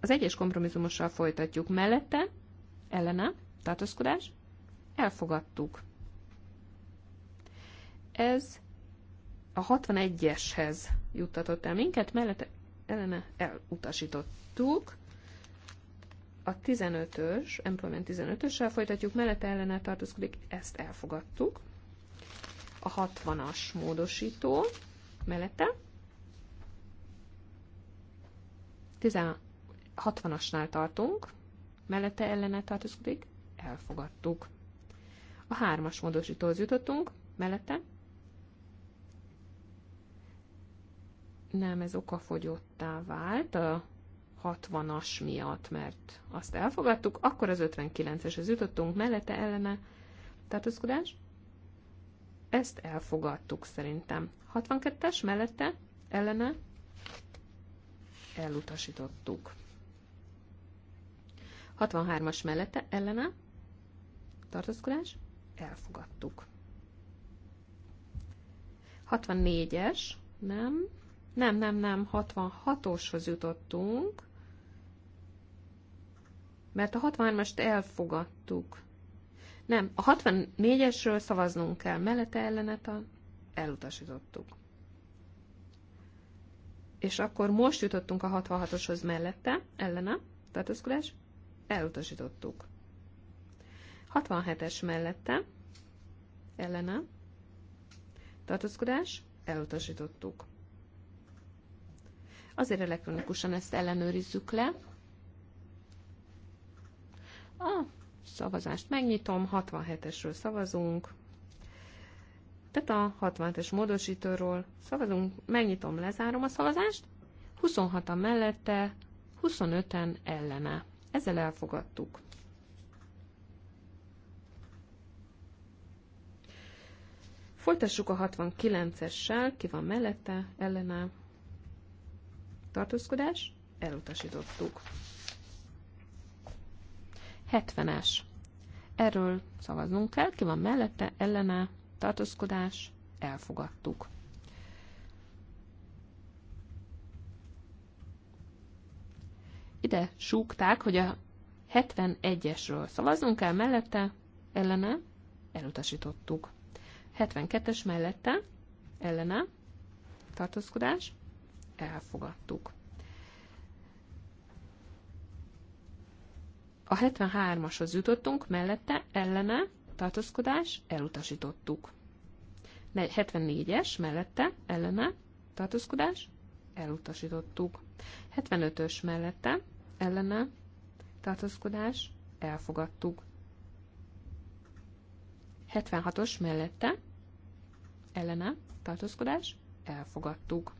Az egyes kompromisszumossal folytatjuk mellette, ellene, tartózkodás, elfogadtuk. Ez a 61-eshez juttatott el minket, mellette ellene elutasítottuk. A 15-ös, Employment 15-össel folytatjuk, mellette ellene tartózkodik, ezt elfogadtuk. A 60-as módosító mellette. 60-asnál tartunk, mellette ellene tartózkodik, elfogadtuk. A hármas módosítóhoz jutottunk, mellette. Nem, ez okafogyottá vált a 60-as miatt, mert azt elfogadtuk, akkor az 59-eshez jutottunk, mellette ellene tartózkodás. Ezt elfogadtuk szerintem. 62-es mellette ellene elutasítottuk. 63-as mellette ellene tartózkodás elfogadtuk. 64-es, nem, nem, nem, nem, 66-oshoz jutottunk, mert a 63 est elfogadtuk. Nem, a 64-esről szavaznunk kell, mellette ellenet a elutasítottuk. És akkor most jutottunk a 66-oshoz mellette, ellene, tartózkodás, elutasítottuk. 67-es mellette, ellene, tartózkodás, elutasítottuk. Azért elektronikusan ezt ellenőrizzük le. A szavazást megnyitom, 67-esről szavazunk. Tehát a 67-es módosítóról szavazunk, megnyitom, lezárom a szavazást. 26-an mellette, 25-en ellene. Ezzel elfogadtuk. Folytassuk a 69-essel, ki van mellette, ellene, tartózkodás, elutasítottuk. 70-es. Erről szavaznunk kell, ki van mellette, ellene, tartózkodás, elfogadtuk. Ide súgták, hogy a 71-esről szavazunk el mellette, ellene, elutasítottuk. 72-es mellette ellene tartózkodás elfogadtuk. A 73-ashoz jutottunk, mellette ellene tartózkodás elutasítottuk. 74-es mellette ellene tartózkodás elutasítottuk. 75-ös mellette ellene tartózkodás elfogadtuk. 76-os mellette ellene tartózkodás elfogadtuk.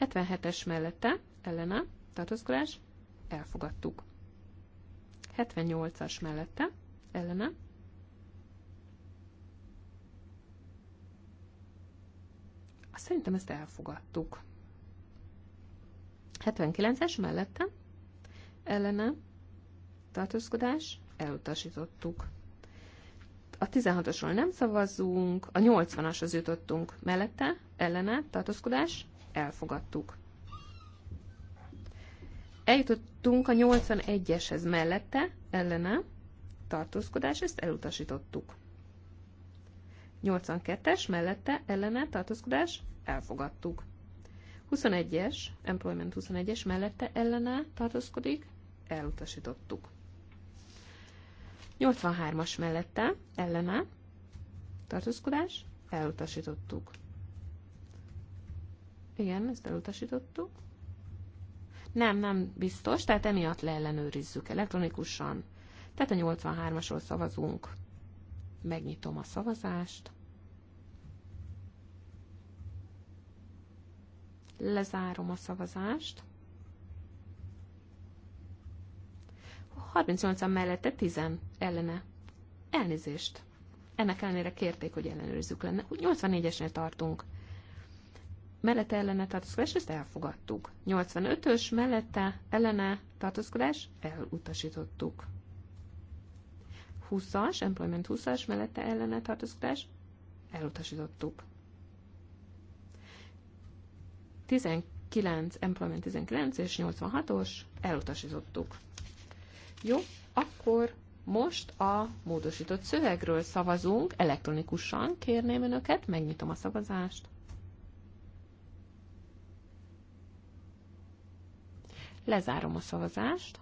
77-es mellette ellene tartózkodás elfogadtuk. 78-as mellette ellene Azt szerintem ezt elfogadtuk. 79-es mellette ellene tartózkodás elutasítottuk a 16-osról nem szavazzunk, a 80-ashoz jutottunk mellette, ellene, tartózkodás, elfogadtuk. Eljutottunk a 81-eshez mellette, ellene, tartózkodás, ezt elutasítottuk. 82-es mellette, ellene, tartózkodás, elfogadtuk. 21-es, employment 21-es mellette, ellene, tartózkodik, elutasítottuk. 83-as mellette ellene tartózkodás elutasítottuk. Igen, ezt elutasítottuk. Nem, nem biztos, tehát emiatt leellenőrizzük elektronikusan. Tehát a 83-asról szavazunk. Megnyitom a szavazást. Lezárom a szavazást. 38-an mellette 10 ellene. Elnézést. Ennek ellenére kérték, hogy ellenőrizzük lenne. 84-esnél tartunk. Mellette ellene tartózkodás, ezt elfogadtuk. 85-ös mellette ellene tartózkodás, elutasítottuk. 20-as, Employment 20-as mellette ellene tartózkodás, elutasítottuk. 19, Employment 19 és 86-os, elutasítottuk. Jó, akkor most a módosított szövegről szavazunk elektronikusan, kérném önöket, megnyitom a szavazást. Lezárom a szavazást.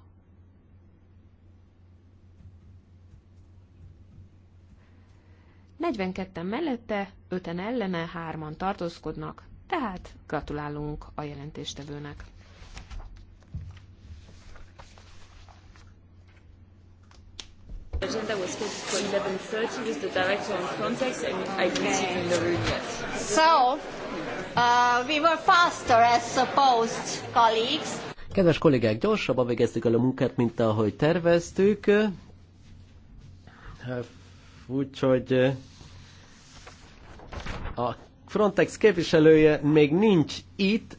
Negyvenketten mellette, öten ellene, hárman tartózkodnak, tehát gratulálunk a jelentéstevőnek. agenda was scheduled for 11.30 with the director on and I didn't in the room yet. So, uh, we were faster as supposed, colleagues. Kedves kollégák, gyorsabban végeztük el a munkát, mint ahogy terveztük. Hát, úgyhogy uh, a Frontex képviselője még nincs itt,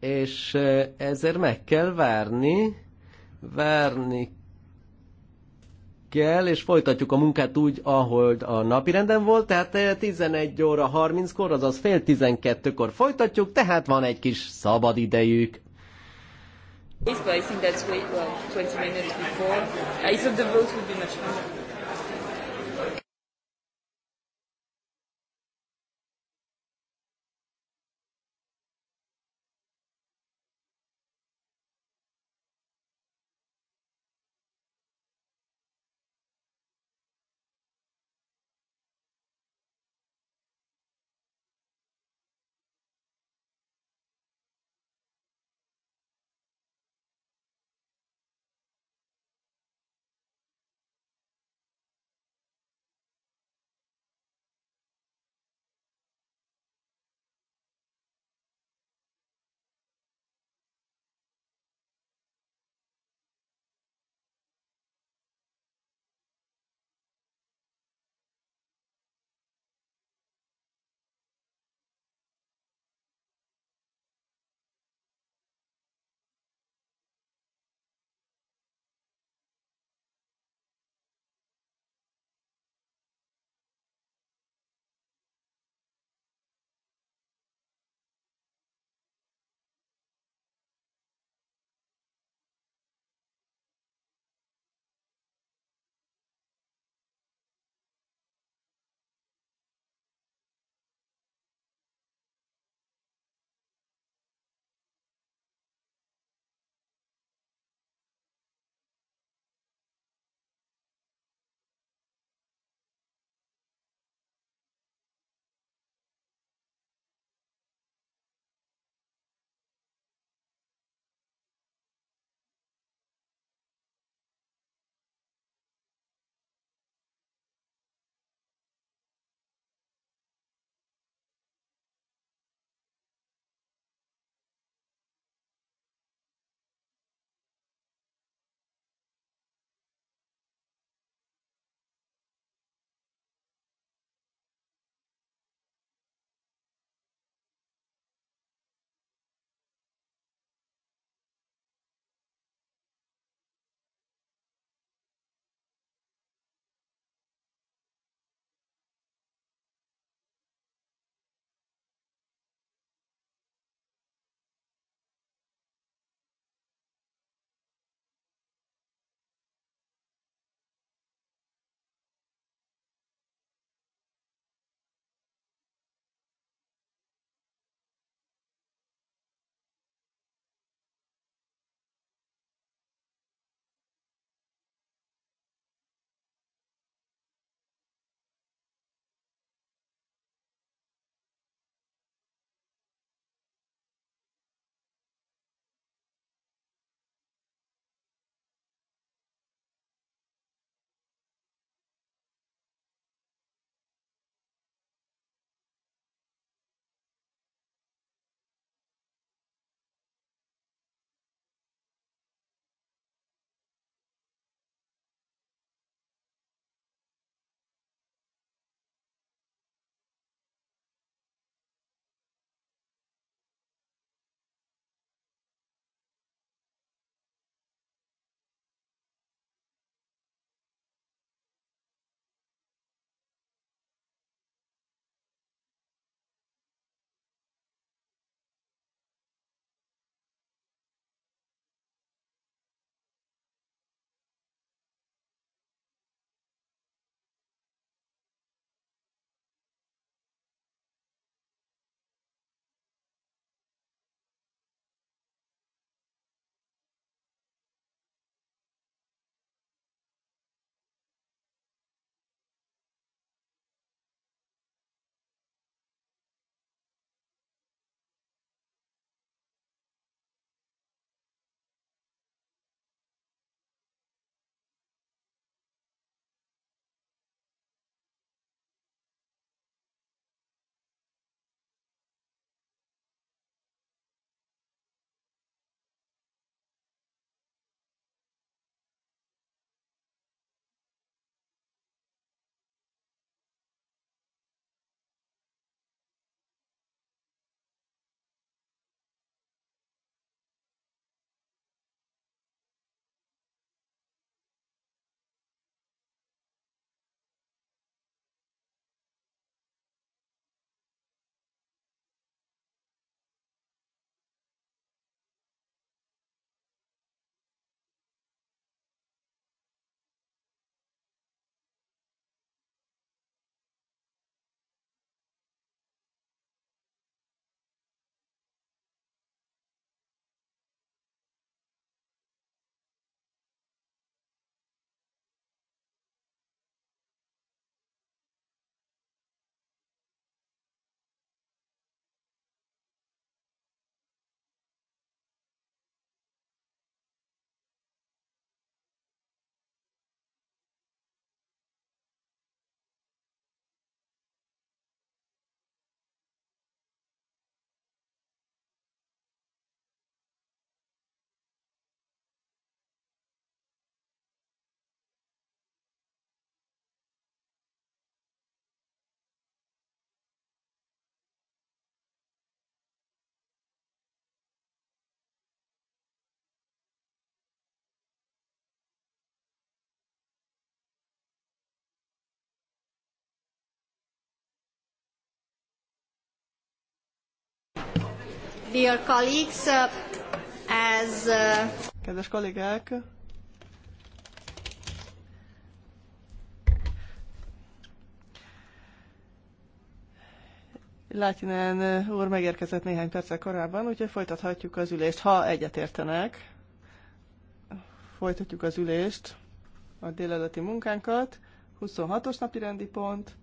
és uh, ezért meg kell várni, verni kell, és folytatjuk a munkát úgy, ahogy a napi renden volt, tehát 11 eh, óra 30-kor, azaz fél 12-kor folytatjuk, tehát van egy kis szabad idejük. But I think that's way, well, 20 minutes before. Uh, I thought the vote would be much longer. Dear colleagues, as... Uh, Kedves kollégák! Látinen uh, úr megérkezett néhány perccel korábban, úgyhogy folytathatjuk az ülést, ha egyetértenek. Folytatjuk az ülést, a délelőtti munkánkat. 26-os napi rendi pont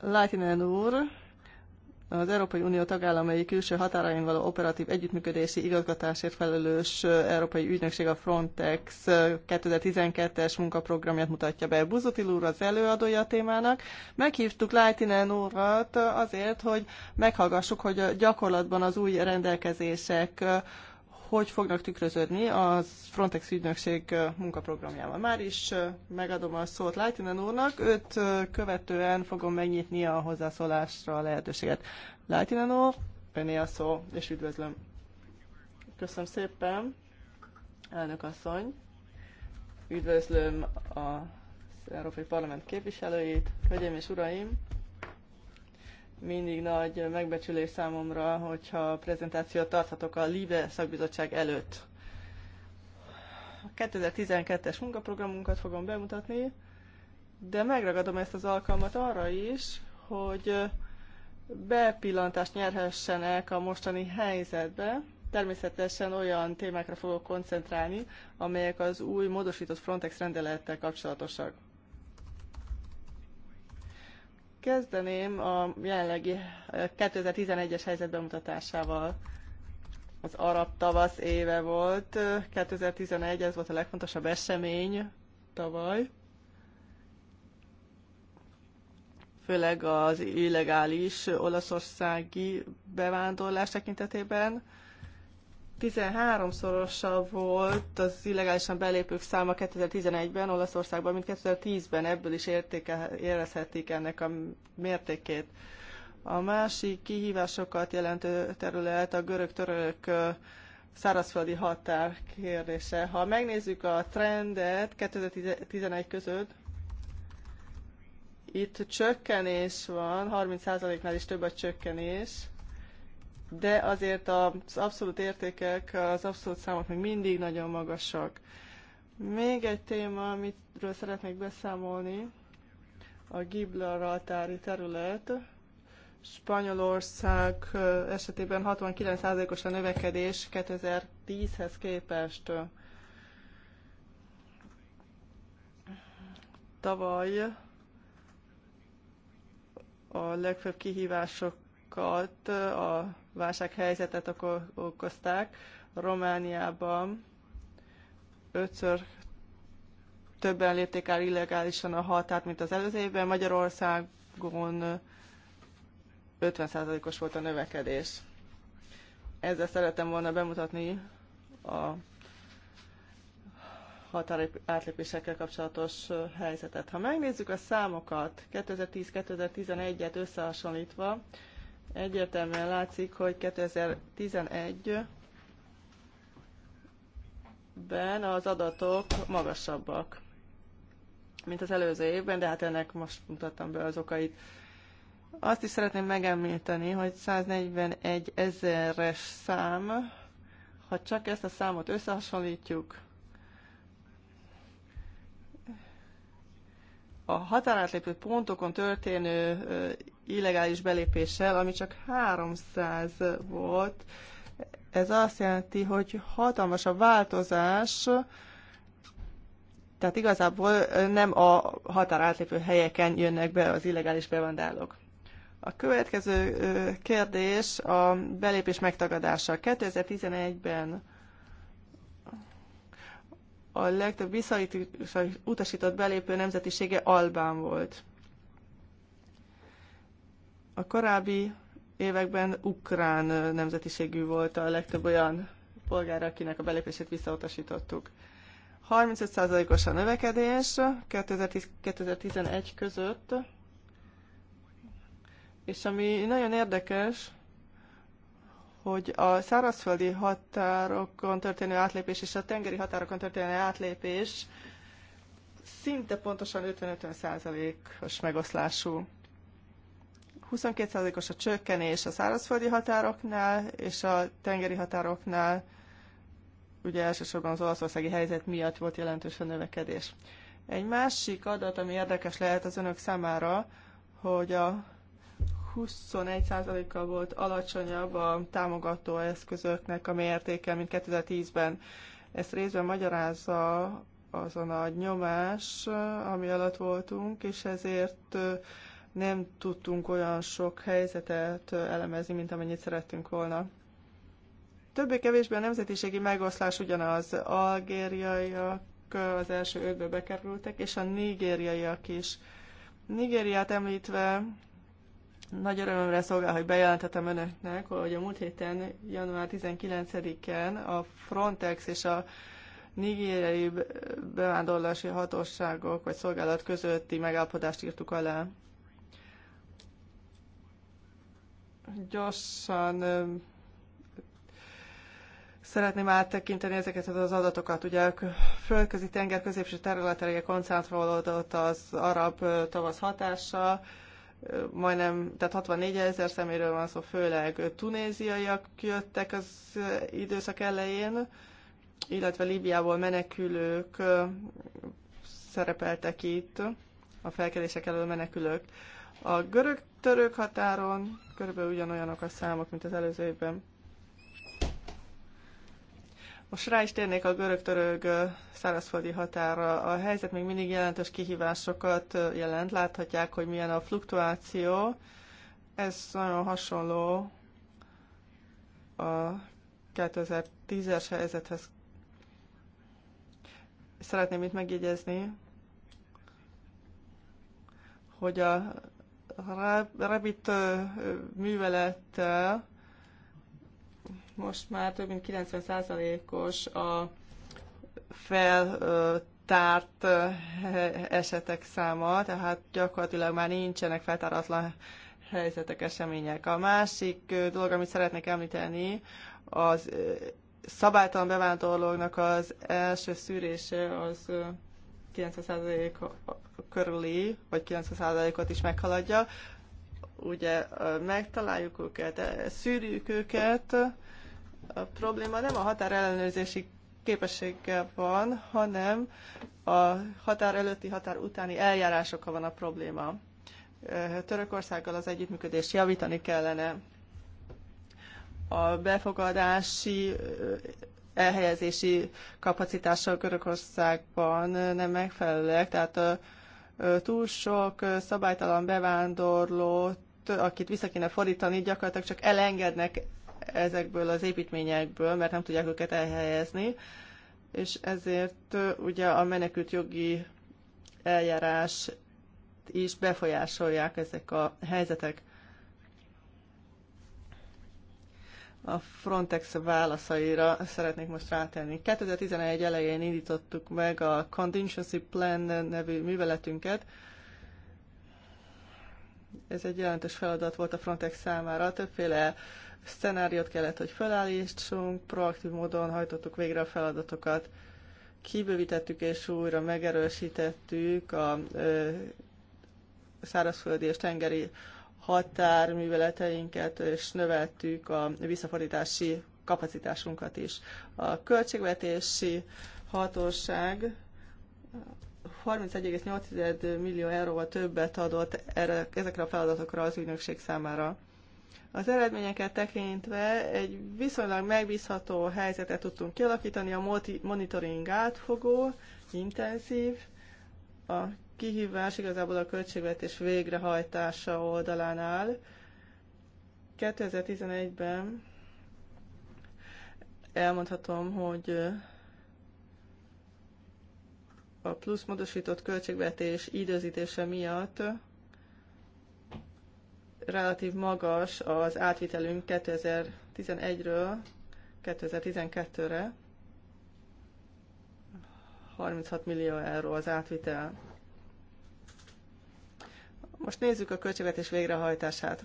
Leitinen úr, az Európai Unió tagállamai külső határain való operatív együttműködési igazgatásért felelős Európai Ügynökség a Frontex 2012-es munkaprogramját mutatja be. Buzutil úr az előadója a témának. Meghívtuk Lájtinen úrat azért, hogy meghallgassuk, hogy gyakorlatban az új rendelkezések hogy fognak tükröződni a Frontex ügynökség munkaprogramjával. Már is megadom a szót Lájtinen úrnak, őt követően fogom megnyitni a hozzászólásra a lehetőséget. Lájtinen úr, öné a szó, és üdvözlöm. Köszönöm szépen, elnök asszony. Üdvözlöm az Európai Parlament képviselőit, hölgyeim és uraim mindig nagy megbecsülés számomra, hogyha prezentációt tarthatok a LIBE szakbizottság előtt. A 2012-es munkaprogramunkat fogom bemutatni, de megragadom ezt az alkalmat arra is, hogy bepillantást nyerhessenek a mostani helyzetbe. Természetesen olyan témákra fogok koncentrálni, amelyek az új módosított Frontex rendelettel kapcsolatosak. Kezdeném a jelenlegi 2011-es eh, helyzet bemutatásával. Az arab tavasz éve volt, 2011, ez volt a legfontosabb esemény tavaly. Főleg az illegális olaszországi bevándorlás tekintetében 13-szorosa volt az illegálisan belépők száma 2011-ben Olaszországban, mint 2010-ben. Ebből is értéke, érezhetik ennek a mértékét. A másik kihívásokat jelentő terület a görög-török szárazföldi határ kérdése. Ha megnézzük a trendet 2011 között, itt csökkenés van, 30%-nál is több a csökkenés de azért az abszolút értékek, az abszolút számok még mindig nagyon magasak. Még egy téma, amitről szeretnék beszámolni, a Gibraltári terület. Spanyolország esetében 69%-os a növekedés 2010-hez képest. Tavaly a legfőbb kihívásokat a válsághelyzetet okozták. Romániában ötször többen lépték el illegálisan a határt, mint az előző évben. Magyarországon 50%-os volt a növekedés. Ezzel szeretem volna bemutatni a átlépésekkel kapcsolatos helyzetet. Ha megnézzük a számokat 2010-2011-et összehasonlítva, Egyértelműen látszik, hogy 2011 ben az adatok magasabbak, mint az előző évben, de hát ennek most mutattam be az okait. Azt is szeretném megemlíteni, hogy 141 ezeres szám, ha csak ezt a számot összehasonlítjuk, a határátlépő pontokon történő illegális belépéssel, ami csak 300 volt. Ez azt jelenti, hogy hatalmas a változás, tehát igazából nem a határátlépő helyeken jönnek be az illegális bevándorlók. A következő kérdés a belépés megtagadása. 2011-ben a legtöbb visszautasított belépő nemzetisége Albán volt. A korábbi években ukrán nemzetiségű volt a legtöbb olyan polgár, akinek a belépését visszautasítottuk. 35%-os a növekedés 2010-2011 között, és ami nagyon érdekes, hogy a szárazföldi határokon történő átlépés és a tengeri határokon történő átlépés szinte pontosan 50-50 százalékos megoszlású. 22%-os a csökkenés a szárazföldi határoknál és a tengeri határoknál, ugye elsősorban az olaszországi helyzet miatt volt jelentős a növekedés. Egy másik adat, ami érdekes lehet az önök számára, hogy a 21%-kal volt alacsonyabb a támogató eszközöknek a mértéke, mint 2010-ben. Ezt részben magyarázza azon a nyomás, ami alatt voltunk, és ezért nem tudtunk olyan sok helyzetet elemezni, mint amennyit szerettünk volna. Többé-kevésbé a nemzetiségi megoszlás ugyanaz. Algériaiak az első ötbe bekerültek, és a nigériaiak is. Nigériát említve nagy örömömre szolgál, hogy bejelentettem önöknek, hogy a múlt héten, január 19-en a Frontex és a nigériai bevándorlási hatóságok vagy szolgálat közötti megállapodást írtuk alá. gyorsan szeretném áttekinteni ezeket az adatokat. Ugye a földközi tenger középső területére koncentrálódott az arab tavasz hatása, majdnem, tehát 64 ezer szeméről van szó, főleg tunéziaiak jöttek az időszak elején, illetve Líbiából menekülők szerepeltek itt, a felkelések elől menekülők. A görög-török határon körülbelül ugyanolyanok a számok, mint az előző évben. Most rá is térnék a görög-török szárazföldi határa. A helyzet még mindig jelentős kihívásokat jelent. Láthatják, hogy milyen a fluktuáció. Ez nagyon hasonló a 2010-es helyzethez. Szeretném itt megjegyezni, hogy a Rabbit művelettel most már több mint 90%-os a feltárt esetek száma, tehát gyakorlatilag már nincsenek feltáratlan helyzetek, események. A másik dolog, amit szeretnék említeni, az szabálytalan bevándorlóknak az első szűrése az 90% körüli, vagy 90%-ot is meghaladja. Ugye megtaláljuk őket, szűrjük őket. A probléma nem a határellenőrzési képességgel van, hanem a határ előtti, határ utáni eljárásokkal van a probléma. Törökországgal az együttműködést javítani kellene. A befogadási elhelyezési kapacitása Görögországban nem megfelelőek, tehát túl sok szabálytalan bevándorlót, akit vissza kéne fordítani, gyakorlatilag csak elengednek ezekből az építményekből, mert nem tudják őket elhelyezni, és ezért ugye a menekült jogi eljárás is befolyásolják ezek a helyzetek. A Frontex válaszaira szeretnék most rátenni. 2011 elején indítottuk meg a Contingency Plan nevű műveletünket. Ez egy jelentős feladat volt a Frontex számára. Többféle szenáriót kellett, hogy felállítsunk, proaktív módon hajtottuk végre a feladatokat, kibővítettük és újra megerősítettük a ö, szárazföldi és tengeri határműveleteinket, és növeltük a visszafordítási kapacitásunkat is. A költségvetési hatóság 31,8 millió euróval többet adott erre, ezekre a feladatokra az ügynökség számára. Az eredményeket tekintve egy viszonylag megbízható helyzetet tudtunk kialakítani, a monitoring átfogó, intenzív, a kihívás igazából a költségvetés végrehajtása oldalán áll. 2011-ben elmondhatom, hogy a plusz módosított költségvetés időzítése miatt relatív magas az átvitelünk 2011-ről 2012-re. 36 millió euró az átvitel. Most nézzük a költségvetés végrehajtását.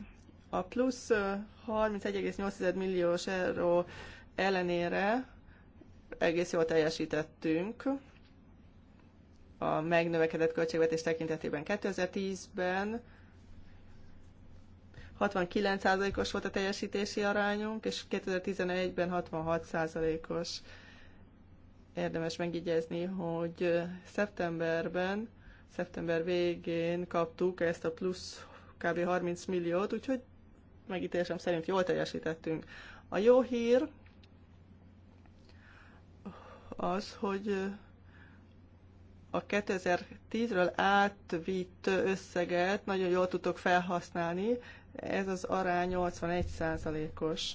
A plusz 31,8 milliós euró ellenére egész jól teljesítettünk a megnövekedett költségvetés tekintetében 2010-ben 69%-os volt a teljesítési arányunk, és 2011-ben 66%-os. Érdemes megjegyezni, hogy szeptemberben Szeptember végén kaptuk ezt a plusz kb. 30 milliót, úgyhogy megítélésem szerint jól teljesítettünk. A jó hír az, hogy a 2010-ről átvitt összeget nagyon jól tudtok felhasználni, ez az arány 81 százalékos.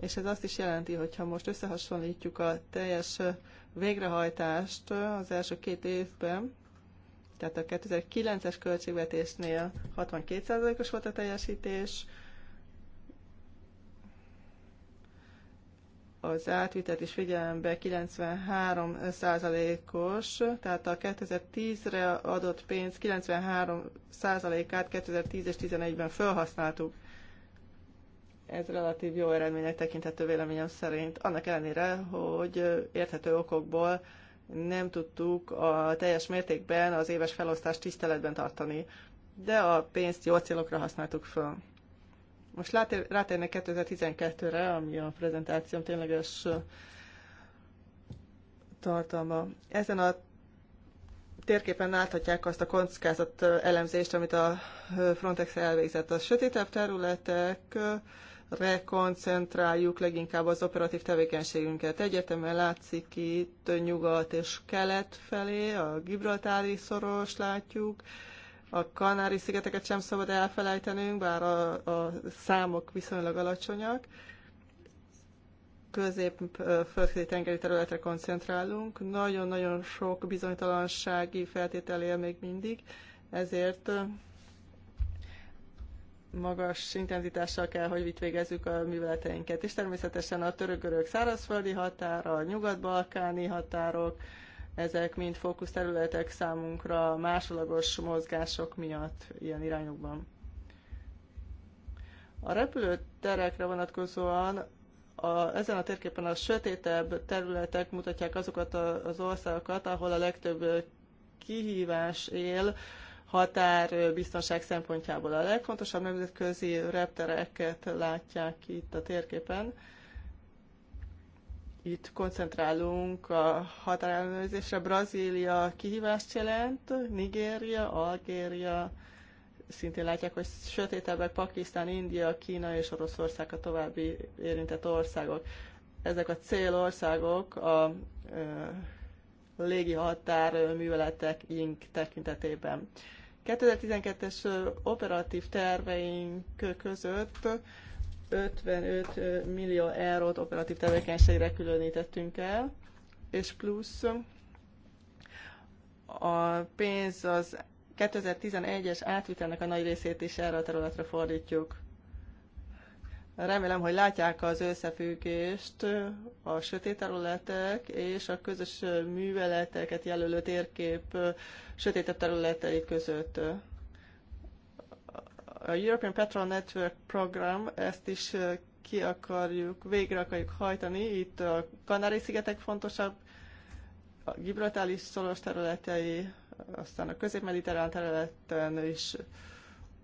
És ez azt is jelenti, hogy ha most összehasonlítjuk a teljes végrehajtást az első két évben, tehát a 2009-es költségvetésnél 62%-os volt a teljesítés, az átvitet is figyelembe 93%-os, tehát a 2010-re adott pénz 93%-át 2010 és 11 ben felhasználtuk. Ez relatív jó eredménynek tekinthető véleményem szerint, annak ellenére, hogy érthető okokból nem tudtuk a teljes mértékben az éves felosztást tiszteletben tartani, de a pénzt jó célokra használtuk föl. Most rátérnek 2012-re, ami a prezentációm tényleges tartalma. Ezen a térképen láthatják azt a kockázat elemzést, amit a Frontex elvégzett. A sötétebb területek rekoncentráljuk leginkább az operatív tevékenységünket. Egyetemen látszik itt nyugat és kelet felé, a Gibraltári szoros látjuk, a Kanári-szigeteket sem szabad elfelejtenünk, bár a, a számok viszonylag alacsonyak. Közép-földközi tengeri területre koncentrálunk. Nagyon-nagyon sok bizonytalansági feltétel él még mindig, ezért magas intenzitással kell, hogy itt végezzük a műveleteinket. És természetesen a török-görög szárazföldi határa, a nyugat-balkáni határok, ezek mind fókuszterületek számunkra másolagos mozgások miatt ilyen irányokban. A repülőterekre vonatkozóan a, ezen a térképen a sötétebb területek mutatják azokat a, az országokat, ahol a legtöbb kihívás él, határ biztonság szempontjából a legfontosabb nemzetközi reptereket látják itt a térképen. Itt koncentrálunk a határellenőrzésre. Brazília kihívást jelent, Nigéria, Algéria, szintén látják, hogy sötétebbek Pakisztán, India, Kína és Oroszország a további érintett országok. Ezek a célországok a légi határ műveletek ink tekintetében. 2012-es operatív terveink között 55 millió eurót operatív tevékenységre különítettünk el, és plusz a pénz az 2011-es átvitelnek a nagy részét is erre a területre fordítjuk. Remélem, hogy látják az összefüggést a sötét területek és a közös műveleteket jelölő térkép sötétebb területei között. A European Petrol Network program, ezt is ki akarjuk, végre akarjuk hajtani. Itt a Kanári-szigetek fontosabb, a Gibraltális szoros területei, aztán a közép-mediterrán területen is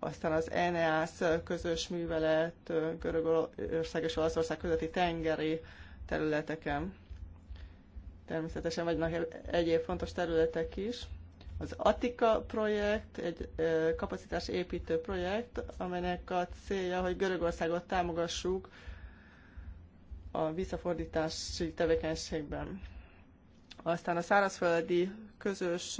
aztán az Eneász közös művelet Görögország és Olaszország közötti tengeri területeken. Természetesen vannak egyéb fontos területek is. Az Attika projekt egy kapacitás építő projekt, amelynek a célja, hogy Görögországot támogassuk a visszafordítási tevékenységben. Aztán a szárazföldi közös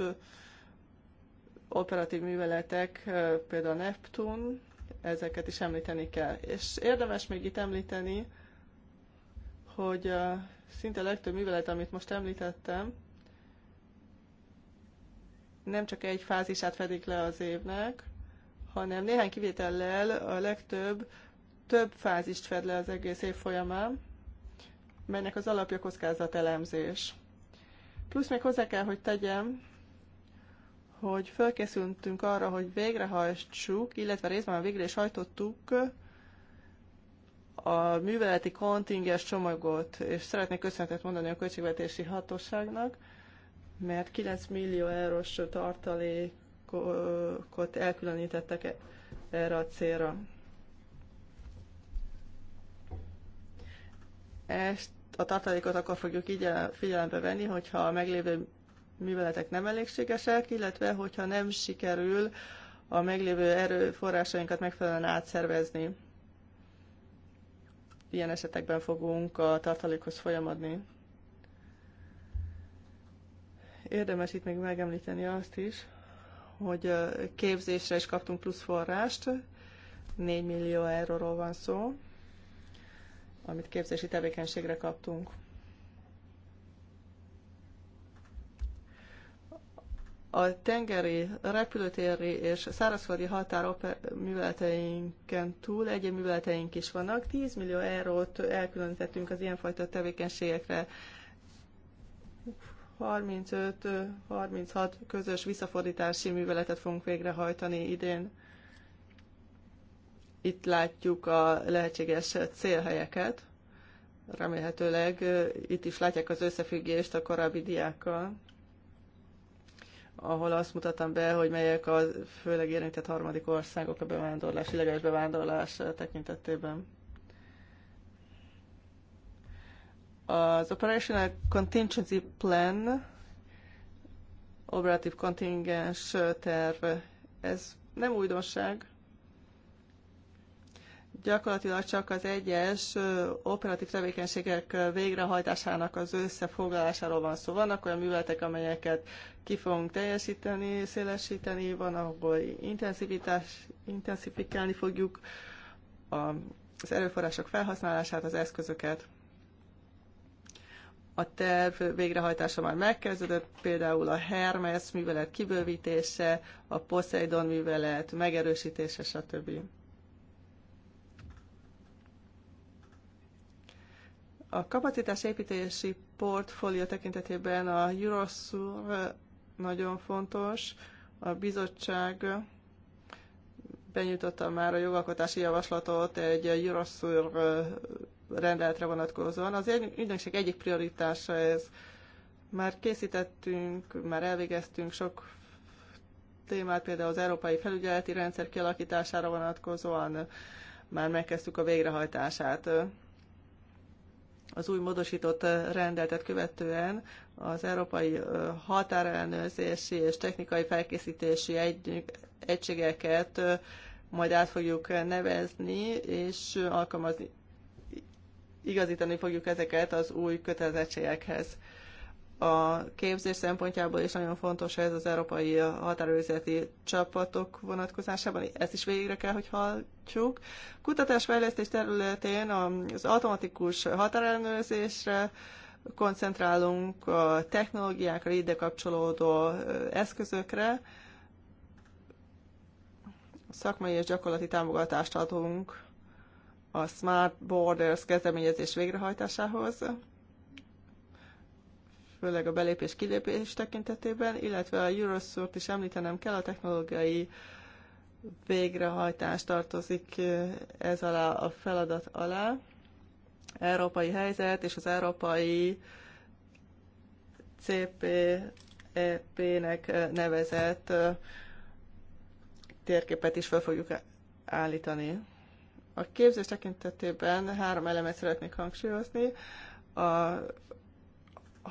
operatív műveletek, például a Neptun, ezeket is említeni kell. És érdemes még itt említeni, hogy szinte a legtöbb művelet, amit most említettem, nem csak egy fázisát fedik le az évnek, hanem néhány kivétellel a legtöbb több fázist fed le az egész év folyamán, melynek az alapja kockázatelemzés. Plusz még hozzá kell, hogy tegyem, hogy fölkészültünk arra, hogy végrehajtsuk, illetve részben a végre is hajtottuk a műveleti kontingens csomagot, és szeretnék köszönetet mondani a költségvetési hatóságnak, mert 9 millió eurós tartalékot elkülönítettek e- erre a célra. Ezt a tartalékot akkor fogjuk így figyelembe venni, hogyha a meglévő műveletek nem elégségesek, illetve hogyha nem sikerül a meglévő erőforrásainkat megfelelően átszervezni. Ilyen esetekben fogunk a tartalékhoz folyamodni. Érdemes itt még megemlíteni azt is, hogy képzésre is kaptunk plusz forrást, 4 millió euróról van szó, amit képzési tevékenységre kaptunk. A tengeri, repülőtéri és szárazföldi határ műveleteinken túl egyéb műveleteink is vannak. 10 millió eurót elkülönítettünk az ilyenfajta tevékenységekre. 35-36 közös visszafordítási műveletet fogunk végrehajtani idén. Itt látjuk a lehetséges célhelyeket. Remélhetőleg eh, itt is látják az összefüggést a korábbi diákkal ahol azt mutattam be, hogy melyek a főleg érintett harmadik országok a bevándorlás, illegális bevándorlás tekintetében. Az Operational Contingency Plan, operatív Contingency terv, ez nem újdonság, gyakorlatilag csak az egyes operatív tevékenységek végrehajtásának az összefoglalásáról van szó. Vannak olyan műveletek, amelyeket ki fogunk teljesíteni, szélesíteni, van, ahol intenzivitás, intenzifikálni fogjuk az erőforrások felhasználását, az eszközöket. A terv végrehajtása már megkezdődött, például a Hermes művelet kibővítése, a Poseidon művelet megerősítése, stb. A kapacitás építési portfólió tekintetében a Eurosur nagyon fontos. A bizottság benyújtotta már a jogalkotási javaslatot egy Eurosur rendeletre vonatkozóan. Az ügynökség egyik prioritása ez. Már készítettünk, már elvégeztünk sok témát, például az európai felügyeleti rendszer kialakítására vonatkozóan, már megkezdtük a végrehajtását az új módosított rendeltet követően az Európai Határellenőrzési és Technikai Felkészítési Egységeket majd át fogjuk nevezni, és alkalmazni, igazítani fogjuk ezeket az új kötelezettségekhez. A képzés szempontjából is nagyon fontos ez az európai határőrzeti csapatok vonatkozásában, ezt is végre kell, hogy halljuk. Kutatásfejlesztés területén az automatikus határellenőrzésre koncentrálunk a technológiákra, ide kapcsolódó eszközökre, szakmai és gyakorlati támogatást adunk a Smart Borders kezdeményezés végrehajtásához főleg a belépés-kilépés tekintetében, illetve a Eurosort is említenem kell, a technológiai végrehajtás tartozik ez alá a feladat alá. Európai helyzet és az európai CPEP-nek nevezett térképet is fel fogjuk e- állítani. A képzés tekintetében három elemet szeretnék hangsúlyozni. A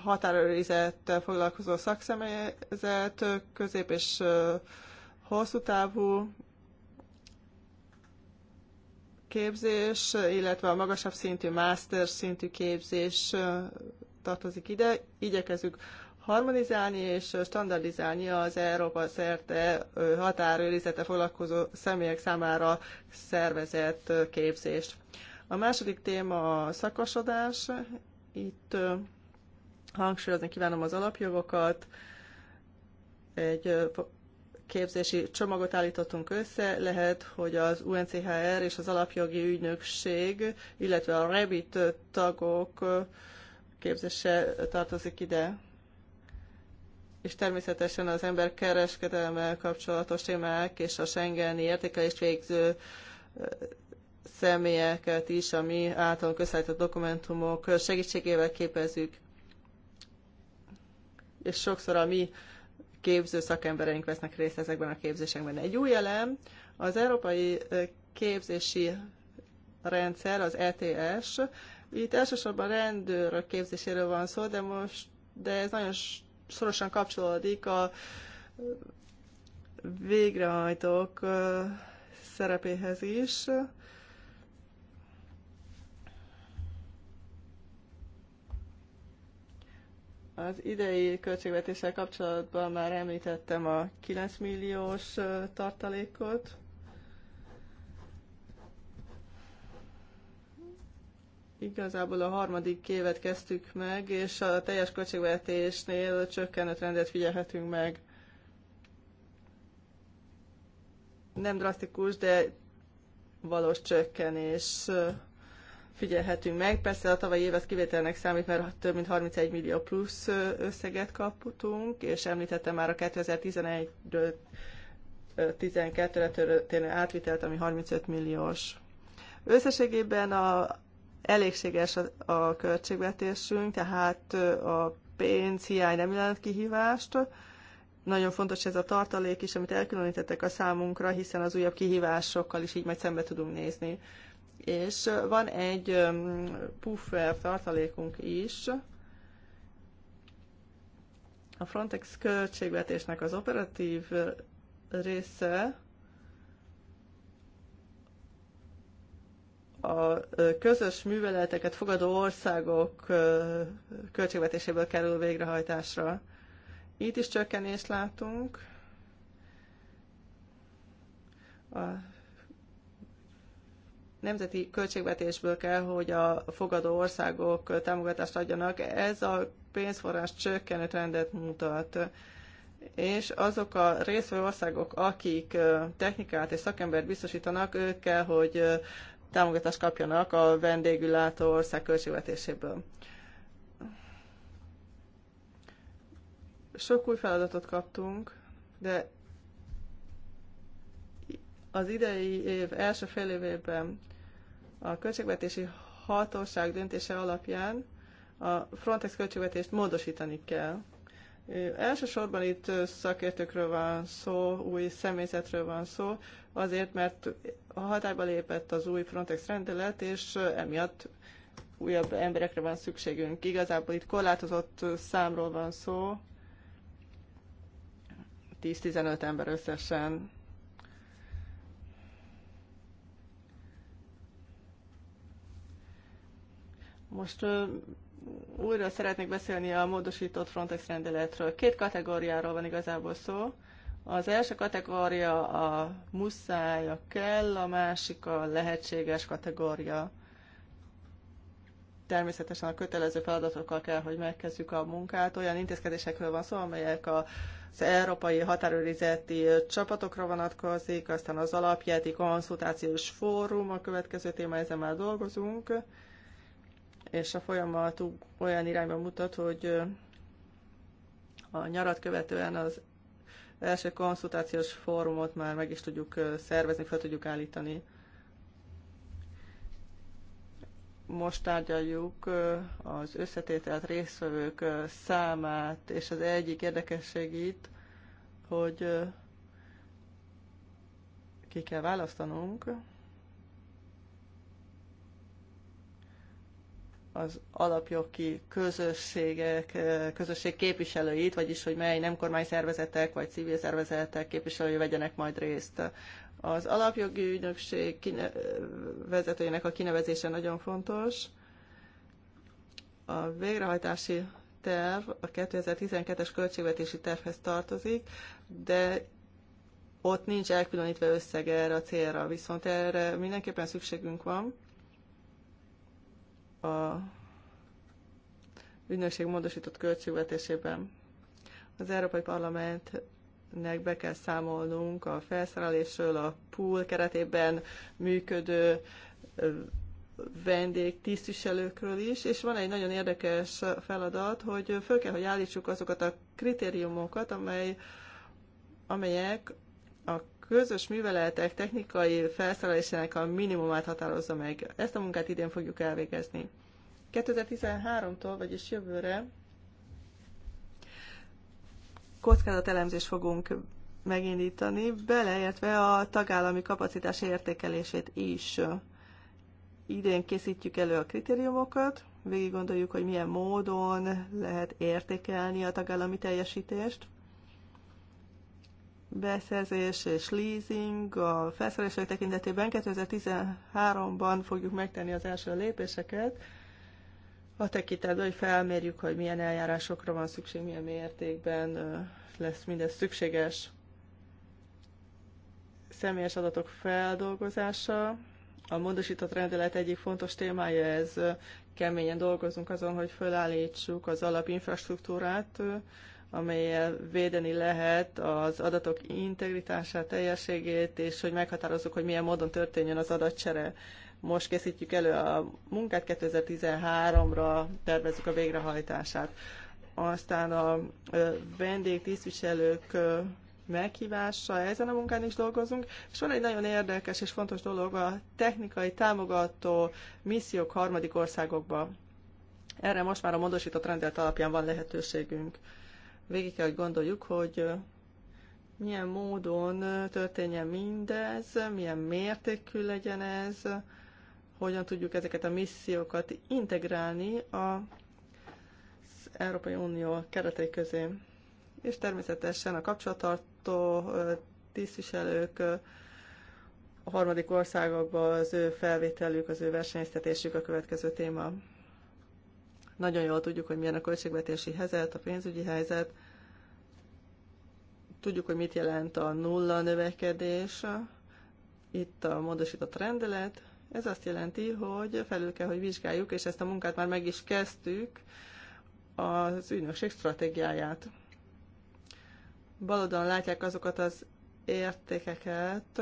határőrizettel foglalkozó szakszemélyzet, közép és hosszú távú képzés, illetve a magasabb szintű, master szintű képzés tartozik ide. Igyekezünk harmonizálni és standardizálni az Európa szerte határőrizete foglalkozó személyek számára szervezett képzést. A második téma a szakosodás. Itt Hangsúlyozni kívánom az alapjogokat. Egy képzési csomagot állítottunk össze, lehet, hogy az UNCHR és az alapjogi ügynökség, illetve a REBIT tagok képzése tartozik ide. És természetesen az ember kereskedelme kapcsolatos témák és a Schengeni értékelést végző személyeket is, ami által közállított dokumentumok segítségével képezzük és sokszor a mi képző szakembereink vesznek részt ezekben a képzésekben. Egy új elem, az európai képzési rendszer, az ETS. Itt elsősorban rendőrök képzéséről van szó, de most de ez nagyon szorosan kapcsolódik a végrehajtók szerepéhez is. Az idei költségvetéssel kapcsolatban már említettem a 9 milliós tartalékot. Igazából a harmadik évet kezdtük meg, és a teljes költségvetésnél csökkenő trendet figyelhetünk meg. Nem drasztikus, de valós csökkenés figyelhetünk meg. Persze a tavalyi év az kivételnek számít, mert több mint 31 millió plusz összeget kaptunk, és említettem már a 2011-ről 12-re történő átvitelt, ami 35 milliós. Összességében a, elégséges a, a költségvetésünk, tehát a pénzhiány nem jelent kihívást. Nagyon fontos ez a tartalék is, amit elkülönítettek a számunkra, hiszen az újabb kihívásokkal is így majd szembe tudunk nézni és van egy puffer tartalékunk is, a Frontex költségvetésnek az operatív része a közös műveleteket fogadó országok költségvetéséből kerül végrehajtásra. Itt is csökkenést látunk. A nemzeti költségvetésből kell, hogy a fogadó országok támogatást adjanak. Ez a pénzforrás csökkenő trendet mutat. És azok a részvevő országok, akik technikát és szakembert biztosítanak, ők kell, hogy támogatást kapjanak a vendégülátó ország költségvetéséből. Sok új feladatot kaptunk, de az idei év első fél évében a költségvetési hatóság döntése alapján a Frontex költségvetést módosítani kell. Elsősorban itt szakértőkről van szó, új személyzetről van szó, azért, mert a hatályba lépett az új Frontex rendelet, és emiatt újabb emberekre van szükségünk. Igazából itt korlátozott számról van szó, 10-15 ember összesen. Most újra szeretnék beszélni a módosított Frontex rendeletről. Két kategóriáról van igazából szó. Az első kategória a muszáj, a kell, a másik a lehetséges kategória. Természetesen a kötelező feladatokkal kell, hogy megkezdjük a munkát. Olyan intézkedésekről van szó, amelyek a az európai határőrizeti csapatokra vonatkozik, aztán az alapjáti konszultációs fórum a következő téma, ezen már dolgozunk és a folyamat olyan irányba mutat, hogy a nyarat követően az első konszultációs fórumot már meg is tudjuk szervezni, fel tudjuk állítani. Most tárgyaljuk az összetételt részvevők számát, és az egyik érdekesség itt, hogy ki kell választanunk az alapjogi közösségek, közösség képviselőit, vagyis hogy mely nem szervezetek vagy civil szervezetek képviselői vegyenek majd részt. Az alapjogi ügynökség kine- vezetőjének a kinevezése nagyon fontos. A végrehajtási terv a 2012-es költségvetési tervhez tartozik, de ott nincs elkülönítve összeg erre a célra, viszont erre mindenképpen szükségünk van a ügynökség módosított költségvetésében. Az Európai Parlamentnek be kell számolnunk a felszerelésről, a pool keretében működő vendég tisztviselőkről is, és van egy nagyon érdekes feladat, hogy föl kell, hogy állítsuk azokat a kritériumokat, amely, amelyek közös műveletek technikai felszerelésének a minimumát határozza meg. Ezt a munkát idén fogjuk elvégezni. 2013-tól, vagyis jövőre kockázatelemzést fogunk megindítani, beleértve a tagállami kapacitás értékelését is. Idén készítjük elő a kritériumokat, végig gondoljuk, hogy milyen módon lehet értékelni a tagállami teljesítést, beszerzés és leasing a felszerelések tekintetében 2013-ban fogjuk megtenni az első lépéseket, a tekintetben, hogy felmérjük, hogy milyen eljárásokra van szükség, milyen mértékben lesz mindez szükséges. Személyes adatok feldolgozása. A módosított rendelet egyik fontos témája ez. Keményen dolgozunk azon, hogy fölállítsuk az alapinfrastruktúrát, amelyel védeni lehet az adatok integritását, teljességét, és hogy meghatározzuk, hogy milyen módon történjen az adatcsere. Most készítjük elő a munkát, 2013-ra tervezzük a végrehajtását. Aztán a vendégtisztviselők meghívása, ezen a munkán is dolgozunk, és van egy nagyon érdekes és fontos dolog, a technikai támogató missziók harmadik országokba. Erre most már a módosított rendelet alapján van lehetőségünk végig kell, hogy gondoljuk, hogy milyen módon történjen mindez, milyen mértékű legyen ez, hogyan tudjuk ezeket a missziókat integrálni az Európai Unió keretei közé. És természetesen a kapcsolattartó tisztviselők, a harmadik országokba az ő felvételük, az ő versenyeztetésük a következő téma. Nagyon jól tudjuk, hogy milyen a költségvetési helyzet, a pénzügyi helyzet. Tudjuk, hogy mit jelent a nulla növekedés. Itt a módosított rendelet. Ez azt jelenti, hogy felül kell, hogy vizsgáljuk, és ezt a munkát már meg is kezdtük, az ügynökség stratégiáját. Baloldalon látják azokat az értékeket,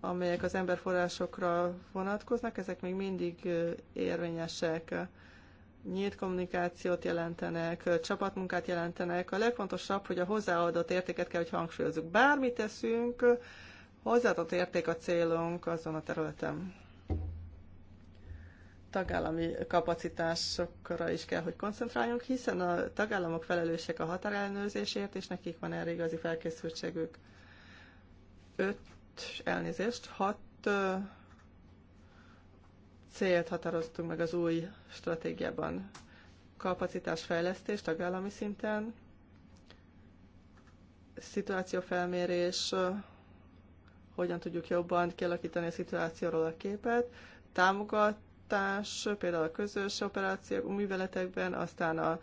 amelyek az emberforrásokra vonatkoznak, ezek még mindig érvényesek nyílt kommunikációt jelentenek, csapatmunkát jelentenek. A legfontosabb, hogy a hozzáadott értéket kell, hogy hangsúlyozzuk. Bármit teszünk, hozzáadott érték a célunk azon a területen. Tagállami kapacitásokra is kell, hogy koncentráljunk, hiszen a tagállamok felelősek a határellenőrzésért, és nekik van erre igazi felkészültségük. Öt elnézést, hat célt határoztunk meg az új stratégiában. Kapacitásfejlesztés tagállami szinten, szituációfelmérés, hogyan tudjuk jobban kialakítani a szituációról a képet, támogatás, például a közös operációk, műveletekben, aztán a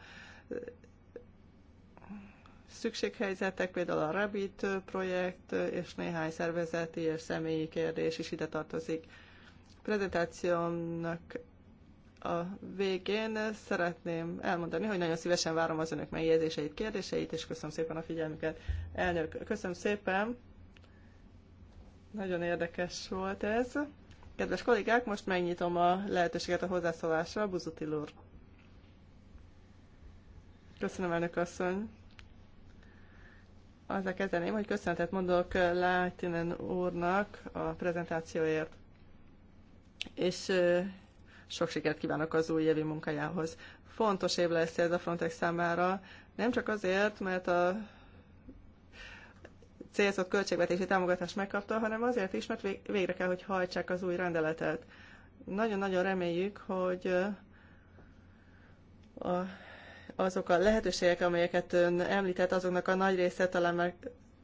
szükséghelyzetek, például a Rabbit projekt, és néhány szervezeti és személyi kérdés is ide tartozik prezentációmnak a végén szeretném elmondani, hogy nagyon szívesen várom az önök megjegyzéseit, kérdéseit, és köszönöm szépen a figyelmüket. Elnök, köszönöm szépen. Nagyon érdekes volt ez. Kedves kollégák, most megnyitom a lehetőséget a hozzászólásra. Buzutil úr. Köszönöm, elnök asszony. Azzal kezdeném, hogy köszönetet mondok Lájtinen úrnak a prezentációért és sok sikert kívánok az új évi munkájához. Fontos év lesz ez a Frontex számára, nem csak azért, mert a célzott költségvetési támogatást megkapta, hanem azért is, mert végre kell, hogy hajtsák az új rendeletet. Nagyon-nagyon reméljük, hogy a, azok a lehetőségek, amelyeket ön említett, azoknak a nagy része talán meg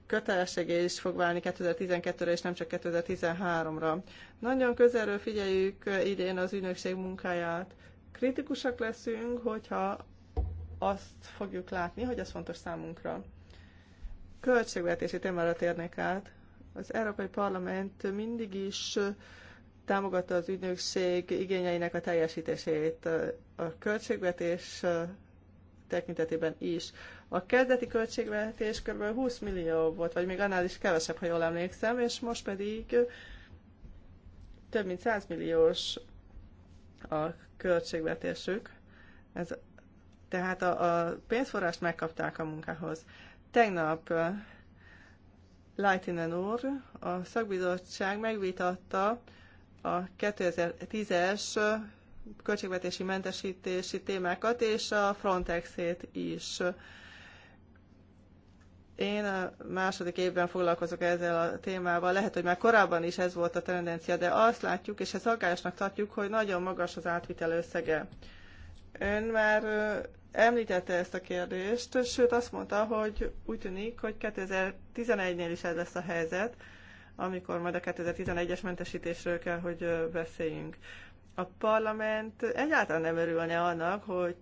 kötelessége is fog válni 2012-re, és nem csak 2013-ra. Nagyon közelről figyeljük idén az ügynökség munkáját. Kritikusak leszünk, hogyha azt fogjuk látni, hogy ez fontos számunkra. Költségvetési témára térnék át. Az Európai Parlament mindig is támogatta az ügynökség igényeinek a teljesítését a költségvetés tekintetében is. A kezdeti költségvetés kb. 20 millió volt, vagy még annál is kevesebb, ha jól emlékszem, és most pedig több mint 100 milliós a költségvetésük. Ez, tehát a, a pénzforrást megkapták a munkához. Tegnap Leitinen úr, a szakbizottság megvitatta a 2010-es költségvetési mentesítési témákat és a Frontexét is. Én a második évben foglalkozok ezzel a témával, lehet, hogy már korábban is ez volt a tendencia, de azt látjuk, és ezt aggályosnak tartjuk, hogy nagyon magas az átvitel összege. Ön már említette ezt a kérdést, sőt azt mondta, hogy úgy tűnik, hogy 2011-nél is ez lesz a helyzet, amikor majd a 2011-es mentesítésről kell, hogy beszéljünk. A parlament egyáltalán nem örülne annak, hogy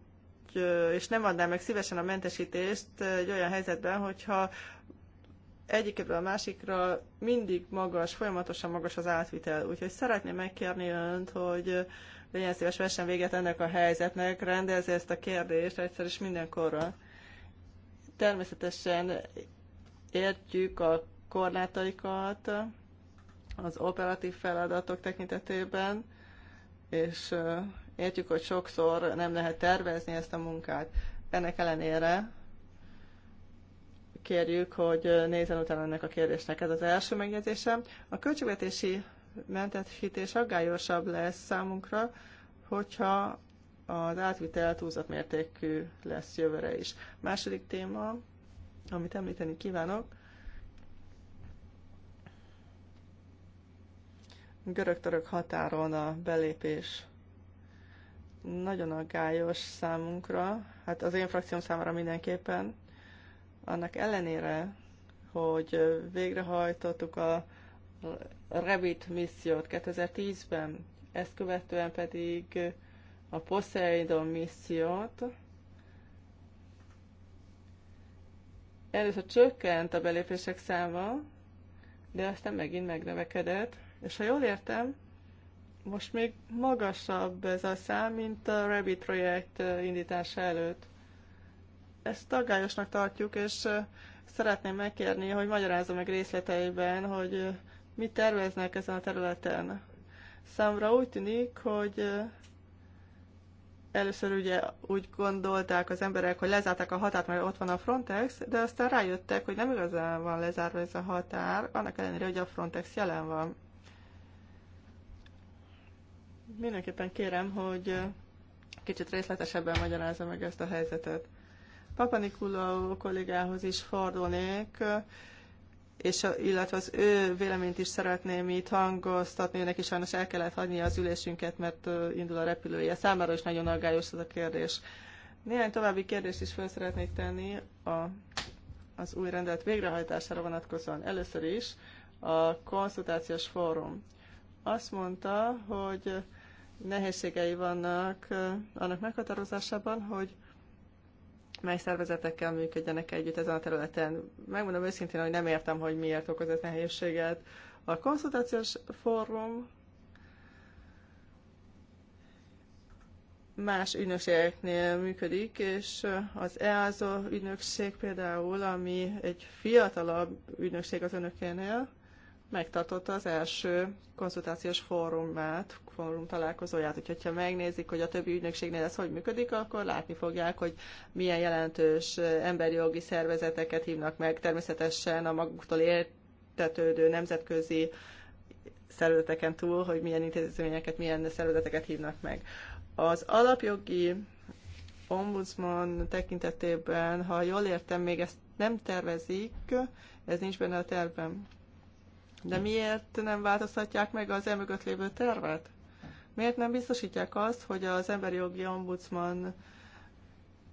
és nem adná meg szívesen a mentesítést egy olyan helyzetben, hogyha egyikről a másikra mindig magas, folyamatosan magas az átvitel. Úgyhogy szeretném megkérni önt, hogy legyen szíves vessen véget ennek a helyzetnek, rendezze ezt a kérdést egyszer is mindenkorra. Természetesen értjük a korlátaikat az operatív feladatok tekintetében, és Értjük, hogy sokszor nem lehet tervezni ezt a munkát. Ennek ellenére kérjük, hogy nézzen utána ennek a kérdésnek. Ez az első megjegyzésem. A költségvetési mentesítés aggályosabb lesz számunkra, hogyha az átvitel túlzott mértékű lesz jövőre is. Második téma, amit említeni kívánok, görög-török határon a belépés nagyon aggályos számunkra, hát az én frakcióm számára mindenképpen, annak ellenére, hogy végrehajtottuk a Revit missziót 2010-ben, ezt követően pedig a Poseidon missziót. Először csökkent a belépések száma, de aztán megint megnövekedett, és ha jól értem, most még magasabb ez a szám, mint a Rabbit projekt indítása előtt. Ezt tagályosnak tartjuk, és szeretném megkérni, hogy magyarázza meg részleteiben, hogy mit terveznek ezen a területen. Számra úgy tűnik, hogy először ugye úgy gondolták az emberek, hogy lezárták a határt, mert ott van a Frontex, de aztán rájöttek, hogy nem igazán van lezárva ez a határ, annak ellenére, hogy a Frontex jelen van mindenképpen kérem, hogy kicsit részletesebben magyarázza meg ezt a helyzetet. Papa Papanikula kollégához is fordulnék, és illetve az ő véleményt is szeretném itt hangoztatni, neki sajnos el kellett hagyni az ülésünket, mert indul a repülője. Számára is nagyon aggályos ez a kérdés. Néhány további kérdést is fel szeretnék tenni a, az új rendelet végrehajtására vonatkozóan. Először is a konszultációs fórum. Azt mondta, hogy nehézségei vannak annak meghatározásában, hogy mely szervezetekkel működjenek együtt ezen a területen. Megmondom őszintén, hogy nem értem, hogy miért okoz ez nehézséget. A konszultációs fórum más ügynökségeknél működik, és az EASO ügynökség például, ami egy fiatalabb ügynökség az önökénél, megtartotta az első konzultációs fórumát, fórum találkozóját, úgyhogy ha megnézik, hogy a többi ügynökségnél ez hogy működik, akkor látni fogják, hogy milyen jelentős emberi jogi szervezeteket hívnak meg, természetesen a maguktól értetődő nemzetközi szervezeteken túl, hogy milyen intézményeket, milyen szervezeteket hívnak meg. Az alapjogi ombudsman tekintetében, ha jól értem, még ezt nem tervezik, ez nincs benne a tervem. De miért nem változtatják meg az emögött lévő tervet? Miért nem biztosítják azt, hogy az emberi jogi ombudsman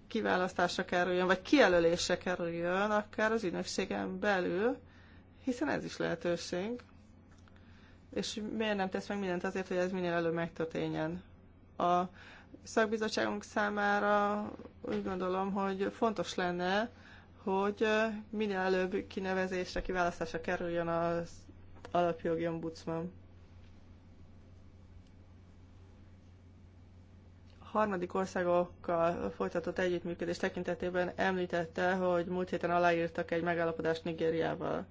kiválasztásra kerüljön, vagy kijelölésre kerüljön, akár az ügynökségen belül, hiszen ez is lehetőség. És miért nem tesz meg mindent azért, hogy ez minél előbb megtörténjen? A szakbizottságunk számára úgy gondolom, hogy fontos lenne, hogy minél előbb kinevezésre, kiválasztásra kerüljön az alapjogi ombudsman. harmadik országokkal folytatott együttműködés tekintetében említette, hogy múlt héten aláírtak egy megállapodást Nigériával.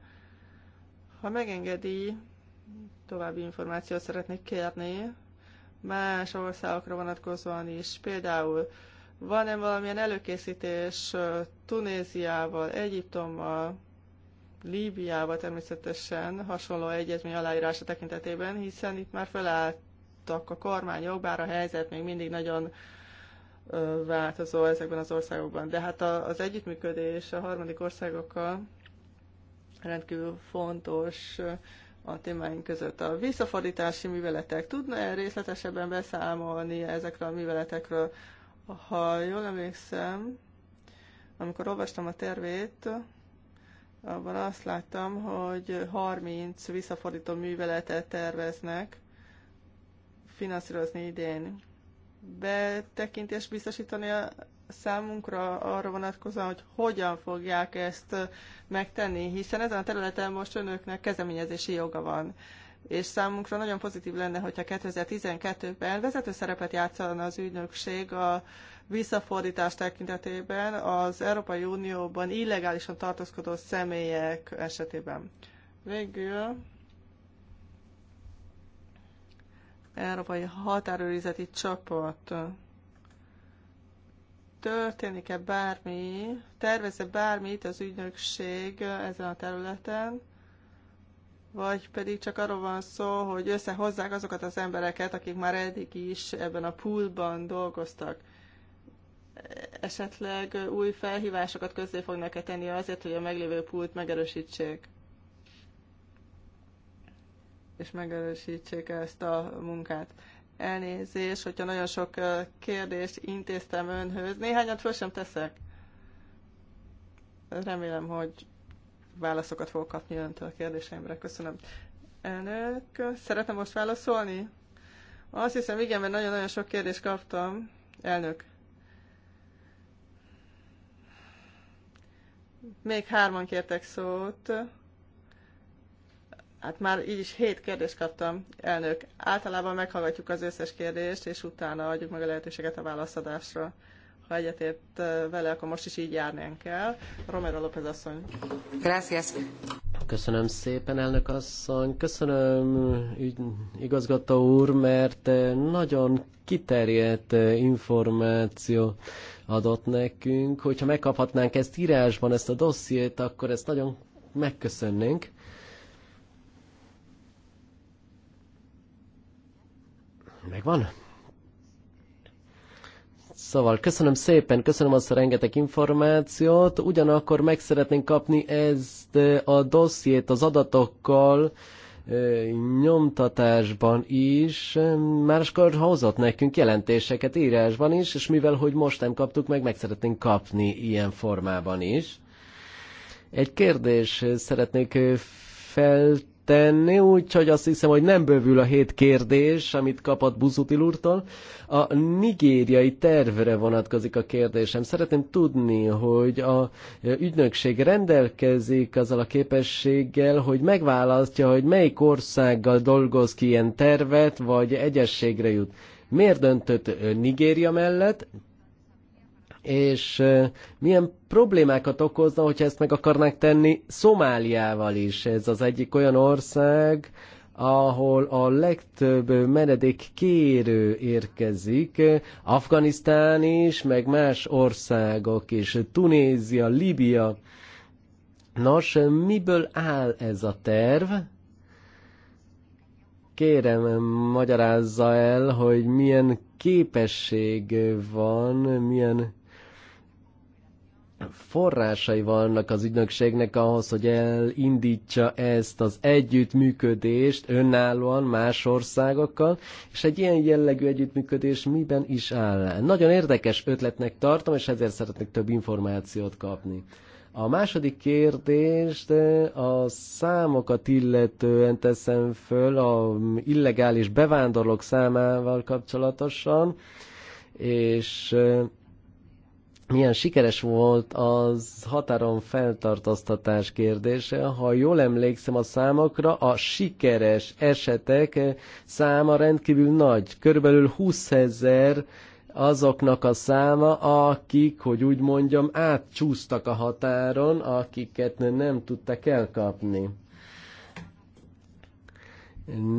Ha megengedi, további információt szeretnék kérni más országokra vonatkozóan is. Például van-e valamilyen előkészítés Tunéziával, Egyiptommal, Líbiába természetesen hasonló egyezmény aláírása tekintetében, hiszen itt már felálltak a kormányok, bár a helyzet még mindig nagyon változó ezekben az országokban. De hát az együttműködés a harmadik országokkal rendkívül fontos a témáink között. A visszafordítási műveletek. Tudna-e részletesebben beszámolni ezekről a műveletekről? Ha jól emlékszem, amikor olvastam a tervét, abban azt láttam, hogy 30 visszafordító műveletet terveznek finanszírozni idén. Betekintést biztosítani a számunkra arra vonatkozóan, hogy hogyan fogják ezt megtenni, hiszen ezen a területen most önöknek kezeményezési joga van. És számunkra nagyon pozitív lenne, hogyha 2012-ben vezető szerepet játszana az ügynökség a visszafordítás tekintetében az Európai Unióban illegálisan tartózkodó személyek esetében. Végül Európai Határőrizeti Csoport történik-e bármi, tervez-e bármit az ügynökség ezen a területen, vagy pedig csak arról van szó, hogy összehozzák azokat az embereket, akik már eddig is ebben a poolban dolgoztak esetleg új felhívásokat közzé fognak-e tenni azért, hogy a meglévő pult megerősítsék? És megerősítsék -e ezt a munkát. Elnézés, hogyha nagyon sok kérdést intéztem önhöz, néhányat föl sem teszek. Remélem, hogy válaszokat fogok kapni öntől a kérdéseimre. Köszönöm. Elnök, Szeretem most válaszolni? Azt hiszem, igen, mert nagyon-nagyon sok kérdést kaptam. Elnök, Még hárman kértek szót. Hát már így is hét kérdést kaptam, elnök. Általában meghallgatjuk az összes kérdést, és utána adjuk meg a lehetőséget a válaszadásra. Ha egyetért eh, vele, akkor most is így járnánk el. Romero López asszony. Gracias. Köszönöm szépen, elnök asszony. Köszönöm, ügy, igazgató úr, mert eh, nagyon kiterjedt eh, információ adott nekünk. Hogyha megkaphatnánk ezt írásban, ezt a dossziét, akkor ezt nagyon megköszönnénk. Megvan? Szóval köszönöm szépen, köszönöm azt a rengeteg információt, ugyanakkor meg szeretnénk kapni ezt a dossziét az adatokkal, nyomtatásban is máskor hozott nekünk jelentéseket írásban is, és mivel hogy most nem kaptuk meg, meg szeretnénk kapni ilyen formában is. Egy kérdés szeretnék fel tenni, úgyhogy azt hiszem, hogy nem bővül a hét kérdés, amit kapott Buzutil úrtól. A nigériai tervre vonatkozik a kérdésem. Szeretném tudni, hogy a ügynökség rendelkezik azzal a képességgel, hogy megválasztja, hogy melyik országgal dolgoz ki ilyen tervet, vagy egyességre jut. Miért döntött Nigéria mellett? és milyen problémákat okozna, hogyha ezt meg akarnák tenni Szomáliával is. Ez az egyik olyan ország, ahol a legtöbb menedék kérő érkezik, Afganisztán is, meg más országok is, Tunézia, Libia. Nos, miből áll ez a terv? Kérem, magyarázza el, hogy milyen képesség van, milyen forrásai vannak az ügynökségnek ahhoz, hogy elindítsa ezt az együttműködést önállóan más országokkal, és egy ilyen jellegű együttműködés miben is áll. Nagyon érdekes ötletnek tartom, és ezért szeretnék több információt kapni. A második kérdést a számokat illetően teszem föl, a illegális bevándorlók számával kapcsolatosan, és milyen sikeres volt az határon feltartóztatás kérdése. Ha jól emlékszem a számokra, a sikeres esetek száma rendkívül nagy. Körülbelül 20 ezer azoknak a száma, akik, hogy úgy mondjam, átcsúsztak a határon, akiket nem tudtak elkapni.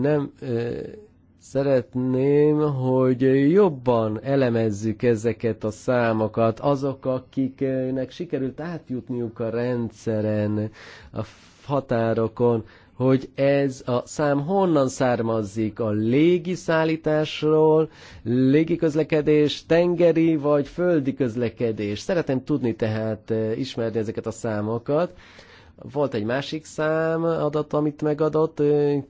Nem... Ö- Szeretném, hogy jobban elemezzük ezeket a számokat, azok, akiknek sikerült átjutniuk a rendszeren, a határokon, hogy ez a szám honnan származik, a légiszállításról, légiközlekedés, tengeri vagy földi közlekedés. Szeretem tudni tehát eh, ismerni ezeket a számokat, volt egy másik szám adat, amit megadott,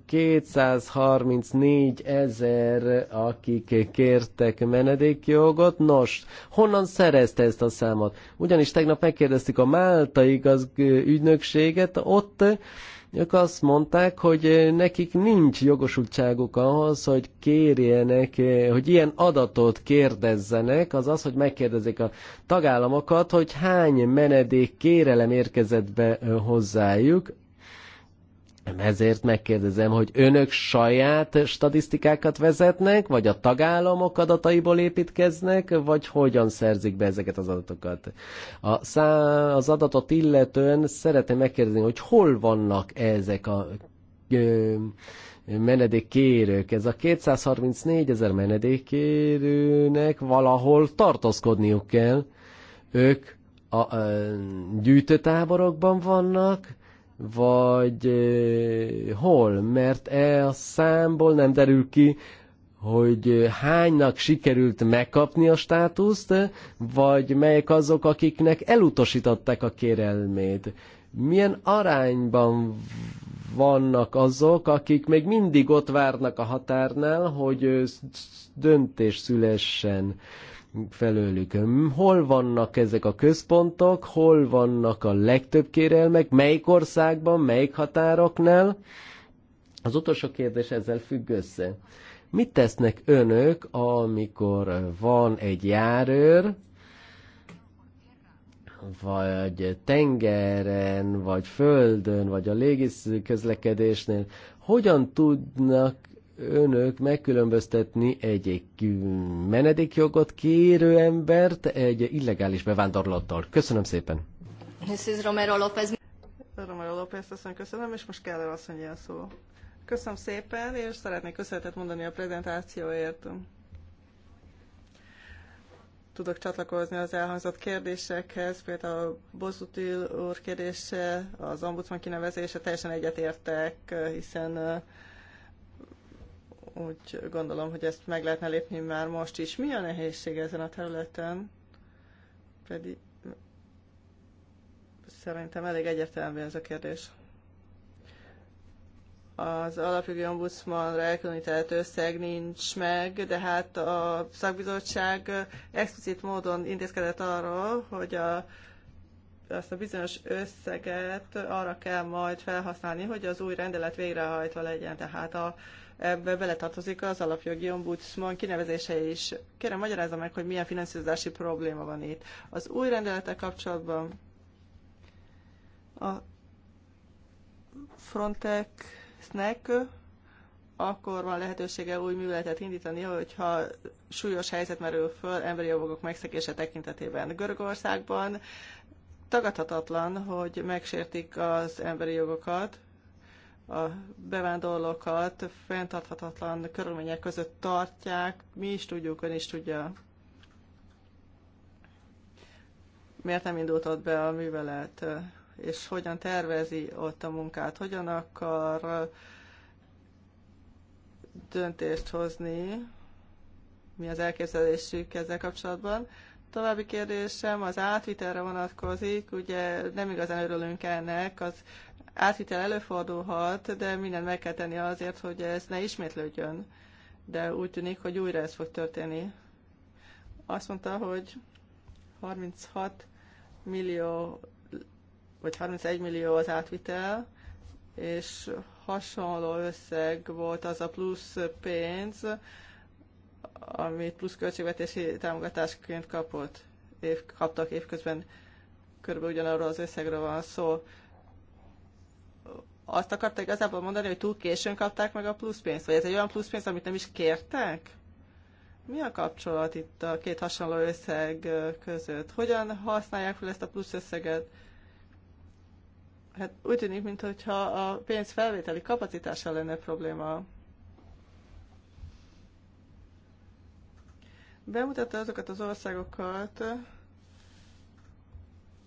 234 ezer, akik kértek menedékjogot. Nos, honnan szerezte ezt a számot? Ugyanis tegnap megkérdeztük a Máltai igaz ügynökséget, ott ők azt mondták, hogy eh, nekik nincs jogosultságuk ahhoz, hogy kérjenek, eh, hogy ilyen adatot kérdezzenek, azaz, hogy megkérdezik a tagállamokat, hogy hány menedék kérelem érkezett be eh, hozzájuk, ezért megkérdezem, hogy önök saját statisztikákat vezetnek, vagy a tagállamok adataiból építkeznek, vagy hogyan szerzik be ezeket az adatokat? A szá- az adatot illetően szeretném megkérdezni, hogy hol vannak ezek a ö, menedékkérők. Ez a 234 ezer menedékkérőnek valahol tartózkodniuk kell. Ők a, a gyűjtőtáborokban vannak, vagy hol, mert e a számból nem derül ki, hogy hánynak sikerült megkapni a státuszt, vagy melyek azok, akiknek elutasították a kérelmét. Milyen arányban vannak azok, akik még mindig ott várnak a határnál, hogy döntés szülessen felőlük. Hol vannak ezek a központok, hol vannak a legtöbb kérelmek, melyik országban, melyik határoknál? Az utolsó kérdés ezzel függ össze. Mit tesznek önök, amikor van egy járőr, vagy tengeren, vagy földön, vagy a légis közlekedésnél, hogyan tudnak önök megkülönböztetni egy, egy menedékjogot kérő embert egy illegális bevándorlattal? Köszönöm szépen. is Romero López. Romero López, köszönöm, köszönöm, és most azt mondja a szó. Köszönöm szépen, és szeretnék köszönetet mondani a prezentációért. Tudok csatlakozni az elhangzott kérdésekhez, például a Bozutil úr kérdése, az ombudsman kinevezése, teljesen egyetértek, hiszen úgy gondolom, hogy ezt meg lehetne lépni már most is. Mi a nehézség ezen a területen? Pedig szerintem elég egyértelmű ez a kérdés. Az alapjogi ombudsmanra elkülönített összeg nincs meg, de hát a szakbizottság explicit módon intézkedett arról, hogy a azt a bizonyos összeget arra kell majd felhasználni, hogy az új rendelet végrehajtva legyen. Tehát a Ebbe beletartozik az alapjogi ombudsman kinevezése is. Kérem, magyarázza meg, hogy milyen finanszírozási probléma van itt. Az új rendelete kapcsolatban a Frontexnek akkor van lehetősége új műveletet indítani, hogyha súlyos helyzet merül föl emberi jogok megszegése tekintetében. Görögországban tagadhatatlan, hogy megsértik az emberi jogokat, a bevándorlókat fenntarthatatlan körülmények között tartják. Mi is tudjuk, ön is tudja. Miért nem indult ott be a művelet, és hogyan tervezi ott a munkát, hogyan akar döntést hozni, mi az elképzelésük ezzel kapcsolatban. További kérdésem az átvitelre vonatkozik, ugye nem igazán örülünk ennek, az átvitel előfordulhat, de mindent meg kell tenni azért, hogy ez ne ismétlődjön. De úgy tűnik, hogy újra ez fog történni. Azt mondta, hogy 36 millió, vagy 31 millió az átvitel, és hasonló összeg volt az a plusz pénz, amit plusz költségvetési támogatásként kapott, év, kaptak évközben körülbelül ugyanarról az összegről van szó azt akarta igazából mondani, hogy túl későn kapták meg a pluszpénzt, vagy ez egy olyan pluszpénz, amit nem is kértek? Mi a kapcsolat itt a két hasonló összeg között? Hogyan használják fel ezt a plusz összeget? Hát úgy tűnik, mintha a pénz felvételi kapacitása lenne probléma. Bemutatta azokat az országokat,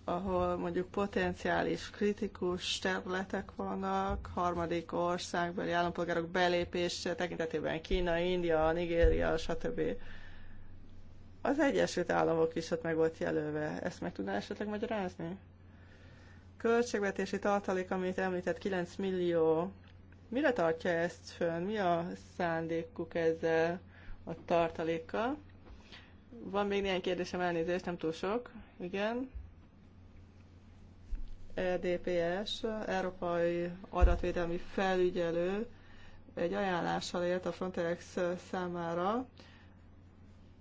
ahol mondjuk potenciális kritikus területek vannak, harmadik országbeli állampolgárok belépése tekintetében Kína, India, Nigéria, stb. Az Egyesült Államok is ott meg volt jelölve. Ezt meg tudná esetleg magyarázni? Költségvetési tartalék, amit említett, 9 millió. Mire tartja ezt fönn? Mi a szándékuk ezzel a tartalékkal? Van még néhány kérdésem, elnézést, nem túl sok. Igen. EDPS, Európai Adatvédelmi Felügyelő egy ajánlással élt a Frontex számára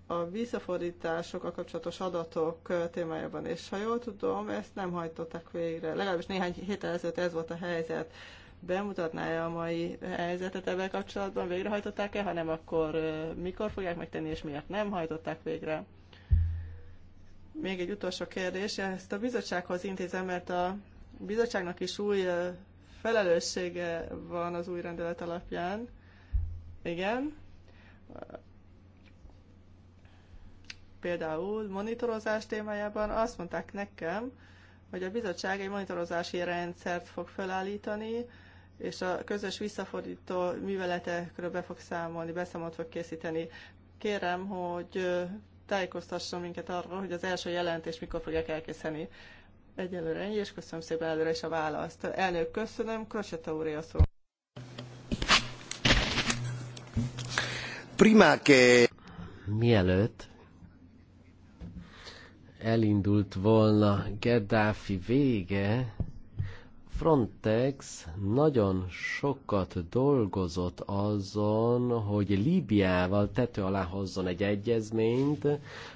a visszafordításokkal kapcsolatos adatok témájában, és ha jól tudom, ezt nem hajtották végre. Legalábbis néhány héttel ezelőtt ez volt a helyzet. Bemutatnája a mai helyzetet ebben kapcsolatban, végrehajtották-e, ha nem, akkor mikor fogják megtenni, és miért nem hajtották végre? Még egy utolsó kérdés, ezt a bizottsághoz intézem, mert a bizottságnak is új felelőssége van az új rendelet alapján. Igen. Például monitorozás témájában azt mondták nekem, hogy a bizottság egy monitorozási rendszert fog felállítani, és a közös visszafordító műveletekről be fog számolni, beszámolt fog készíteni. Kérem, hogy tájékoztasson minket arról, hogy az első jelentés mikor fogják elkészíteni. Egyelőre ennyi, és köszönöm szépen előre is a választ. Elnök, köszönöm, Körsete úr, a szó. Prima Mielőtt elindult volna Gaddafi vége, Frontex nagyon sokat dolgozott azon, hogy Líbiával tető alá hozzon egy egyezményt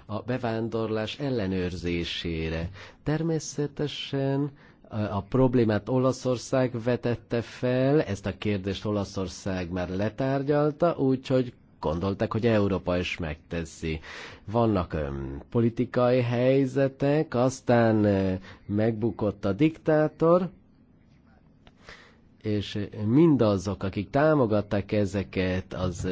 a bevándorlás ellenőrzésére. Természetesen a problémát Olaszország vetette fel, ezt a kérdést Olaszország már letárgyalta, úgyhogy gondolták, hogy Európa is megteszi. Vannak öm, politikai helyzetek, aztán megbukott a diktátor, és mindazok, akik támogatták ezeket az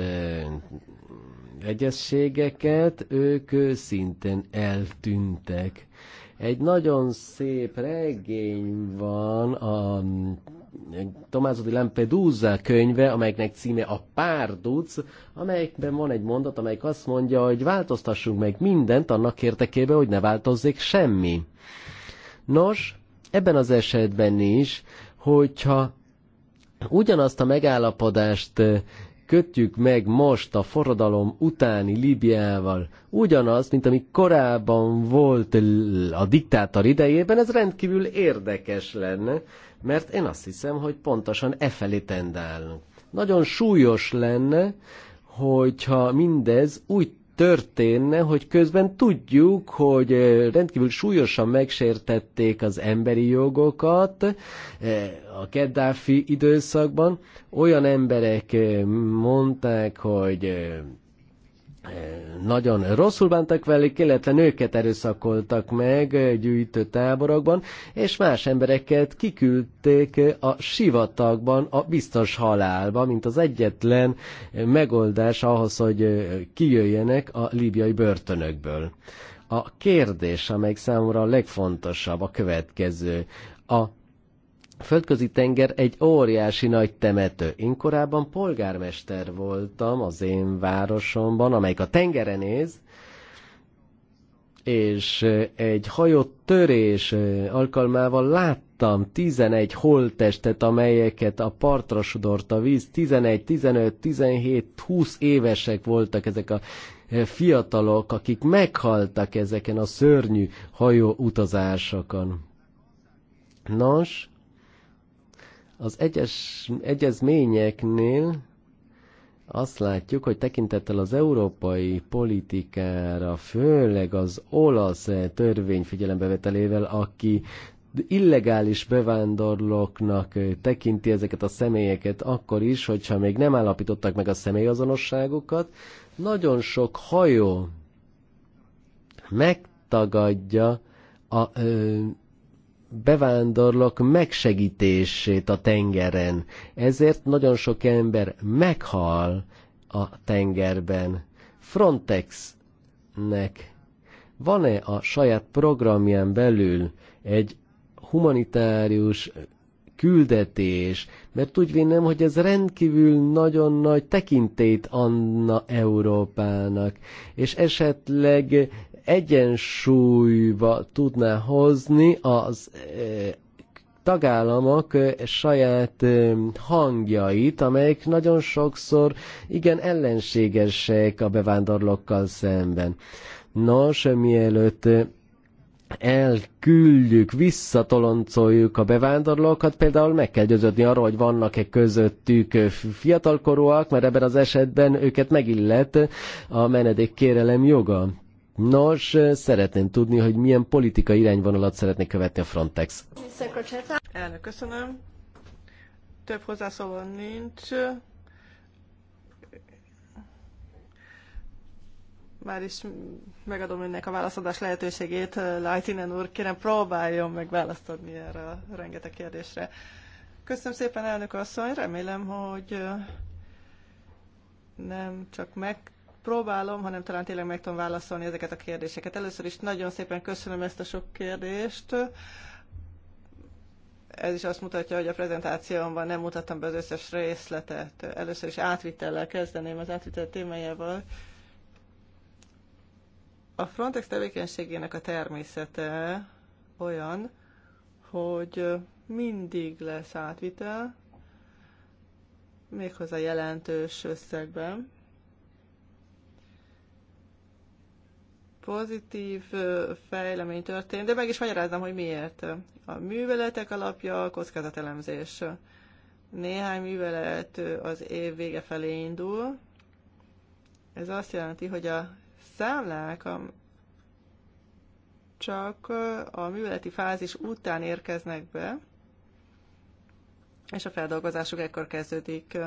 egyességeket, ők szintén eltűntek. Egy nagyon szép regény van a Tomázodi Lampedusa könyve, amelynek címe a Párduc, amelyikben van egy mondat, amelyik azt mondja, hogy változtassunk meg mindent annak érdekében, hogy ne változzék semmi. Nos, ebben az esetben is, hogyha ugyanazt a megállapodást kötjük meg most a forradalom utáni Líbiával, ugyanaz, mint ami korábban volt a diktátor idejében, ez rendkívül érdekes lenne, mert én azt hiszem, hogy pontosan e felé tendálunk. Nagyon súlyos lenne, hogyha mindez úgy történne, hogy közben tudjuk, hogy eh, rendkívül súlyosan megsértették az emberi jogokat eh, a Keddáfi időszakban. Olyan emberek eh, mondták, hogy nagyon rosszul bántak velük, illetve nőket erőszakoltak meg gyűjtő táborokban, és más embereket kiküldték a sivatagban, a biztos halálba, mint az egyetlen megoldás ahhoz, hogy kijöjjenek a líbiai börtönökből. A kérdés, amely számomra a legfontosabb, a következő. A földközi tenger egy óriási nagy temető. Én korábban polgármester voltam az én városomban, amelyik a tengere néz, és egy hajott törés alkalmával láttam 11 holttestet, amelyeket a partra sodort a víz. 11, 15, 17, 20 évesek voltak ezek a fiatalok, akik meghaltak ezeken a szörnyű hajó utazásokon. Nos, az egyes, egyezményeknél azt látjuk, hogy tekintettel az európai politikára, főleg az olasz törvény figyelembevetelével, aki illegális bevándorlóknak tekinti ezeket a személyeket akkor is, hogyha még nem állapították meg a személyazonosságukat, nagyon sok hajó megtagadja a ö, bevándorlók megsegítését a tengeren. Ezért nagyon sok ember meghal a tengerben. Frontexnek van-e a saját programján belül egy humanitárius küldetés, mert úgy vinnem, hogy ez rendkívül nagyon nagy tekintét anna Európának, és esetleg egyensúlyba tudná hozni az e, tagállamok e, saját e, hangjait, amelyek nagyon sokszor igen ellenségesek a bevándorlókkal szemben. Nos, mielőtt elküldjük, visszatoloncoljuk a bevándorlókat, például meg kell győződni arról, hogy vannak-e közöttük fiatalkorúak, mert ebben az esetben őket megillet a menedékkérelem joga. Nos, szeretném tudni, hogy milyen politikai irányvonalat szeretné követni a Frontex. Elnök, köszönöm. Több hozzászóló nincs. Már is megadom önnek a válaszadás lehetőségét. Lajtinen úr, kérem próbáljon meg választani erre a rengeteg kérdésre. Köszönöm szépen, elnök asszony. Remélem, hogy nem csak meg próbálom, hanem talán tényleg meg tudom válaszolni ezeket a kérdéseket. Először is nagyon szépen köszönöm ezt a sok kérdést. Ez is azt mutatja, hogy a prezentációmban nem mutattam be az összes részletet. Először is átvitellel kezdeném az átvitel témájával. A Frontex tevékenységének a természete olyan, hogy mindig lesz átvitel, méghozzá jelentős összegben. pozitív fejlemény történt, de meg is magyaráznám, hogy miért. A műveletek alapja a kockázatelemzés. Néhány művelet az év vége felé indul. Ez azt jelenti, hogy a számlák a csak a műveleti fázis után érkeznek be, és a feldolgozásuk ekkor kezdődik.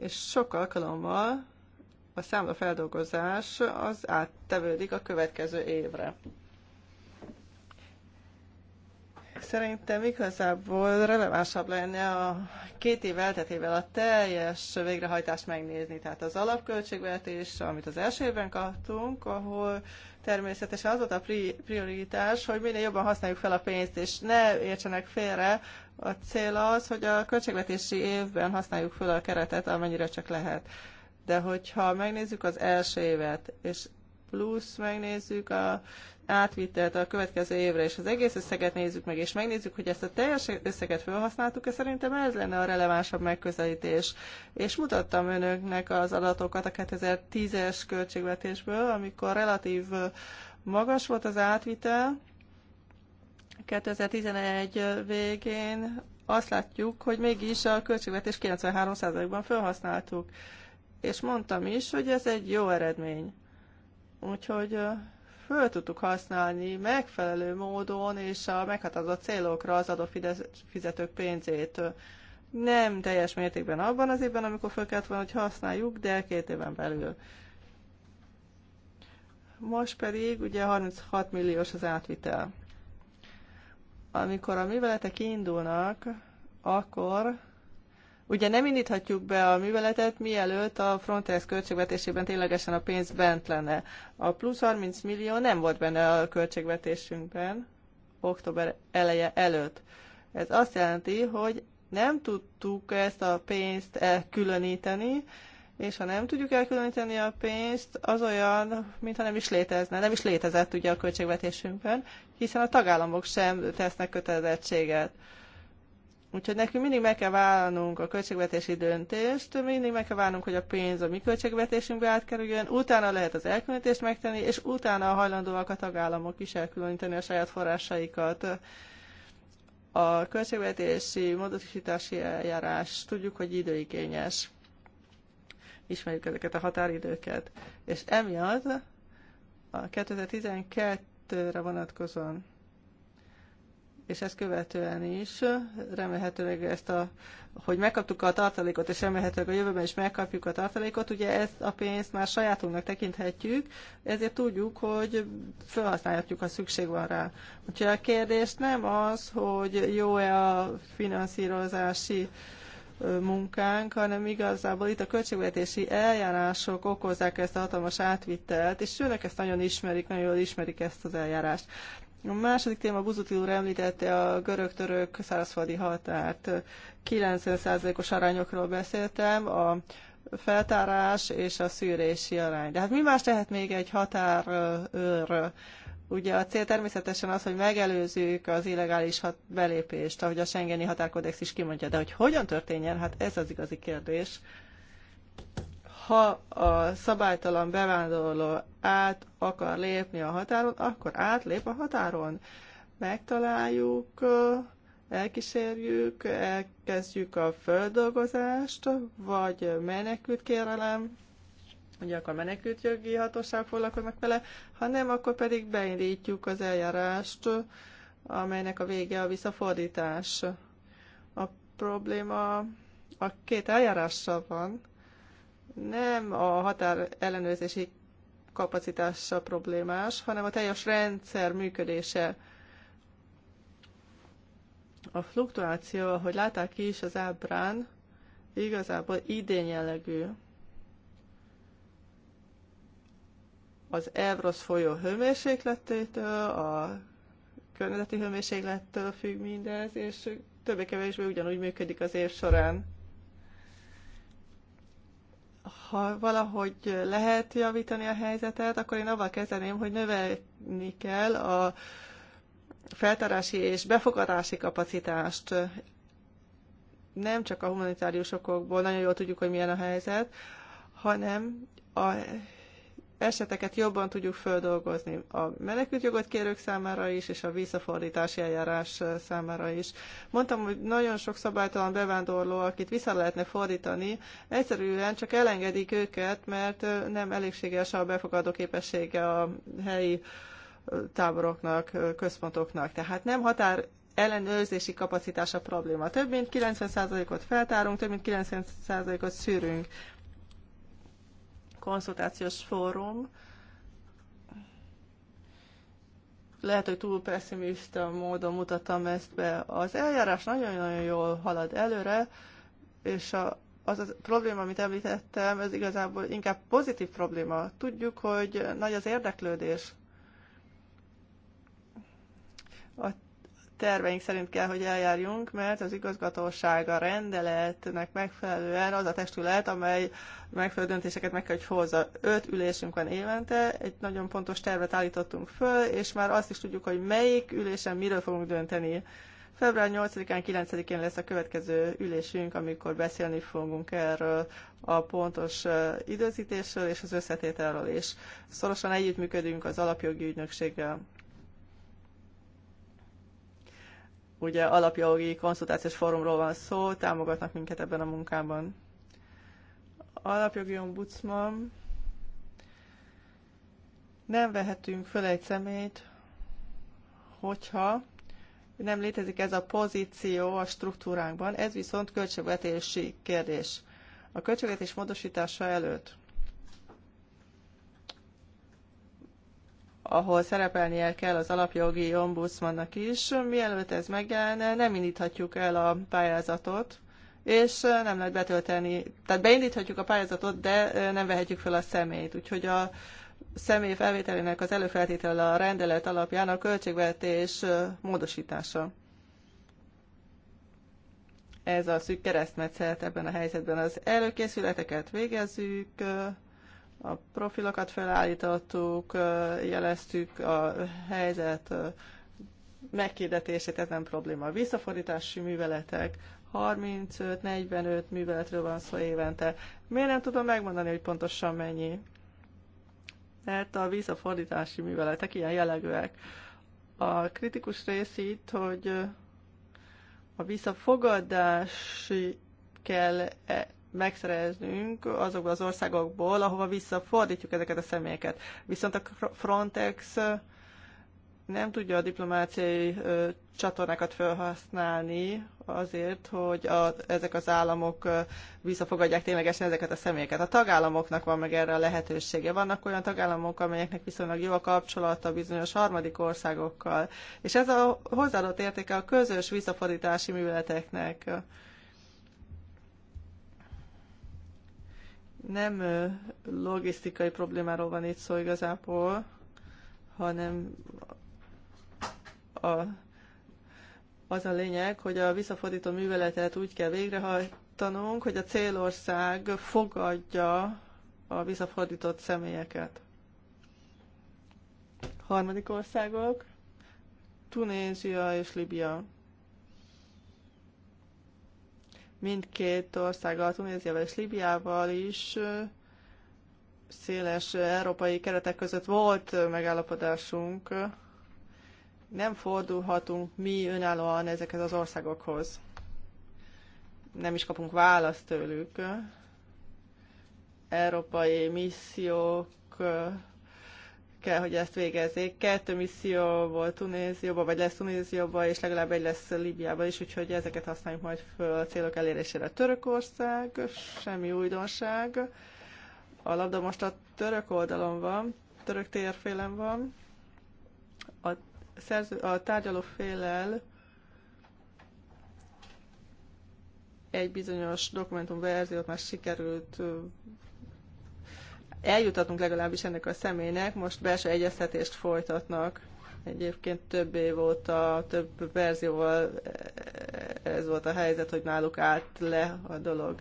És sok alkalommal a számla-feldolgozás az áttevődik a következő évre. Szerintem igazából relevánsabb lenne a két év elteltével a teljes végrehajtást megnézni. Tehát az alapköltségvetés, amit az első évben kaptunk, ahol természetesen az volt a prioritás, hogy minél jobban használjuk fel a pénzt, és ne értsenek félre. A cél az, hogy a költségvetési évben használjuk fel a keretet, amennyire csak lehet. De hogyha megnézzük az első évet, és plusz megnézzük a átvitelt a következő évre, és az egész összeget nézzük meg, és megnézzük, hogy ezt a teljes összeget felhasználtuk, és szerintem ez lenne a relevánsabb megközelítés. És mutattam önöknek az adatokat a 2010-es költségvetésből, amikor relatív magas volt az átvitel, 2011 végén azt látjuk, hogy mégis a költségvetés 93%-ban felhasználtuk és mondtam is, hogy ez egy jó eredmény. Úgyhogy föl tudtuk használni megfelelő módon és a meghatározott célokra az fizetők pénzét. Nem teljes mértékben abban az évben, amikor föl kellett volna, hogy használjuk, de két éven belül. Most pedig ugye 36 milliós az átvitel. Amikor a műveletek indulnak, akkor Ugye nem indíthatjuk be a műveletet, mielőtt a Frontex költségvetésében ténylegesen a pénz bent lenne. A plusz 30 millió nem volt benne a költségvetésünkben október eleje előtt. Ez azt jelenti, hogy nem tudtuk ezt a pénzt elkülöníteni, és ha nem tudjuk elkülöníteni a pénzt, az olyan, mintha nem is létezne, nem is létezett ugye a költségvetésünkben, hiszen a tagállamok sem tesznek kötelezettséget. Úgyhogy nekünk mindig meg kell válnunk a költségvetési döntést, mindig meg kell válnunk, hogy a pénz a mi költségvetésünkbe átkerüljön, utána lehet az elkülönítést megtenni, és utána a hajlandóak a tagállamok is elkülöníteni a saját forrásaikat. A költségvetési módosítási eljárás tudjuk, hogy időigényes. Ismerjük ezeket a határidőket. És emiatt a 2012-re vonatkozóan és ezt követően is remélhetőleg ezt a, hogy megkaptuk a tartalékot, és remélhetőleg a jövőben is megkapjuk a tartalékot, ugye ezt a pénzt már sajátunknak tekinthetjük, ezért tudjuk, hogy felhasználhatjuk, ha szükség van rá. Úgyhogy a kérdés nem az, hogy jó-e a finanszírozási munkánk, hanem igazából itt a költségvetési eljárások okozzák ezt a hatalmas átvitelt, és őnek ezt nagyon ismerik, nagyon jól ismerik ezt az eljárást. A második téma, Buzuti úr említette a görög-török szárazföldi határt. 90%-os arányokról beszéltem, a feltárás és a szűrési arány. De hát mi más tehet még egy határőr? Ugye a cél természetesen az, hogy megelőzzük az illegális hat- belépést, ahogy a Schengeni Határkodex is kimondja, de hogy hogyan történjen, hát ez az igazi kérdés ha a szabálytalan bevándorló át akar lépni a határon, akkor átlép a határon. Megtaláljuk, elkísérjük, elkezdjük a földolgozást, vagy menekült kérelem, ugye akkor menekült jogi hatóság foglalkoznak vele, ha nem, akkor pedig beindítjuk az eljárást, amelynek a vége a visszafordítás. A probléma a két eljárással van, nem a határ ellenőrzési kapacitása problémás, hanem a teljes rendszer működése. A fluktuáció, ahogy látták is az ábrán, igazából idén jellegű. Az Evrosz folyó hőmérsékletétől, a környezeti hőmérséklettől függ mindez, és többé-kevésbé ugyanúgy működik az év során ha valahogy lehet javítani a helyzetet, akkor én avval kezdeném, hogy növelni kell a feltárási és befogadási kapacitást. Nem csak a humanitáriusokból, nagyon jól tudjuk, hogy milyen a helyzet, hanem a eseteket jobban tudjuk földolgozni a jogot kérők számára is, és a visszafordítási eljárás számára is. Mondtam, hogy nagyon sok szabálytalan bevándorló, akit vissza lehetne fordítani, egyszerűen csak elengedik őket, mert nem elégséges a befogadó képessége a helyi táboroknak, központoknak. Tehát nem határ ellenőrzési kapacitása probléma. Több mint 90%-ot feltárunk, több mint 90%-ot szűrünk konszultációs fórum. Lehet, hogy túl pessimista módon mutattam ezt be. Az eljárás nagyon-nagyon jól halad előre, és a, az a probléma, amit említettem, ez igazából inkább pozitív probléma. Tudjuk, hogy nagy az érdeklődés. A terveink szerint kell, hogy eljárjunk, mert az igazgatósága rendeletnek megfelelően az a testület, amely megfelelő döntéseket meg kell, hogy hozza. Öt ülésünk van évente, egy nagyon pontos tervet állítottunk föl, és már azt is tudjuk, hogy melyik ülésen miről fogunk dönteni. Február 8-án, 9-én lesz a következő ülésünk, amikor beszélni fogunk erről a pontos időzítésről és az összetételről is. Szorosan együttműködünk az alapjogi ügynökséggel. ugye alapjogi konszultációs fórumról van szó, támogatnak minket ebben a munkában. Alapjogi ombudsman, nem vehetünk föl egy szemét, hogyha nem létezik ez a pozíció a struktúránkban, ez viszont költségvetési kérdés. A költségvetés módosítása előtt ahol szerepelnie kell az alapjogi ombudsmannak is. Mielőtt ez megjelenne, nem indíthatjuk el a pályázatot, és nem lehet betölteni. Tehát beindíthatjuk a pályázatot, de nem vehetjük fel a személyt. Úgyhogy a személy felvételének az előfeltétele a rendelet alapján a költségvetés módosítása. Ez a szűk keresztmetszet ebben a helyzetben. Az előkészületeket végezzük, a profilokat felállítottuk, jeleztük a helyzet megkérdetését, ez nem probléma. Visszafordítási műveletek, 35-45 műveletről van szó évente. Miért nem tudom megmondani, hogy pontosan mennyi? Mert a visszafordítási műveletek ilyen jellegűek. A kritikus rész itt, hogy a visszafogadási kell megszereznünk azokból az országokból, ahova visszafordítjuk ezeket a személyeket. Viszont a Frontex nem tudja a diplomáciai ö, csatornákat felhasználni azért, hogy a, ezek az államok ö, visszafogadják ténylegesen ezeket a személyeket. A tagállamoknak van meg erre a lehetősége. Vannak olyan tagállamok, amelyeknek viszonylag jó a kapcsolata bizonyos harmadik országokkal. És ez a hozzáadott értéke a közös visszafordítási műveleteknek. nem logisztikai problémáról van itt szó igazából, hanem a, az a lényeg, hogy a visszafordító műveletet úgy kell végrehajtanunk, hogy a célország fogadja a visszafordított személyeket. Harmadik országok, Tunézia és Libia mindkét országgal, Tunéziával és Libiával is széles európai keretek között volt megállapodásunk, nem fordulhatunk mi önállóan ezekhez az országokhoz. Nem is kapunk választ tőlük. Európai missziók kell, hogy ezt végezzék. Kettő misszió volt Tunézióban, vagy lesz Tunézióban, és legalább egy lesz Líbiában is, úgyhogy ezeket használjuk majd föl a célok elérésére. Törökország, semmi újdonság. A labda most a török oldalon van, török térfélen van. A, szerző, a tárgyaló félel egy bizonyos dokumentum verziót már sikerült eljutatunk legalábbis ennek a személynek, most belső egyeztetést folytatnak. Egyébként több év óta, több verzióval ez volt a helyzet, hogy náluk állt le a dolog.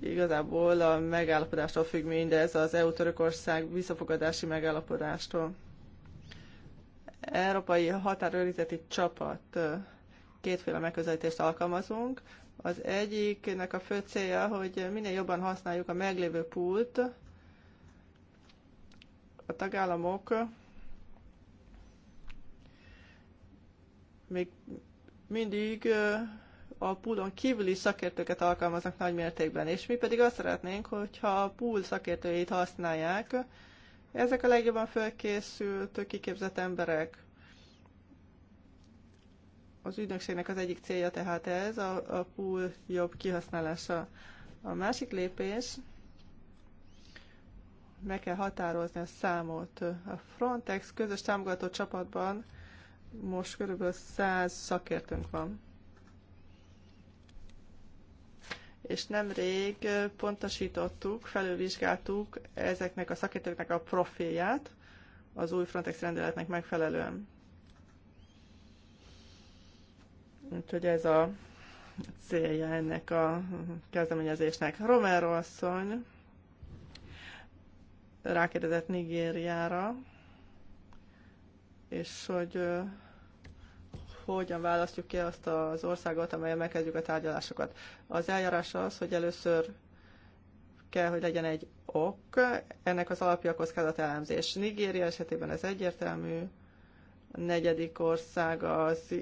Igazából a megállapodástól függ mindez, az EU-Törökország visszafogadási megállapodástól. Európai határőrizeti csapat kétféle megközelítést alkalmazunk. Az egyiknek a fő célja, hogy minél jobban használjuk a meglévő pult, a tagállamok még mindig a poolon kívüli szakértőket alkalmaznak nagy mértékben, és mi pedig azt szeretnénk, hogyha a pool szakértőjét használják, ezek a legjobban felkészült, kiképzett emberek. Az ügynökségnek az egyik célja tehát ez, a, a pool jobb kihasználása. A másik lépés, meg kell határozni a számot. A Frontex közös támogató csapatban most körülbelül 100 szakértőnk van. És nemrég pontosítottuk, felülvizsgáltuk ezeknek a szakértőknek a profilját az új Frontex rendeletnek megfelelően. Úgyhogy ez a célja ennek a kezdeményezésnek. Romero asszony, rákérdezett Nigériára, és hogy hogyan választjuk ki azt az országot, amelyen megkezdjük a tárgyalásokat. Az eljárás az, hogy először kell, hogy legyen egy ok, ennek az alapja a elemzés. Nigéria esetében ez egyértelmű, a negyedik ország az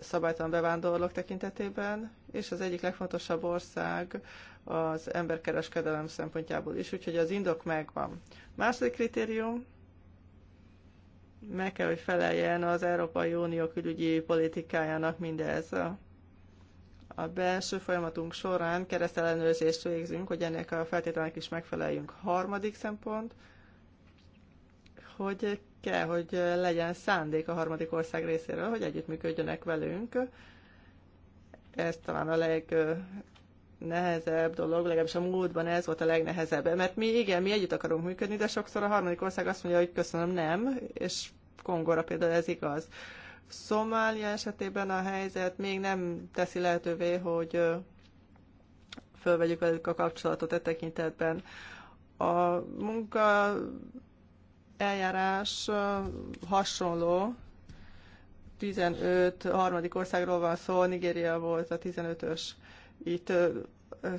szabálytalan bevándorlók tekintetében, és az egyik legfontosabb ország az emberkereskedelem szempontjából is, úgyhogy az indok megvan. Második kritérium, meg kell, hogy feleljen az Európai Unió külügyi politikájának mindez. A belső folyamatunk során keresztellenőrzést végzünk, hogy ennek a feltételnek is megfeleljünk. Harmadik szempont, hogy kell, hogy legyen szándék a harmadik ország részéről, hogy együttműködjönek velünk. Ez talán a leg legnehezebb dolog, legalábbis a múltban ez volt a legnehezebb. Mert mi igen, mi együtt akarunk működni, de sokszor a harmadik ország azt mondja, hogy köszönöm, nem, és Kongora például ez igaz. Szomália esetében a helyzet még nem teszi lehetővé, hogy fölvegyük velük a kapcsolatot e tekintetben. A munka eljárás hasonló, 15 harmadik országról van szó, Nigéria volt a 15-ös itt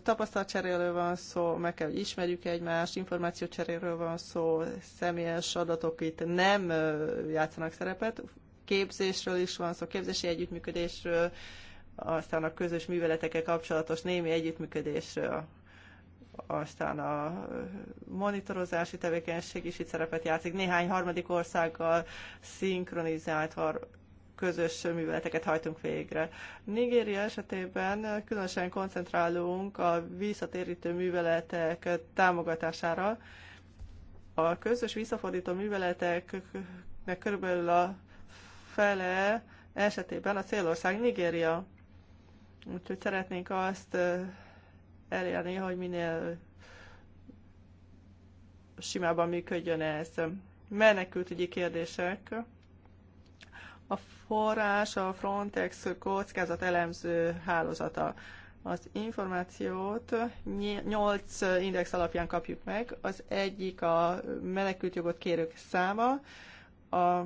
tapasztalatcseréről van szó, meg kell, hogy ismerjük egymást, információcseréről van szó, személyes adatok itt nem játszanak szerepet, képzésről is van szó, képzési együttműködésről, aztán a közös műveletekkel kapcsolatos némi együttműködésről, aztán a monitorozási tevékenység is itt szerepet játszik, néhány harmadik országgal szinkronizált har- közös műveleteket hajtunk végre. Nigéria esetében különösen koncentrálunk a visszatérítő műveletek támogatására. A közös visszafordító műveleteknek körülbelül a fele esetében a célország Nigéria. Úgyhogy szeretnénk azt elérni, hogy minél simában működjön ez. Menekültügyi kérdések. A forrás a Frontex kockázat elemző hálózata. Az információt nyolc index alapján kapjuk meg. Az egyik a menekültjogot kérők száma, a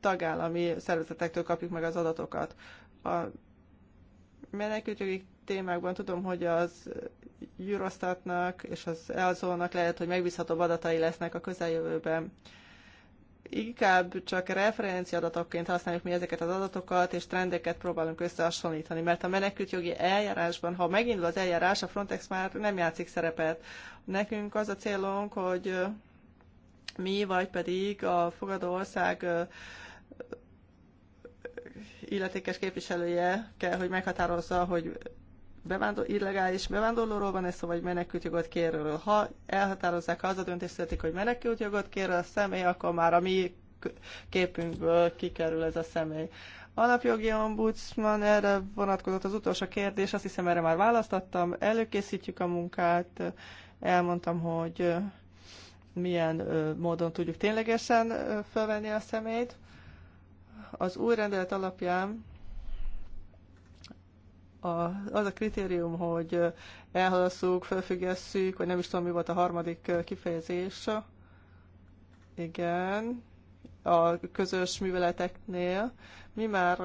tagállami szervezetektől kapjuk meg az adatokat. A menekültjogi témákban tudom, hogy az Eurostatnak és az elzónak lehet, hogy megbízhatóbb adatai lesznek a közeljövőben inkább csak referenciadatokként használjuk mi ezeket az adatokat, és trendeket próbálunk összehasonlítani, mert a menekült jogi eljárásban, ha megindul az eljárás, a Frontex már nem játszik szerepet. Nekünk az a célunk, hogy mi, vagy pedig a fogadó ország illetékes képviselője kell, hogy meghatározza, hogy bevándor, illegális bevándorlóról van ez szó, vagy menekültjogot kérőről. Ha elhatározzák, ha az a döntés születik, hogy menekültjogot kér a személy, akkor már a mi képünkből kikerül ez a személy. Alapjogi ombudsman, erre vonatkozott az utolsó kérdés, azt hiszem erre már választottam, előkészítjük a munkát, elmondtam, hogy milyen módon tudjuk ténylegesen felvenni a szemét. Az új rendelet alapján a, az a kritérium, hogy elhalasszuk, felfüggesszük, vagy nem is tudom, mi volt a harmadik kifejezés. Igen, a közös műveleteknél. Mi már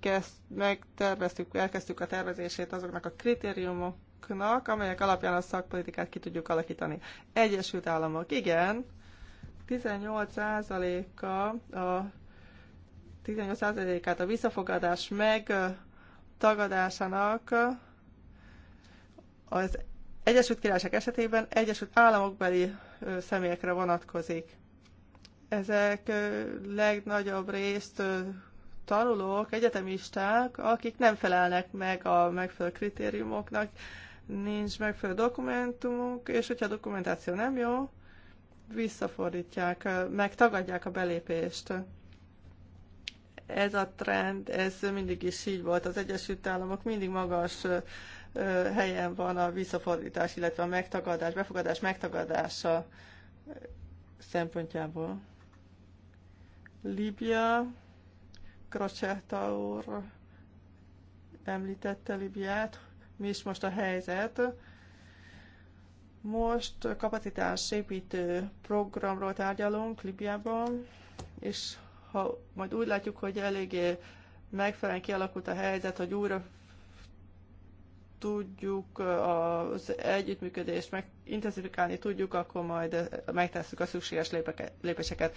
kezd, megterveztük, elkezdtük a tervezését azoknak a kritériumoknak, amelyek alapján a szakpolitikát ki tudjuk alakítani. Egyesült Államok, igen, 18%-a a 18%-át a visszafogadás meg tagadásának az Egyesült Királyság esetében Egyesült Államokbeli személyekre vonatkozik. Ezek legnagyobb részt tanulók, egyetemisták, akik nem felelnek meg a megfelelő kritériumoknak, nincs megfelelő dokumentumunk, és hogyha a dokumentáció nem jó, visszafordítják, megtagadják a belépést. Ez a trend, ez mindig is így volt. Az Egyesült Államok mindig magas helyen van a visszafordítás, illetve a megtagadás, befogadás megtagadása szempontjából. Líbia, Kracserta említette Libiát, mi is most a helyzet. Most építő programról tárgyalunk Libiában, és ha majd úgy látjuk, hogy eléggé megfelelően kialakult a helyzet, hogy újra tudjuk az együttműködést meg intenzifikálni tudjuk, akkor majd megtesszük a szükséges lépéseket.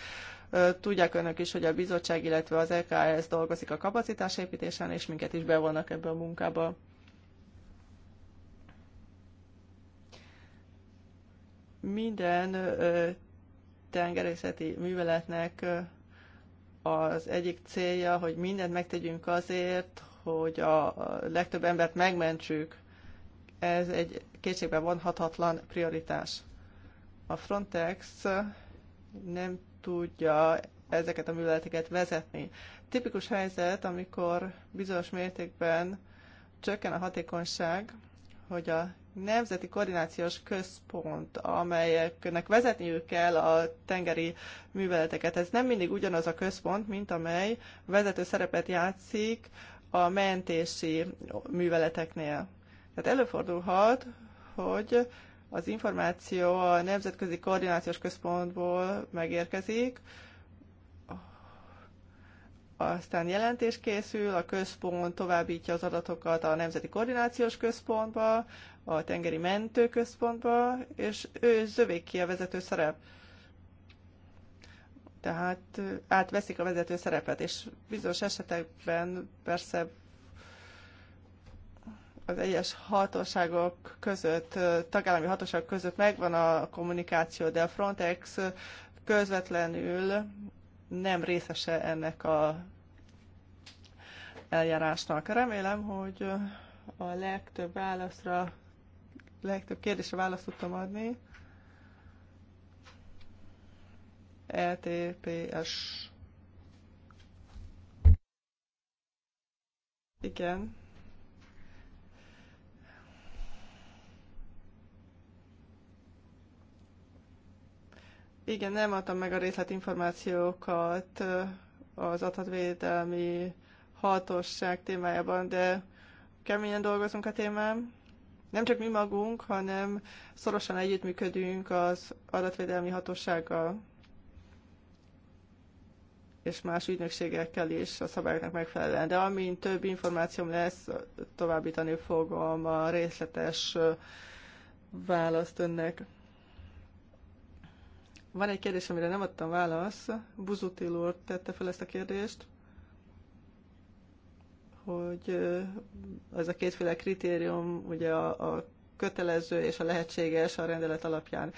Tudják önök is, hogy a bizottság, illetve az LKS e dolgozik a kapacitásépítésen, és minket is bevonnak ebbe a munkába. Minden tengerészeti műveletnek az egyik célja, hogy mindent megtegyünk azért, hogy a legtöbb embert megmentsük. Ez egy kétségbe vonhatatlan prioritás. A Frontex nem tudja ezeket a műveleteket vezetni. Tipikus helyzet, amikor bizonyos mértékben csökken a hatékonyság, hogy a nemzeti koordinációs központ, amelyeknek vezetniük kell a tengeri műveleteket. Ez nem mindig ugyanaz a központ, mint amely vezető szerepet játszik a mentési műveleteknél. Tehát előfordulhat, hogy az információ a Nemzetközi Koordinációs Központból megérkezik, aztán jelentés készül, a központ továbbítja az adatokat a Nemzeti Koordinációs Központba, a Tengeri Mentő Központba, és ő zövék ki a vezető szerep. Tehát átveszik a vezető szerepet, és bizonyos esetekben persze az egyes hatóságok között, tagállami hatóságok között megvan a kommunikáció, de a Frontex közvetlenül nem részese ennek a eljárásnak. Remélem, hogy a legtöbb válaszra, legtöbb kérdésre választ tudtam adni. LTPS. E Igen. Igen, nem adtam meg a részletinformációkat az adatvédelmi hatóság témájában, de keményen dolgozunk a témán. Nem csak mi magunk, hanem szorosan együttműködünk az adatvédelmi hatósággal és más ügynökségekkel is a szabályoknak megfelelően. De amint több információm lesz, továbbítani fogom a részletes választ önnek. Van egy kérdés, amire nem adtam választ. Buzutil úr tette fel ezt a kérdést, hogy ez a kétféle kritérium, ugye a, a kötelező és a lehetséges a rendelet alapján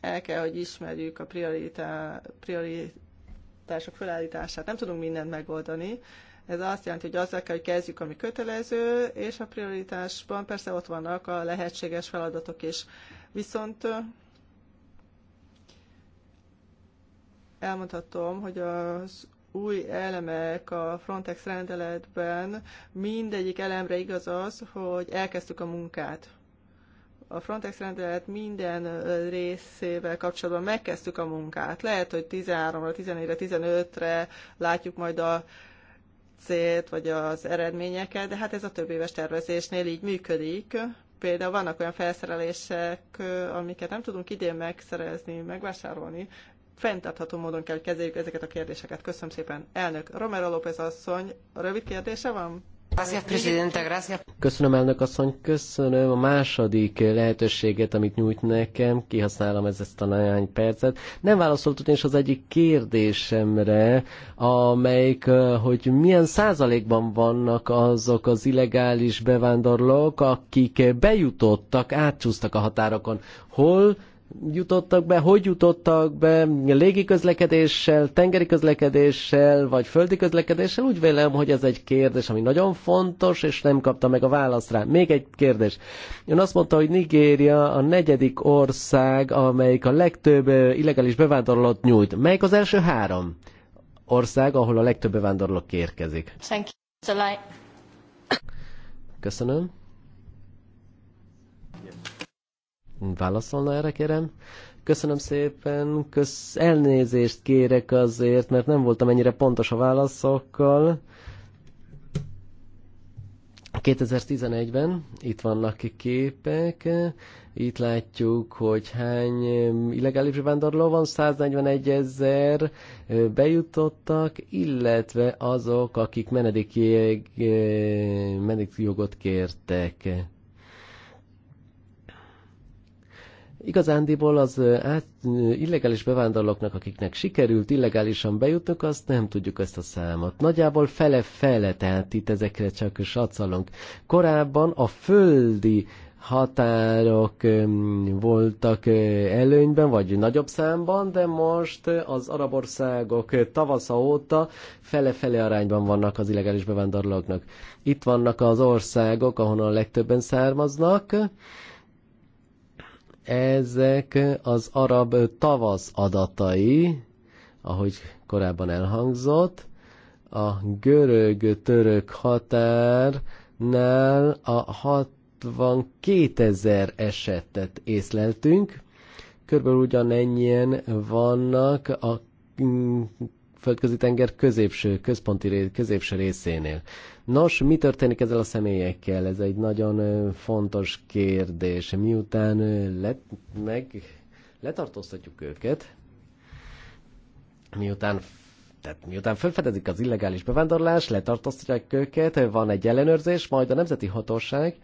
el kell, hogy ismerjük a prioritá, prioritások felállítását. Nem tudunk mindent megoldani. Ez azt jelenti, hogy azzal kell, hogy kezdjük, ami kötelező, és a prioritásban persze ott vannak a lehetséges feladatok is. Viszont elmondhatom, hogy az új elemek a Frontex rendeletben mindegyik elemre igaz az, hogy elkezdtük a munkát. A Frontex rendelet minden részével kapcsolatban megkezdtük a munkát. Lehet, hogy 13-ra, 14-re, 15-re látjuk majd a célt, vagy az eredményeket, de hát ez a több éves tervezésnél így működik. Például vannak olyan felszerelések, amiket nem tudunk idén megszerezni, megvásárolni, fenntartható módon kell, hogy kezeljük ezeket a kérdéseket. Köszönöm szépen. Elnök Romero López asszony, rövid kérdése van? Köszönöm elnök asszony, köszönöm a második lehetőséget, amit nyújt nekem, kihasználom ez, ezt a néhány percet. Nem válaszolt ugyanis az egyik kérdésemre, amelyik, hogy milyen százalékban vannak azok az illegális bevándorlók, akik bejutottak, átcsúsztak a határokon. Hol jutottak be, hogy jutottak be, légi közlekedéssel, tengeri közlekedéssel, vagy földi közlekedéssel. Úgy vélem, hogy ez egy kérdés, ami nagyon fontos, és nem kapta meg a választ rá. Még egy kérdés. Ön azt mondta, hogy Nigéria a negyedik ország, amelyik a legtöbb illegális bevándorlót nyújt. Melyik az első három ország, ahol a legtöbb bevándorló érkezik? Köszönöm. Válaszolna erre, kérem? Köszönöm szépen, kösz... elnézést kérek azért, mert nem voltam ennyire pontos a válaszokkal. 2011-ben itt vannak képek, itt látjuk, hogy hány illegális vándorló van, 141 ezer bejutottak, illetve azok, akik menedékjogot kértek. Igazándiból az át, illegális bevándorlóknak, akiknek sikerült illegálisan bejutnunk, azt nem tudjuk ezt a számot. Nagyjából fele-fele, tehát itt ezekre csak satszalunk. Korábban a földi határok voltak előnyben, vagy nagyobb számban, de most az arab országok tavasza óta fele-fele arányban vannak az illegális bevándorlóknak. Itt vannak az országok, ahonnan a legtöbben származnak, ezek az arab tavasz adatai, ahogy korábban elhangzott, a görög-török határnál a 62 ezer esetet észleltünk, körülbelül ugyanennyien vannak a földközi tenger középső, központi középső részénél. Nos, mi történik ezzel a személyekkel? Ez egy nagyon fontos kérdés. Miután let, meg, letartóztatjuk őket, miután tehát miután felfedezik az illegális bevándorlás, letartóztatják őket, van egy ellenőrzés, majd a nemzeti hatóság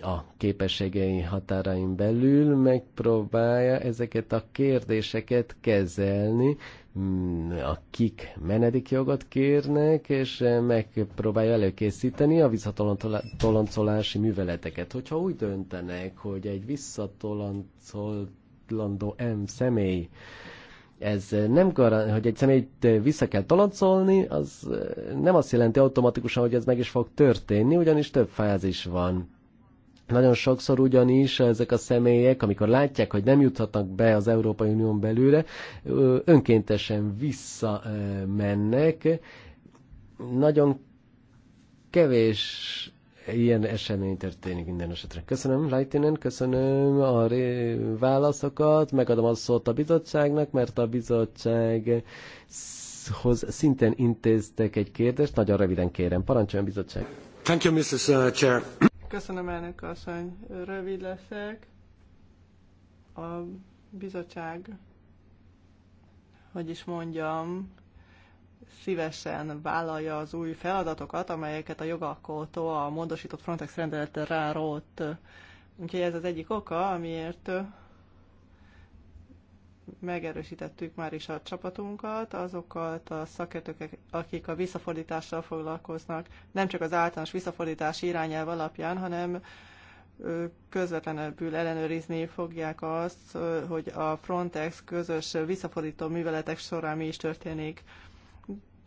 a képességei határain belül megpróbálja ezeket a kérdéseket kezelni, Mm, akik menedékjogot kérnek, és eh, megpróbálja előkészíteni a visszatoloncolási műveleteket. Hogyha úgy döntenek, hogy egy visszatoloncolandó M személy ez eh, nem garant, hogy egy személyt eh, vissza kell toloncolni, az nem azt jelenti automatikusan, hogy ez meg is fog történni, ugyanis több fázis van nagyon sokszor ugyanis ezek a személyek, amikor látják, hogy nem juthatnak be az Európai Unión belőle, önkéntesen visszamennek. Nagyon kevés ilyen esemény történik minden esetre. Köszönöm, Lightinen, köszönöm a válaszokat, megadom a szót a bizottságnak, mert a bizottság hoz szintén intéztek egy kérdést. Nagyon röviden kérem, parancsoljon bizottság. Thank you, Mrs. Uh, Chair. Köszönöm, elnök asszony. Rövid leszek. A bizottság, hogy is mondjam, szívesen vállalja az új feladatokat, amelyeket a jogalkotó a módosított Frontex rendelettel rárót. Úgyhogy ez az egyik oka, amiért megerősítettük már is a csapatunkat, azokat a szakértőket, akik a visszafordítással foglalkoznak, nem csak az általános visszafordítási irányelv alapján, hanem közvetlenül ellenőrizni fogják azt, hogy a Frontex közös visszafordító műveletek során mi is történik.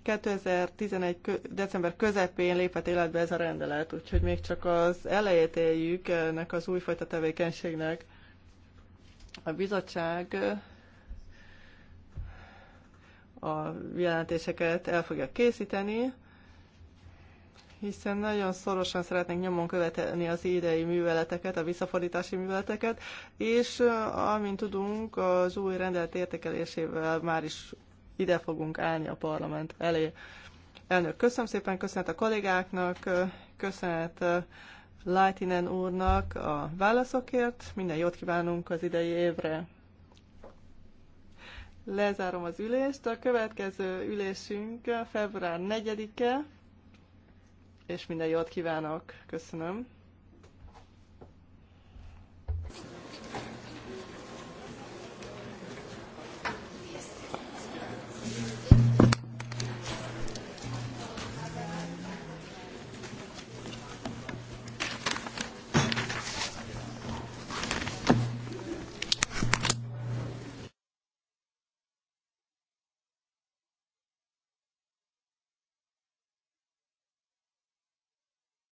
2011. december közepén lépett életbe ez a rendelet, úgyhogy még csak az elejét éljük ennek az újfajta tevékenységnek. A bizottság a jelentéseket el fogja készíteni, hiszen nagyon szorosan szeretnénk nyomon követelni az idei műveleteket, a visszafordítási műveleteket, és amint tudunk, az új rendelet értékelésével már is ide fogunk állni a parlament elé. Elnök, köszönöm szépen, köszönet a kollégáknak, köszönet Lightinen úrnak a válaszokért, minden jót kívánunk az idei évre! Lezárom az ülést. A következő ülésünk február 4-e, és minden jót kívánok. Köszönöm.